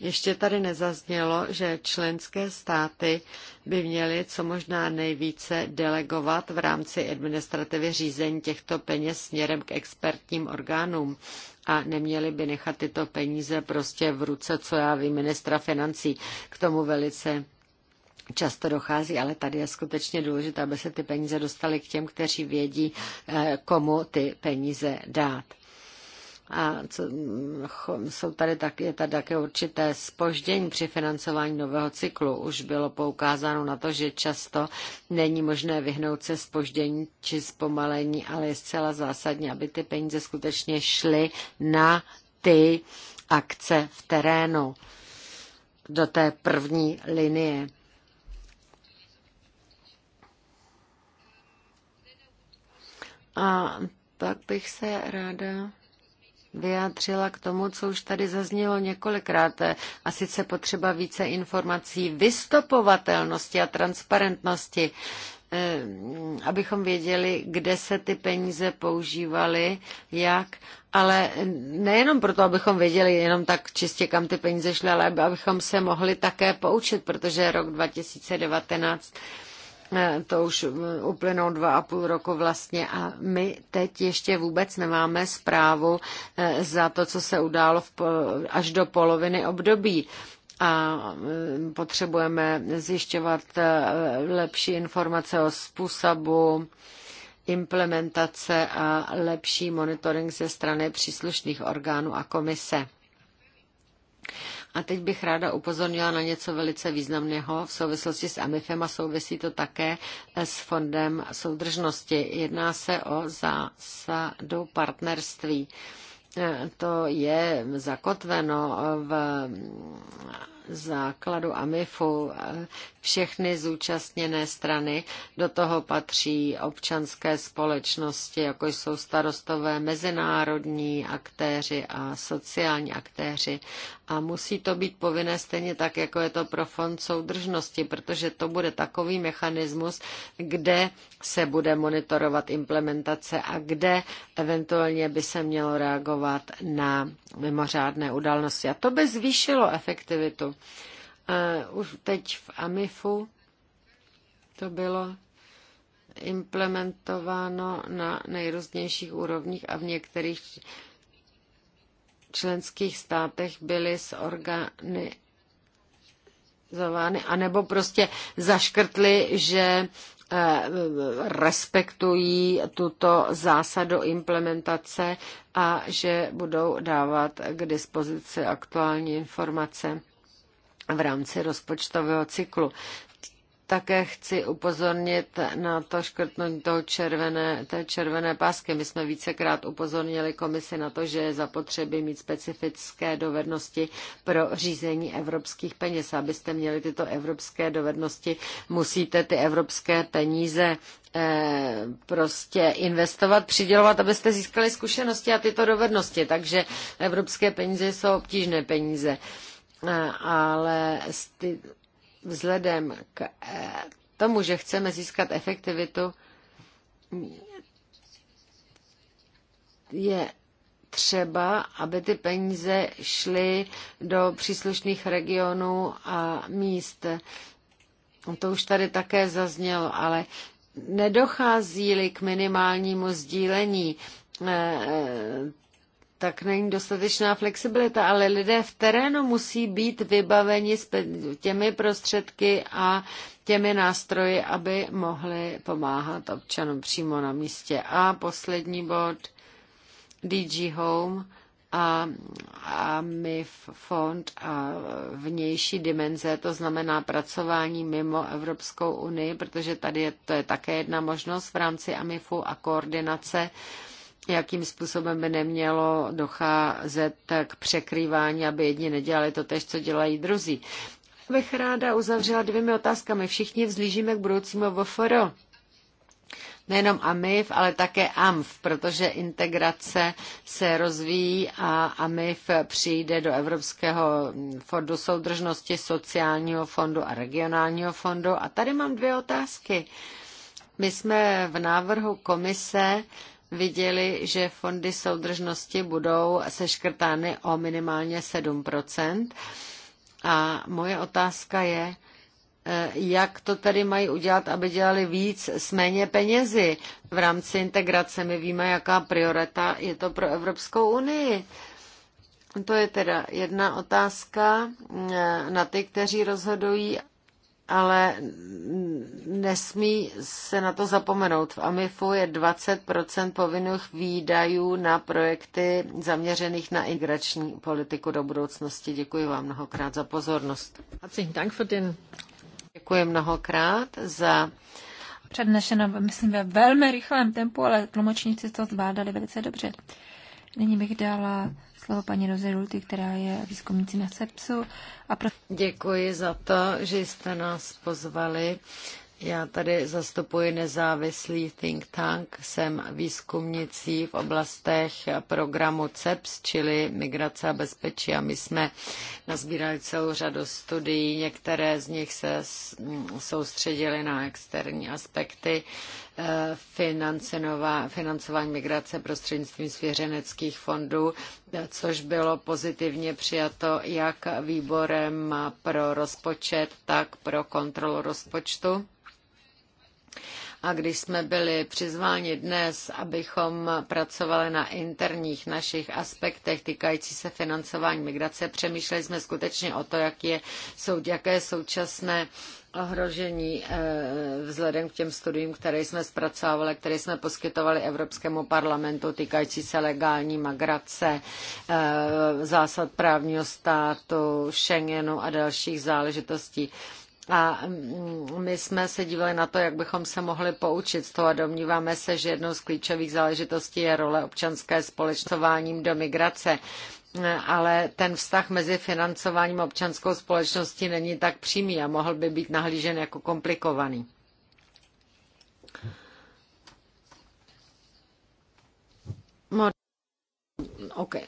Speaker 1: Ještě tady nezaznělo, že členské státy by měly co možná nejvíce delegovat v rámci administrativy řízení těchto peněz směrem k expertním orgánům a neměli by nechat tyto peníze prostě v ruce, co já vím, ministra financí. K tomu velice často dochází, ale tady je skutečně důležité, aby se ty peníze dostaly k těm, kteří vědí, eh, komu ty peníze dát. A co, jsou tady tak, je tady také určité spoždění při financování nového cyklu. Už bylo poukázáno na to, že často není možné vyhnout se spoždění či zpomalení, ale je zcela zásadní, aby ty peníze skutečně šly na ty akce v terénu do té první linie. A pak bych se ráda vyjádřila k tomu, co už tady zaznělo několikrát, a sice potřeba více informací, vystopovatelnosti a transparentnosti, eh, abychom věděli, kde se ty peníze používaly, jak, ale nejenom proto, abychom věděli jenom tak čistě, kam ty peníze šly, ale abychom se mohli také poučit, protože rok 2019 Eh, to už eh, uplynou dva a půl roku vlastně a my teď ještě vůbec nemáme zprávu eh, za to, co se událo v, až do poloviny období a potřebujeme zjišťovat lepší informace o způsobu implementace a lepší monitoring ze strany příslušných orgánů a komise. A teď bych ráda upozornila na něco velice významného v souvislosti s AMIFem a souvisí to také s Fondem soudržnosti. Jedná se o zásadu partnerství. E, to je zakotveno v základu AMIFu všechny zúčastněné strany. Do toho patří občanské společnosti, jako jsou starostové, mezinárodní aktéři a sociální aktéři. A musí to být povinné stejně tak, jako je to pro fond soudržnosti, protože to bude takový mechanismus, kde se bude monitorovat implementace a kde eventuálně by se mělo reagovat na mimořádné události. A to by zvýšilo efektivitu. Už teď v AMIFu to bylo implementováno na nejrůznějších úrovních a v některých členských státech byly orgány a nebo prostě zaškrtli, že eh, respektují tuto zásadu implementace a že budou dávat k dispozici aktuální informace v rámci rozpočtového cyklu. Také chci upozornit na to škrtnutí toho červené, té červené pásky. My jsme vícekrát upozornili komisi na to, že je zapotřebí mít specifické dovednosti pro řízení evropských peněz. Abyste měli tyto evropské dovednosti, musíte ty evropské peníze eh, prostě investovat, přidělovat, abyste získali zkušenosti a tyto dovednosti. Takže evropské peníze jsou obtížné peníze. Eh, ale vzhledem k eh, tomu, že chceme získat efektivitu, je třeba, aby ty peníze šly do příslušných regionů a míst. To už tady také zaznělo, ale nedochází-li k minimálnímu sdílení eh, tak není dostatečná flexibilita, ale lidé v terénu musí být vybaveni těmi prostředky a těmi nástroji, aby mohli pomáhat občanům přímo na místě. A poslední bod, DG Home a, a MIF fond a vnější dimenze, to znamená pracování mimo Evropskou unii, protože tady je, to je také jedna možnost v rámci AMIFu a koordinace uh, jakým způsobem by nemělo docházet k překrývání, aby jedni nedělali to tež, co dělají druzí. Bych ráda uzavřela dvěmi otázkami. Všichni vzlížíme k budoucímu VFR. Nejenom AMIF, ale také AMF, protože integrace se rozvíjí a AMIF přijde do Evropského fondu soudržnosti, sociálního fondu a regionálního fondu. A tady mám dvě otázky. My jsme v návrhu komise viděli, že fondy soudržnosti budou seškrtány o minimálně 7 A moje otázka je, eh, jak to tedy mají udělat, aby dělali víc s méně penězi v rámci integrace. My víme, jaká priorita je to pro Evropskou unii. To je teda jedna otázka eh, na ty, kteří rozhodují ale nesmí se na to zapomenout. V AMIFu je 20 povinných výdajů na projekty zaměřených na integrační politiku do budoucnosti. Děkuji vám mnohokrát za pozornost. Děkuji mnohokrát za přednešeno, myslím, ve velmi rychlém tempu,
Speaker 2: ale tlumočníci to zvládali velice dobře. Nyní bych dala slovo paní Roze Rulty,
Speaker 1: která je výzkumníci na SEPSu. A pro... Děkuji za to, že jste nás pozvali. Já tady zastupuji nezávislý think tank, jsem výzkumnicí v oblastech programu CEPS, čili migrace a bezpečí a my jsme nazbírali celou řadu studií, některé z nich se soustředily na externí aspekty financování migrace prostřednictvím svěřeneckých fondů, což bylo pozitivně přijato jak výborem pro rozpočet, tak pro kontrolu rozpočtu. A když jsme byli přizváni dnes, abychom pracovali na interních našich aspektech týkající se financování migrace, přemýšleli jsme skutečně o to, jak je, jaké je současné ohrožení eh, vzhledem k těm studiím, které jsme zpracovali, které jsme poskytovali Evropskému parlamentu týkající se legální migrace, eh, zásad právního státu, Schengenu a dalších záležitostí. A mm, my jsme se dívali na to, jak bychom se mohli poučit z toho a domníváme se, že jednou z klíčových záležitostí je role občanské společnosti do migrace ale ten vztah mezi financováním občanskou společností není tak přímý a mohl by být nahlížen jako komplikovaný. Okay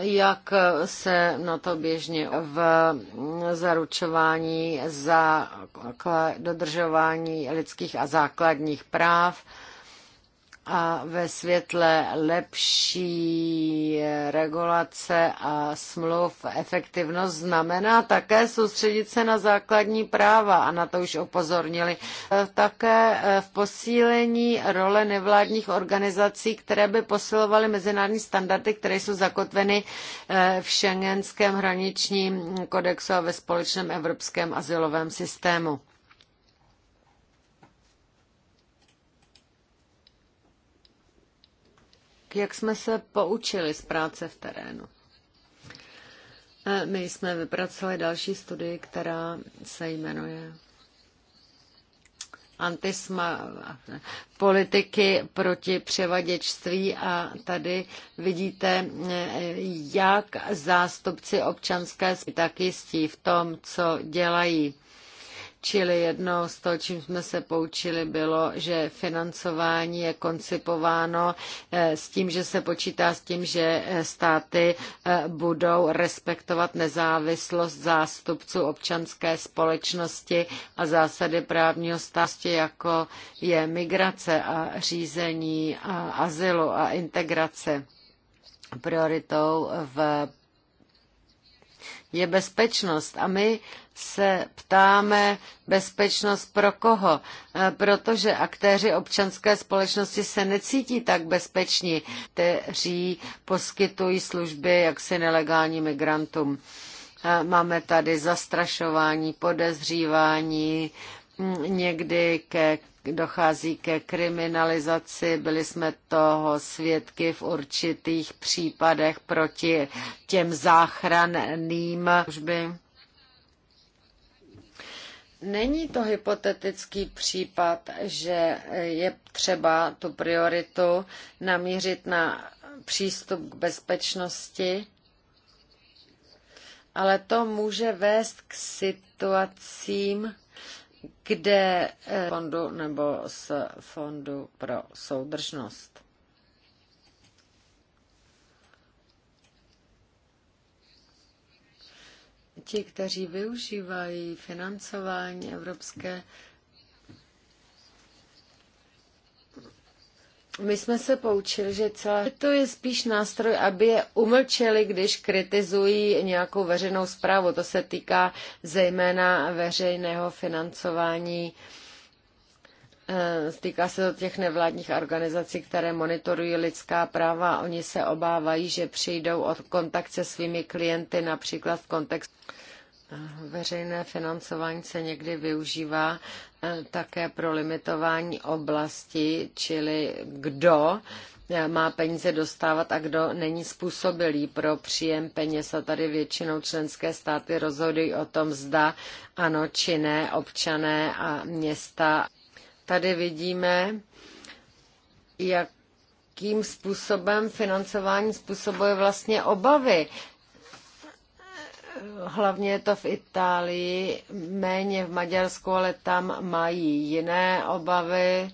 Speaker 1: jak se na to běžně v zaručování za dodržování lidských a základních práv a ve světle lepší regulace a smluv efektivnost znamená také soustředit se na základní práva a na to už opozornili. E, také e, v posílení role nevládních organizací, které by posilovaly mezinárodní standardy, které jsou zakotveny e, v šengenském hraničním kodexu a ve společném evropském asilovém systému. jak jsme se poučili z práce v terénu? E, my jsme vypracovali další studii, která se jmenuje antisma, politiky proti převaděčství a tady vidíte, e, jak zástupci občanské tak jistí v tom, co dělají. Čili jedno z toho, čím jsme se poučili, bylo, že financování je koncipováno eh, s tím, že se počítá s tím, že eh, státy eh, budou respektovat nezávislost zástupců občanské společnosti a zásady právního státu, jako je migrace a řízení a azylu a integrace prioritou v je bezpečnost. A my se ptáme, bezpečnost pro koho? E, protože aktéři občanské společnosti se necítí tak bezpeční, kteří poskytují služby jaksi nelegálním migrantům. E, máme tady zastrašování, podezřívání, někdy ke dochází ke kriminalizaci. Byli jsme toho svědky v určitých případech proti těm záchranným služby. Není to hypotetický případ, že je třeba tu prioritu namířit na přístup k bezpečnosti, ale to může vést k situacím, kde eh, fondu nebo z fondu pro soudržnost. Ti, kteří využívají financování Evropské my jsme se poučili, že celé to je spíš nástroj, aby je umlčeli, když kritizují nějakou veřejnou zprávu. To se týká zejména veřejného financování. Eh, týká se to těch nevládních organizací, které monitorují lidská práva. Oni se obávají, že přijdou od kontakt se svými klienty, například v kontextu eh, Veřejné financování se někdy využívá také pro limitování oblasti, čili kdo eh, má peníze dostávat a kdo není způsobilý pro příjem peněz. A tady většinou členské státy rozhodují o tom, zda ano či ne občané a města. Tady vidíme, jak jakým způsobem financování způsobuje vlastně obavy Hlavně je to v Itálii, méně v Maďarsku, ale tam mají jiné obavy,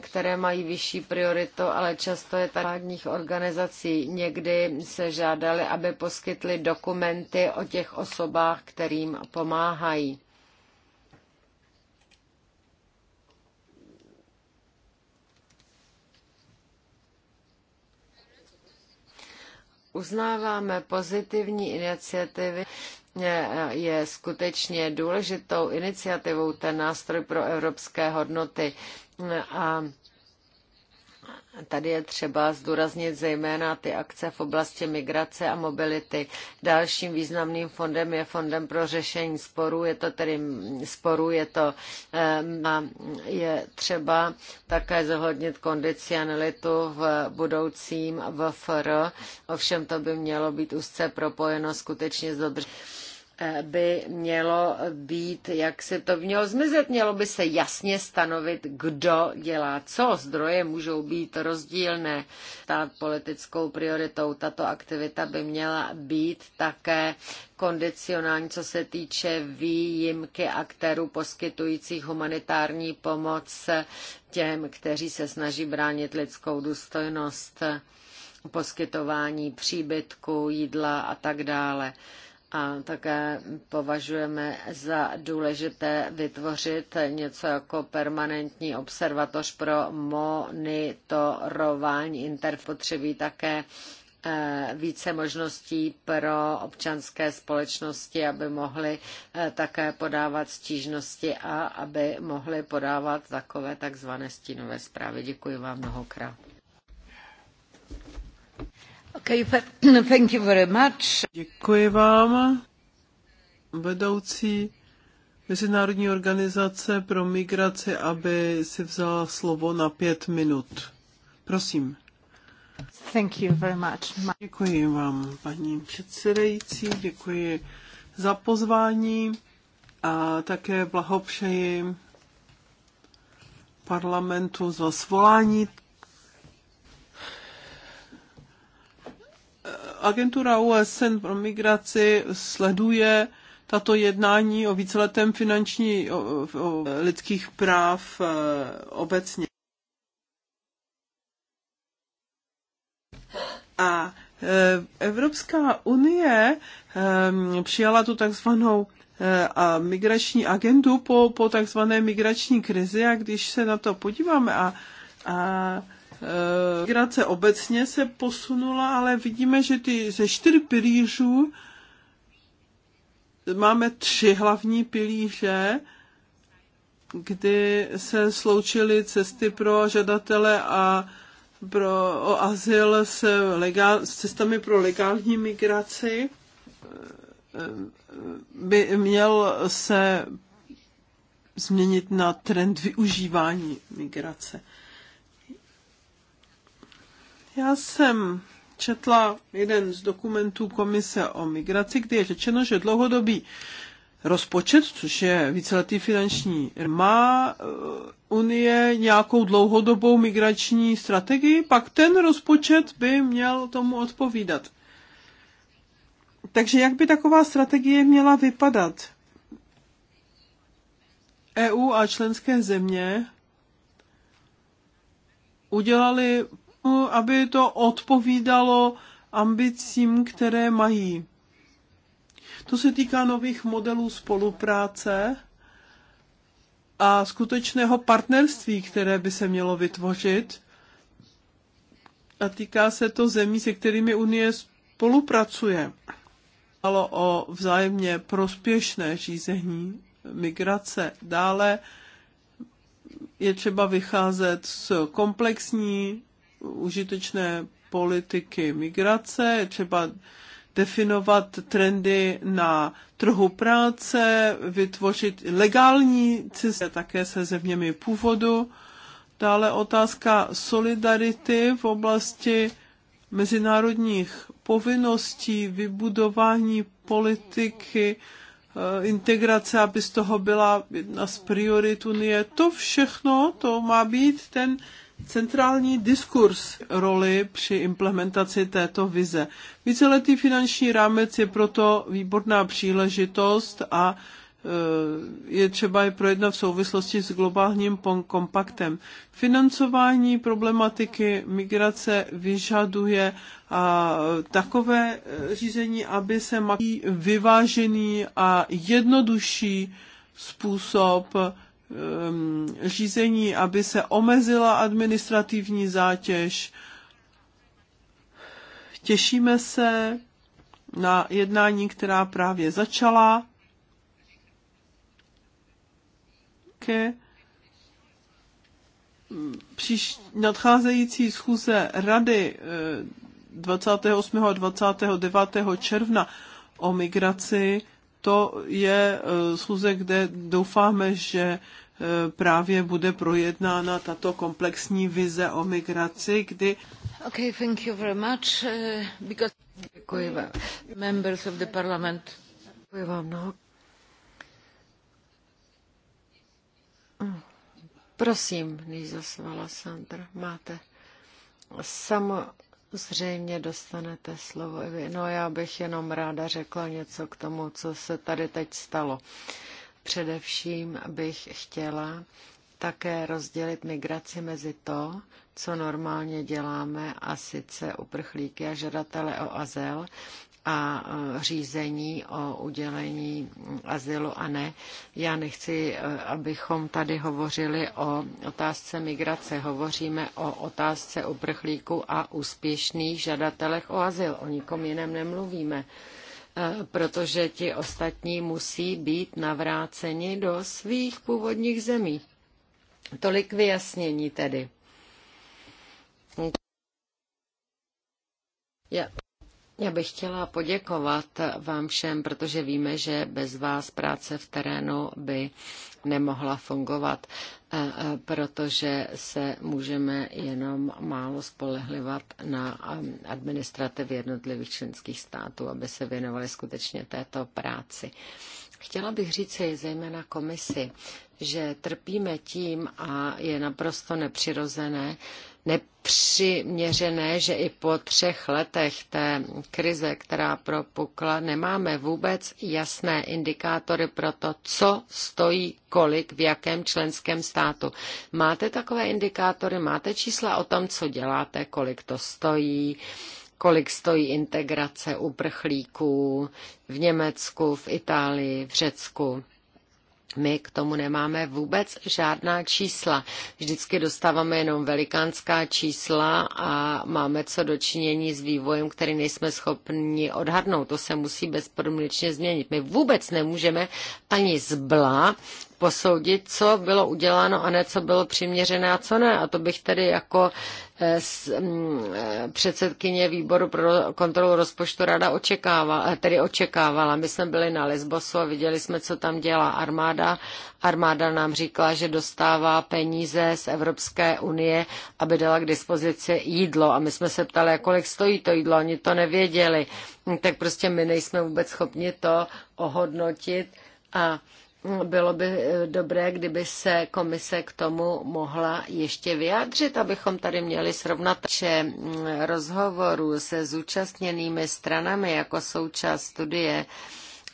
Speaker 1: které mají vyšší prioritu, ale často je vládních organizací. Někdy se žádali, aby poskytli dokumenty o těch osobách, kterým pomáhají. uznáváme pozitivní iniciativy, je skutečně důležitou iniciativou ten nástroj pro evropské hodnoty a Tady je třeba zdůraznit zejména ty akce v oblasti migrace a mobility. Dalším významným fondem je fondem pro řešení sporů, je to tedy sporů, je to eh, je třeba také zohlednit kondicionalitu v budoucím VFR, ovšem to by mělo být úzce propojeno skutečně s dodržením by mělo být, jak se to mělo zmizet, mělo by se jasně stanovit, kdo dělá co. Zdroje můžou být rozdílné. Stát politickou prioritou tato aktivita by měla být také kondicionální, co se týče výjimky aktérů poskytujících humanitární pomoc těm, kteří se snaží bránit lidskou důstojnost, poskytování příbytku, jídla a tak dále a také považujeme za důležité vytvořit něco jako permanentní observatoř pro monitorování interpotřebí také eh, více možností pro občanské společnosti, aby mohly eh, také podávat stížnosti a aby mohly podávat takové takzvané stínové zprávy. Děkuji vám mnohokrát. <clears throat>
Speaker 3: Děkuji vám, vedoucí Mezinárodní organizace pro migraci, aby si vzala slovo na pět minut. Prosím. Thank you very much. Děkuji vám, paní předsedající, děkuji za pozvání a také blahopřeji parlamentu za svolání Agentura OSN pro migraci sleduje tato jednání o víceletém finanční o, o lidských práv e, obecně. A e, Evropská unie e, přijala tu takzvanou a migrační agendu po, po takzvané migrační krizi a když se na to podíváme a, a migrace obecně se posunula, ale vidíme, že ty ze čtyř pilířů máme tři hlavní pilíře, kdy se sloučily cesty pro žadatele a pro, o azyl s, legál, s cestami pro legální migraci by měl se změnit na trend využívání migrace. Já jsem četla jeden z dokumentů Komise o migraci, kde je řečeno, že dlouhodobý rozpočet, což je víceletý finanční, má eh, Unie nějakou dlouhodobou migrační strategii, pak ten rozpočet by měl tomu odpovídat. Takže jak by taková strategie měla vypadat? EU a členské země udělali aby to odpovídalo ambicím, které mají. To se týká nových modelů spolupráce a skutečného partnerství, které by se mělo vytvořit. A týká se to zemí, se kterými Unie spolupracuje. Ale o vzájemně prospěšné řízení migrace. Dále je třeba vycházet z komplexní užitečné politiky migrace, třeba definovat trendy na trhu práce, vytvořit legální cesty také se zeměmi původu. Dále otázka solidarity v oblasti mezinárodních povinností, vybudování politiky, eh, integrace, aby z toho byla jedna z priorit Unie. To všechno, to má být ten centrální diskurs roli při implementaci této vize. Víceletý finanční rámec je proto výborná příležitost a e, je třeba je projednat v souvislosti s globálním kompaktem. Financování problematiky migrace vyžaduje a e, takové e, řízení, aby se mají vyvážený a jednodušší způsob Um, řízení, aby se omezila administrativní zátěž. Těšíme se na jednání, která právě začala. Ke příš, nadcházející schůze rady 28. Eh, a 29. června o migraci to je eh, schůze, kde doufáme, že eh, právě bude projednána tato komplexní vize o migraci, kdy
Speaker 1: Okay, thank you very much, eh, because Děkuji vám. members of the parliament. Děkuji vám no. Prosím, než Sandra, máte samo Zřejmě dostanete slovo. No já bych jenom ráda řekla něco k tomu, co se tady teď stalo. Především bych chtěla také rozdělit migraci mezi to, co normálně děláme, a sice uprchlíky a žadatele o azyl, a e, řízení o udělení azylu a ne. Já nechci, e, abychom tady hovořili o otázce migrace. Hovoříme o otázce uprchlíků a úspěšných žadatelech o azyl. O nikom jiném nemluvíme e, protože ti ostatní musí být navráceni do svých původních zemí. Tolik vyjasnění tedy. Yeah. Já bych chtěla poděkovat vám všem, protože víme, že bez vás práce v terénu by nemohla fungovat, eh, eh, protože se můžeme jenom málo spolehlivat na eh, administrativy jednotlivých členských států, aby se věnovali skutečně této práci. Chtěla bych říct si zejména komisi, že trpíme tím a je naprosto nepřirozené, nepřiměřené, že i po třech letech té krize, která propukla, nemáme vůbec jasné indikátory pro to, co stojí kolik v jakém členském státu. Máte takové indikátory, máte čísla o tom, co děláte, kolik to stojí, kolik stojí integrace uprchlíků v Německu, v Itálii, v Řecku my k tomu nemáme vůbec žádná čísla. Vždycky dostáváme jenom velikánská čísla a máme co dočinění s vývojem, který nejsme schopni odhadnout. To se musí bezpodmínečně změnit. My vůbec nemůžeme ani zbla posoudit, co bylo uděláno a ne, co bylo přiměřené a co ne. A to bych tedy jako eh, mm, eh, předsedkyně výboru pro kontrolu rozpočtu rada očekávala, eh, tedy očekávala. My jsme byli na Lesbosu a viděli jsme, co tam dělá armáda. Armáda nám říkala, že dostává peníze z Evropské unie, aby dala k dispozici jídlo. A my jsme se ptali, kolik stojí to jídlo. Oni to nevěděli. Tak prostě my nejsme vůbec schopni to ohodnotit. A bylo by eh, dobré, kdyby se komise k tomu mohla ještě vyjádřit, abychom tady měli srovnat že mm, rozhovoru se zúčastněnými stranami jako součást studie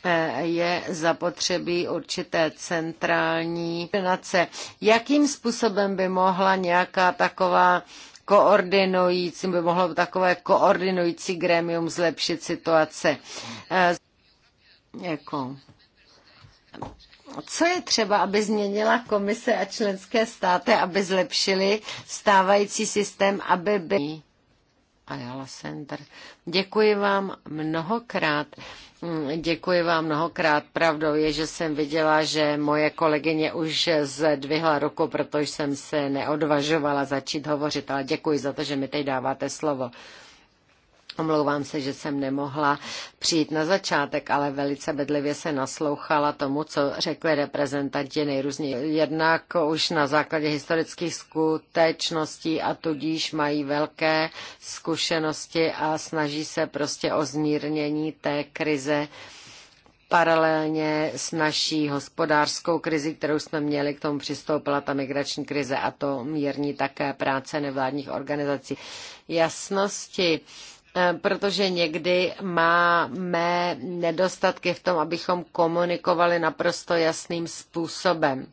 Speaker 1: eh, je zapotřebí určité centrální koordinace. Jakým způsobem by mohla nějaká taková koordinující, by mohlo takové koordinující grémium zlepšit situace? Eh, jako co je třeba, aby změnila komise a členské státy, aby zlepšili stávající systém, aby by... Ayala Center. Děkuji vám mnohokrát. Děkuji vám mnohokrát. Pravdou je, že jsem viděla, že moje kolegyně už zdvihla ruku, protože jsem se neodvažovala začít hovořit, ale děkuji za to, že mi teď dáváte slovo. Omlouvám se, že jsem nemohla přijít na začátek, ale velice bedlivě se naslouchala tomu, co řekli reprezentanti nejrůznější. Jednak už na základě historických skutečností a tudíž mají velké zkušenosti a snaží se prostě o zmírnění té krize paralelně s naší hospodářskou krizi, kterou jsme měli, k tomu přistoupila ta migrační krize a to mírní také práce nevládních organizací. Jasnosti Eh, protože někdy máme nedostatky v tom, abychom komunikovali naprosto jasným způsobem.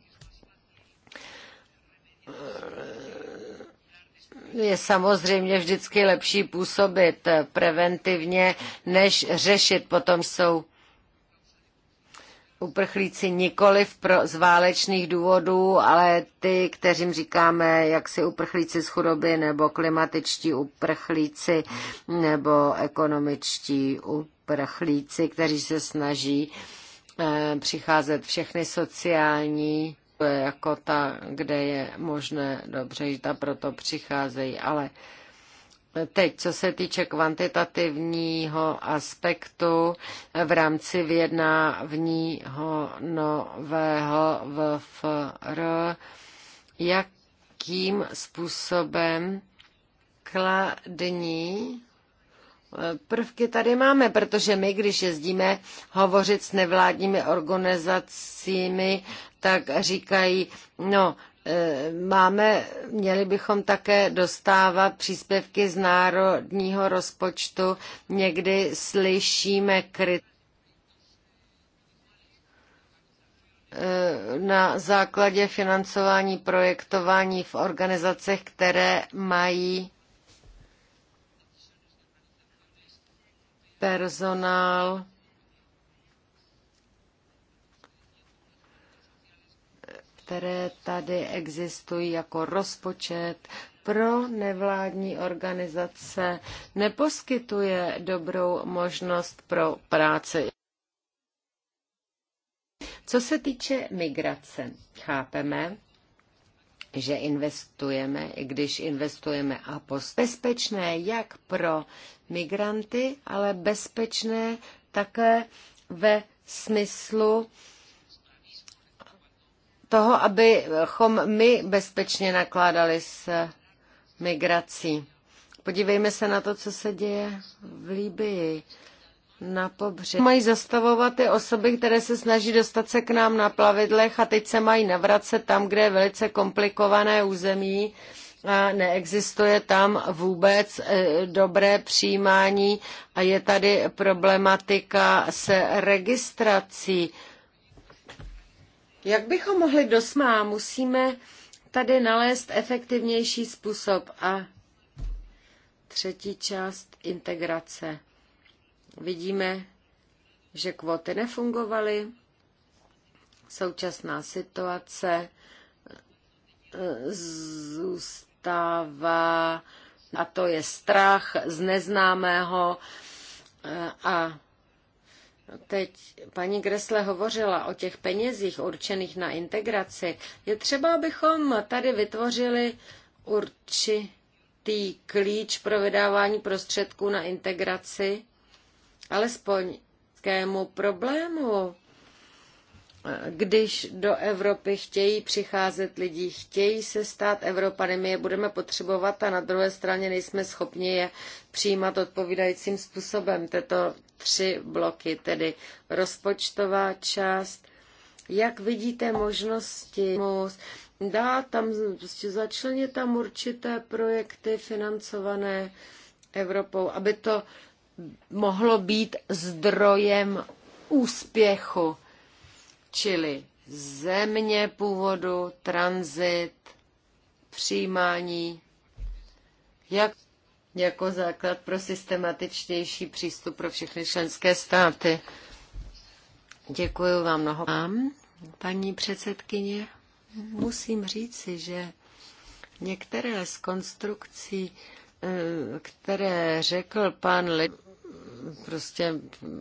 Speaker 3: Eh,
Speaker 1: je samozřejmě vždycky lepší působit eh, preventivně, než řešit. Potom jsou uprchlíci nikoli pro, z válečných důvodů, ale ty, kteřím říkáme, jak si uprchlíci z chudoby nebo klimatičtí uprchlíci nebo ekonomičtí uprchlíci, kteří se snaží eh, přicházet všechny sociální eh, jako ta, kde je možné dobře že ta proto přicházejí, ale eh, Teď, co se týče kvantitativního aspektu v rámci vyjednávního nového VFR, jakým způsobem kladní prvky tady máme, protože my, když jezdíme hovořit s nevládními organizacími, tak říkají, no, Eh, máme, měli bychom také dostávat příspěvky z národního rozpočtu. Někdy slyšíme krit eh, na základě financování projektování v organizacích, které mají personál které tady existují jako rozpočet pro nevládní organizace, neposkytuje dobrou možnost pro práci. Co se týče migrace, chápeme, že investujeme, i když investujeme a post bezpečné jak pro migranty, ale bezpečné také ve smyslu toho, abychom my bezpečně nakládali s migrací. Podívejme se na to, co se děje v Líbii na pobřeží. Mají zastavovat ty osoby, které se snaží dostat se k nám na plavidlech a teď se mají navracet tam, kde je velice komplikované území a neexistuje tam vůbec e, dobré přijímání a je tady problematika se registrací jak bychom mohli dosmá, musíme tady nalézt efektivnější způsob. A třetí část integrace. Vidíme, že kvóty nefungovaly, současná situace eh, zůstává, a to je strach z neznámého eh, a Teď paní Gresle hovořila o těch penězích určených na integraci. Je třeba, abychom tady vytvořili určitý klíč pro vydávání prostředků na integraci, alespoň kému problému. Když do Evropy chtějí přicházet lidi, chtějí se stát Evropany, my je budeme potřebovat a na druhé straně nejsme schopni je přijímat odpovídajícím způsobem. Tato tři bloky, tedy rozpočtová část. Jak vidíte možnosti? Dá tam, prostě začleně tam určité projekty financované Evropou, aby to mohlo být zdrojem úspěchu, čili země původu, tranzit, přijímání, jak jako základ pro systematičtější přístup pro všechny členské státy. Děkuji vám mnoho. Mám, paní předsedkyně, musím říci, že některé z konstrukcí, eh, které řekl pan Le, prostě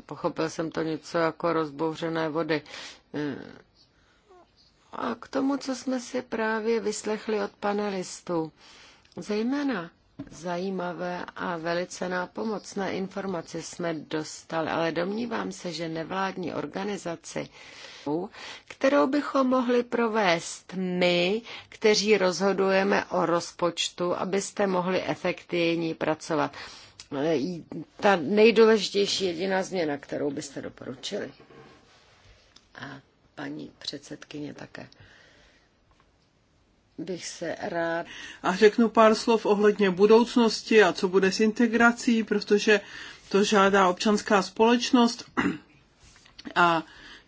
Speaker 1: pochopil jsem to něco jako rozbouřené vody. Eh, a k tomu, co jsme si právě vyslechli od panelistů, zejména zajímavé a velice nápomocné informace jsme dostali, ale domnívám se, že nevládní organizaci, kterou bychom mohli provést my, kteří rozhodujeme o rozpočtu, abyste mohli efektivně pracovat. Ta nejdůležitější jediná změna, kterou byste doporučili. A paní předsedkyně také
Speaker 3: bych se rád. A řeknu pár slov ohledně budoucnosti a co bude s integrací, protože to žádá občanská společnost. A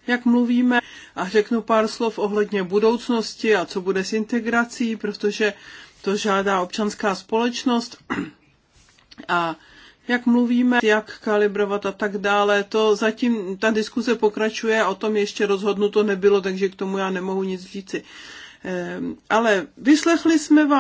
Speaker 3: jak mluvíme, a řeknu pár slov ohledně budoucnosti a co bude s integrací, protože to žádá občanská společnost. A jak mluvíme, jak kalibrovat a tak dále, to zatím ta diskuze pokračuje a o tom ještě rozhodnuto nebylo, takže k tomu já nemohu nic říci. Ehm, ale vyslechli jsme vám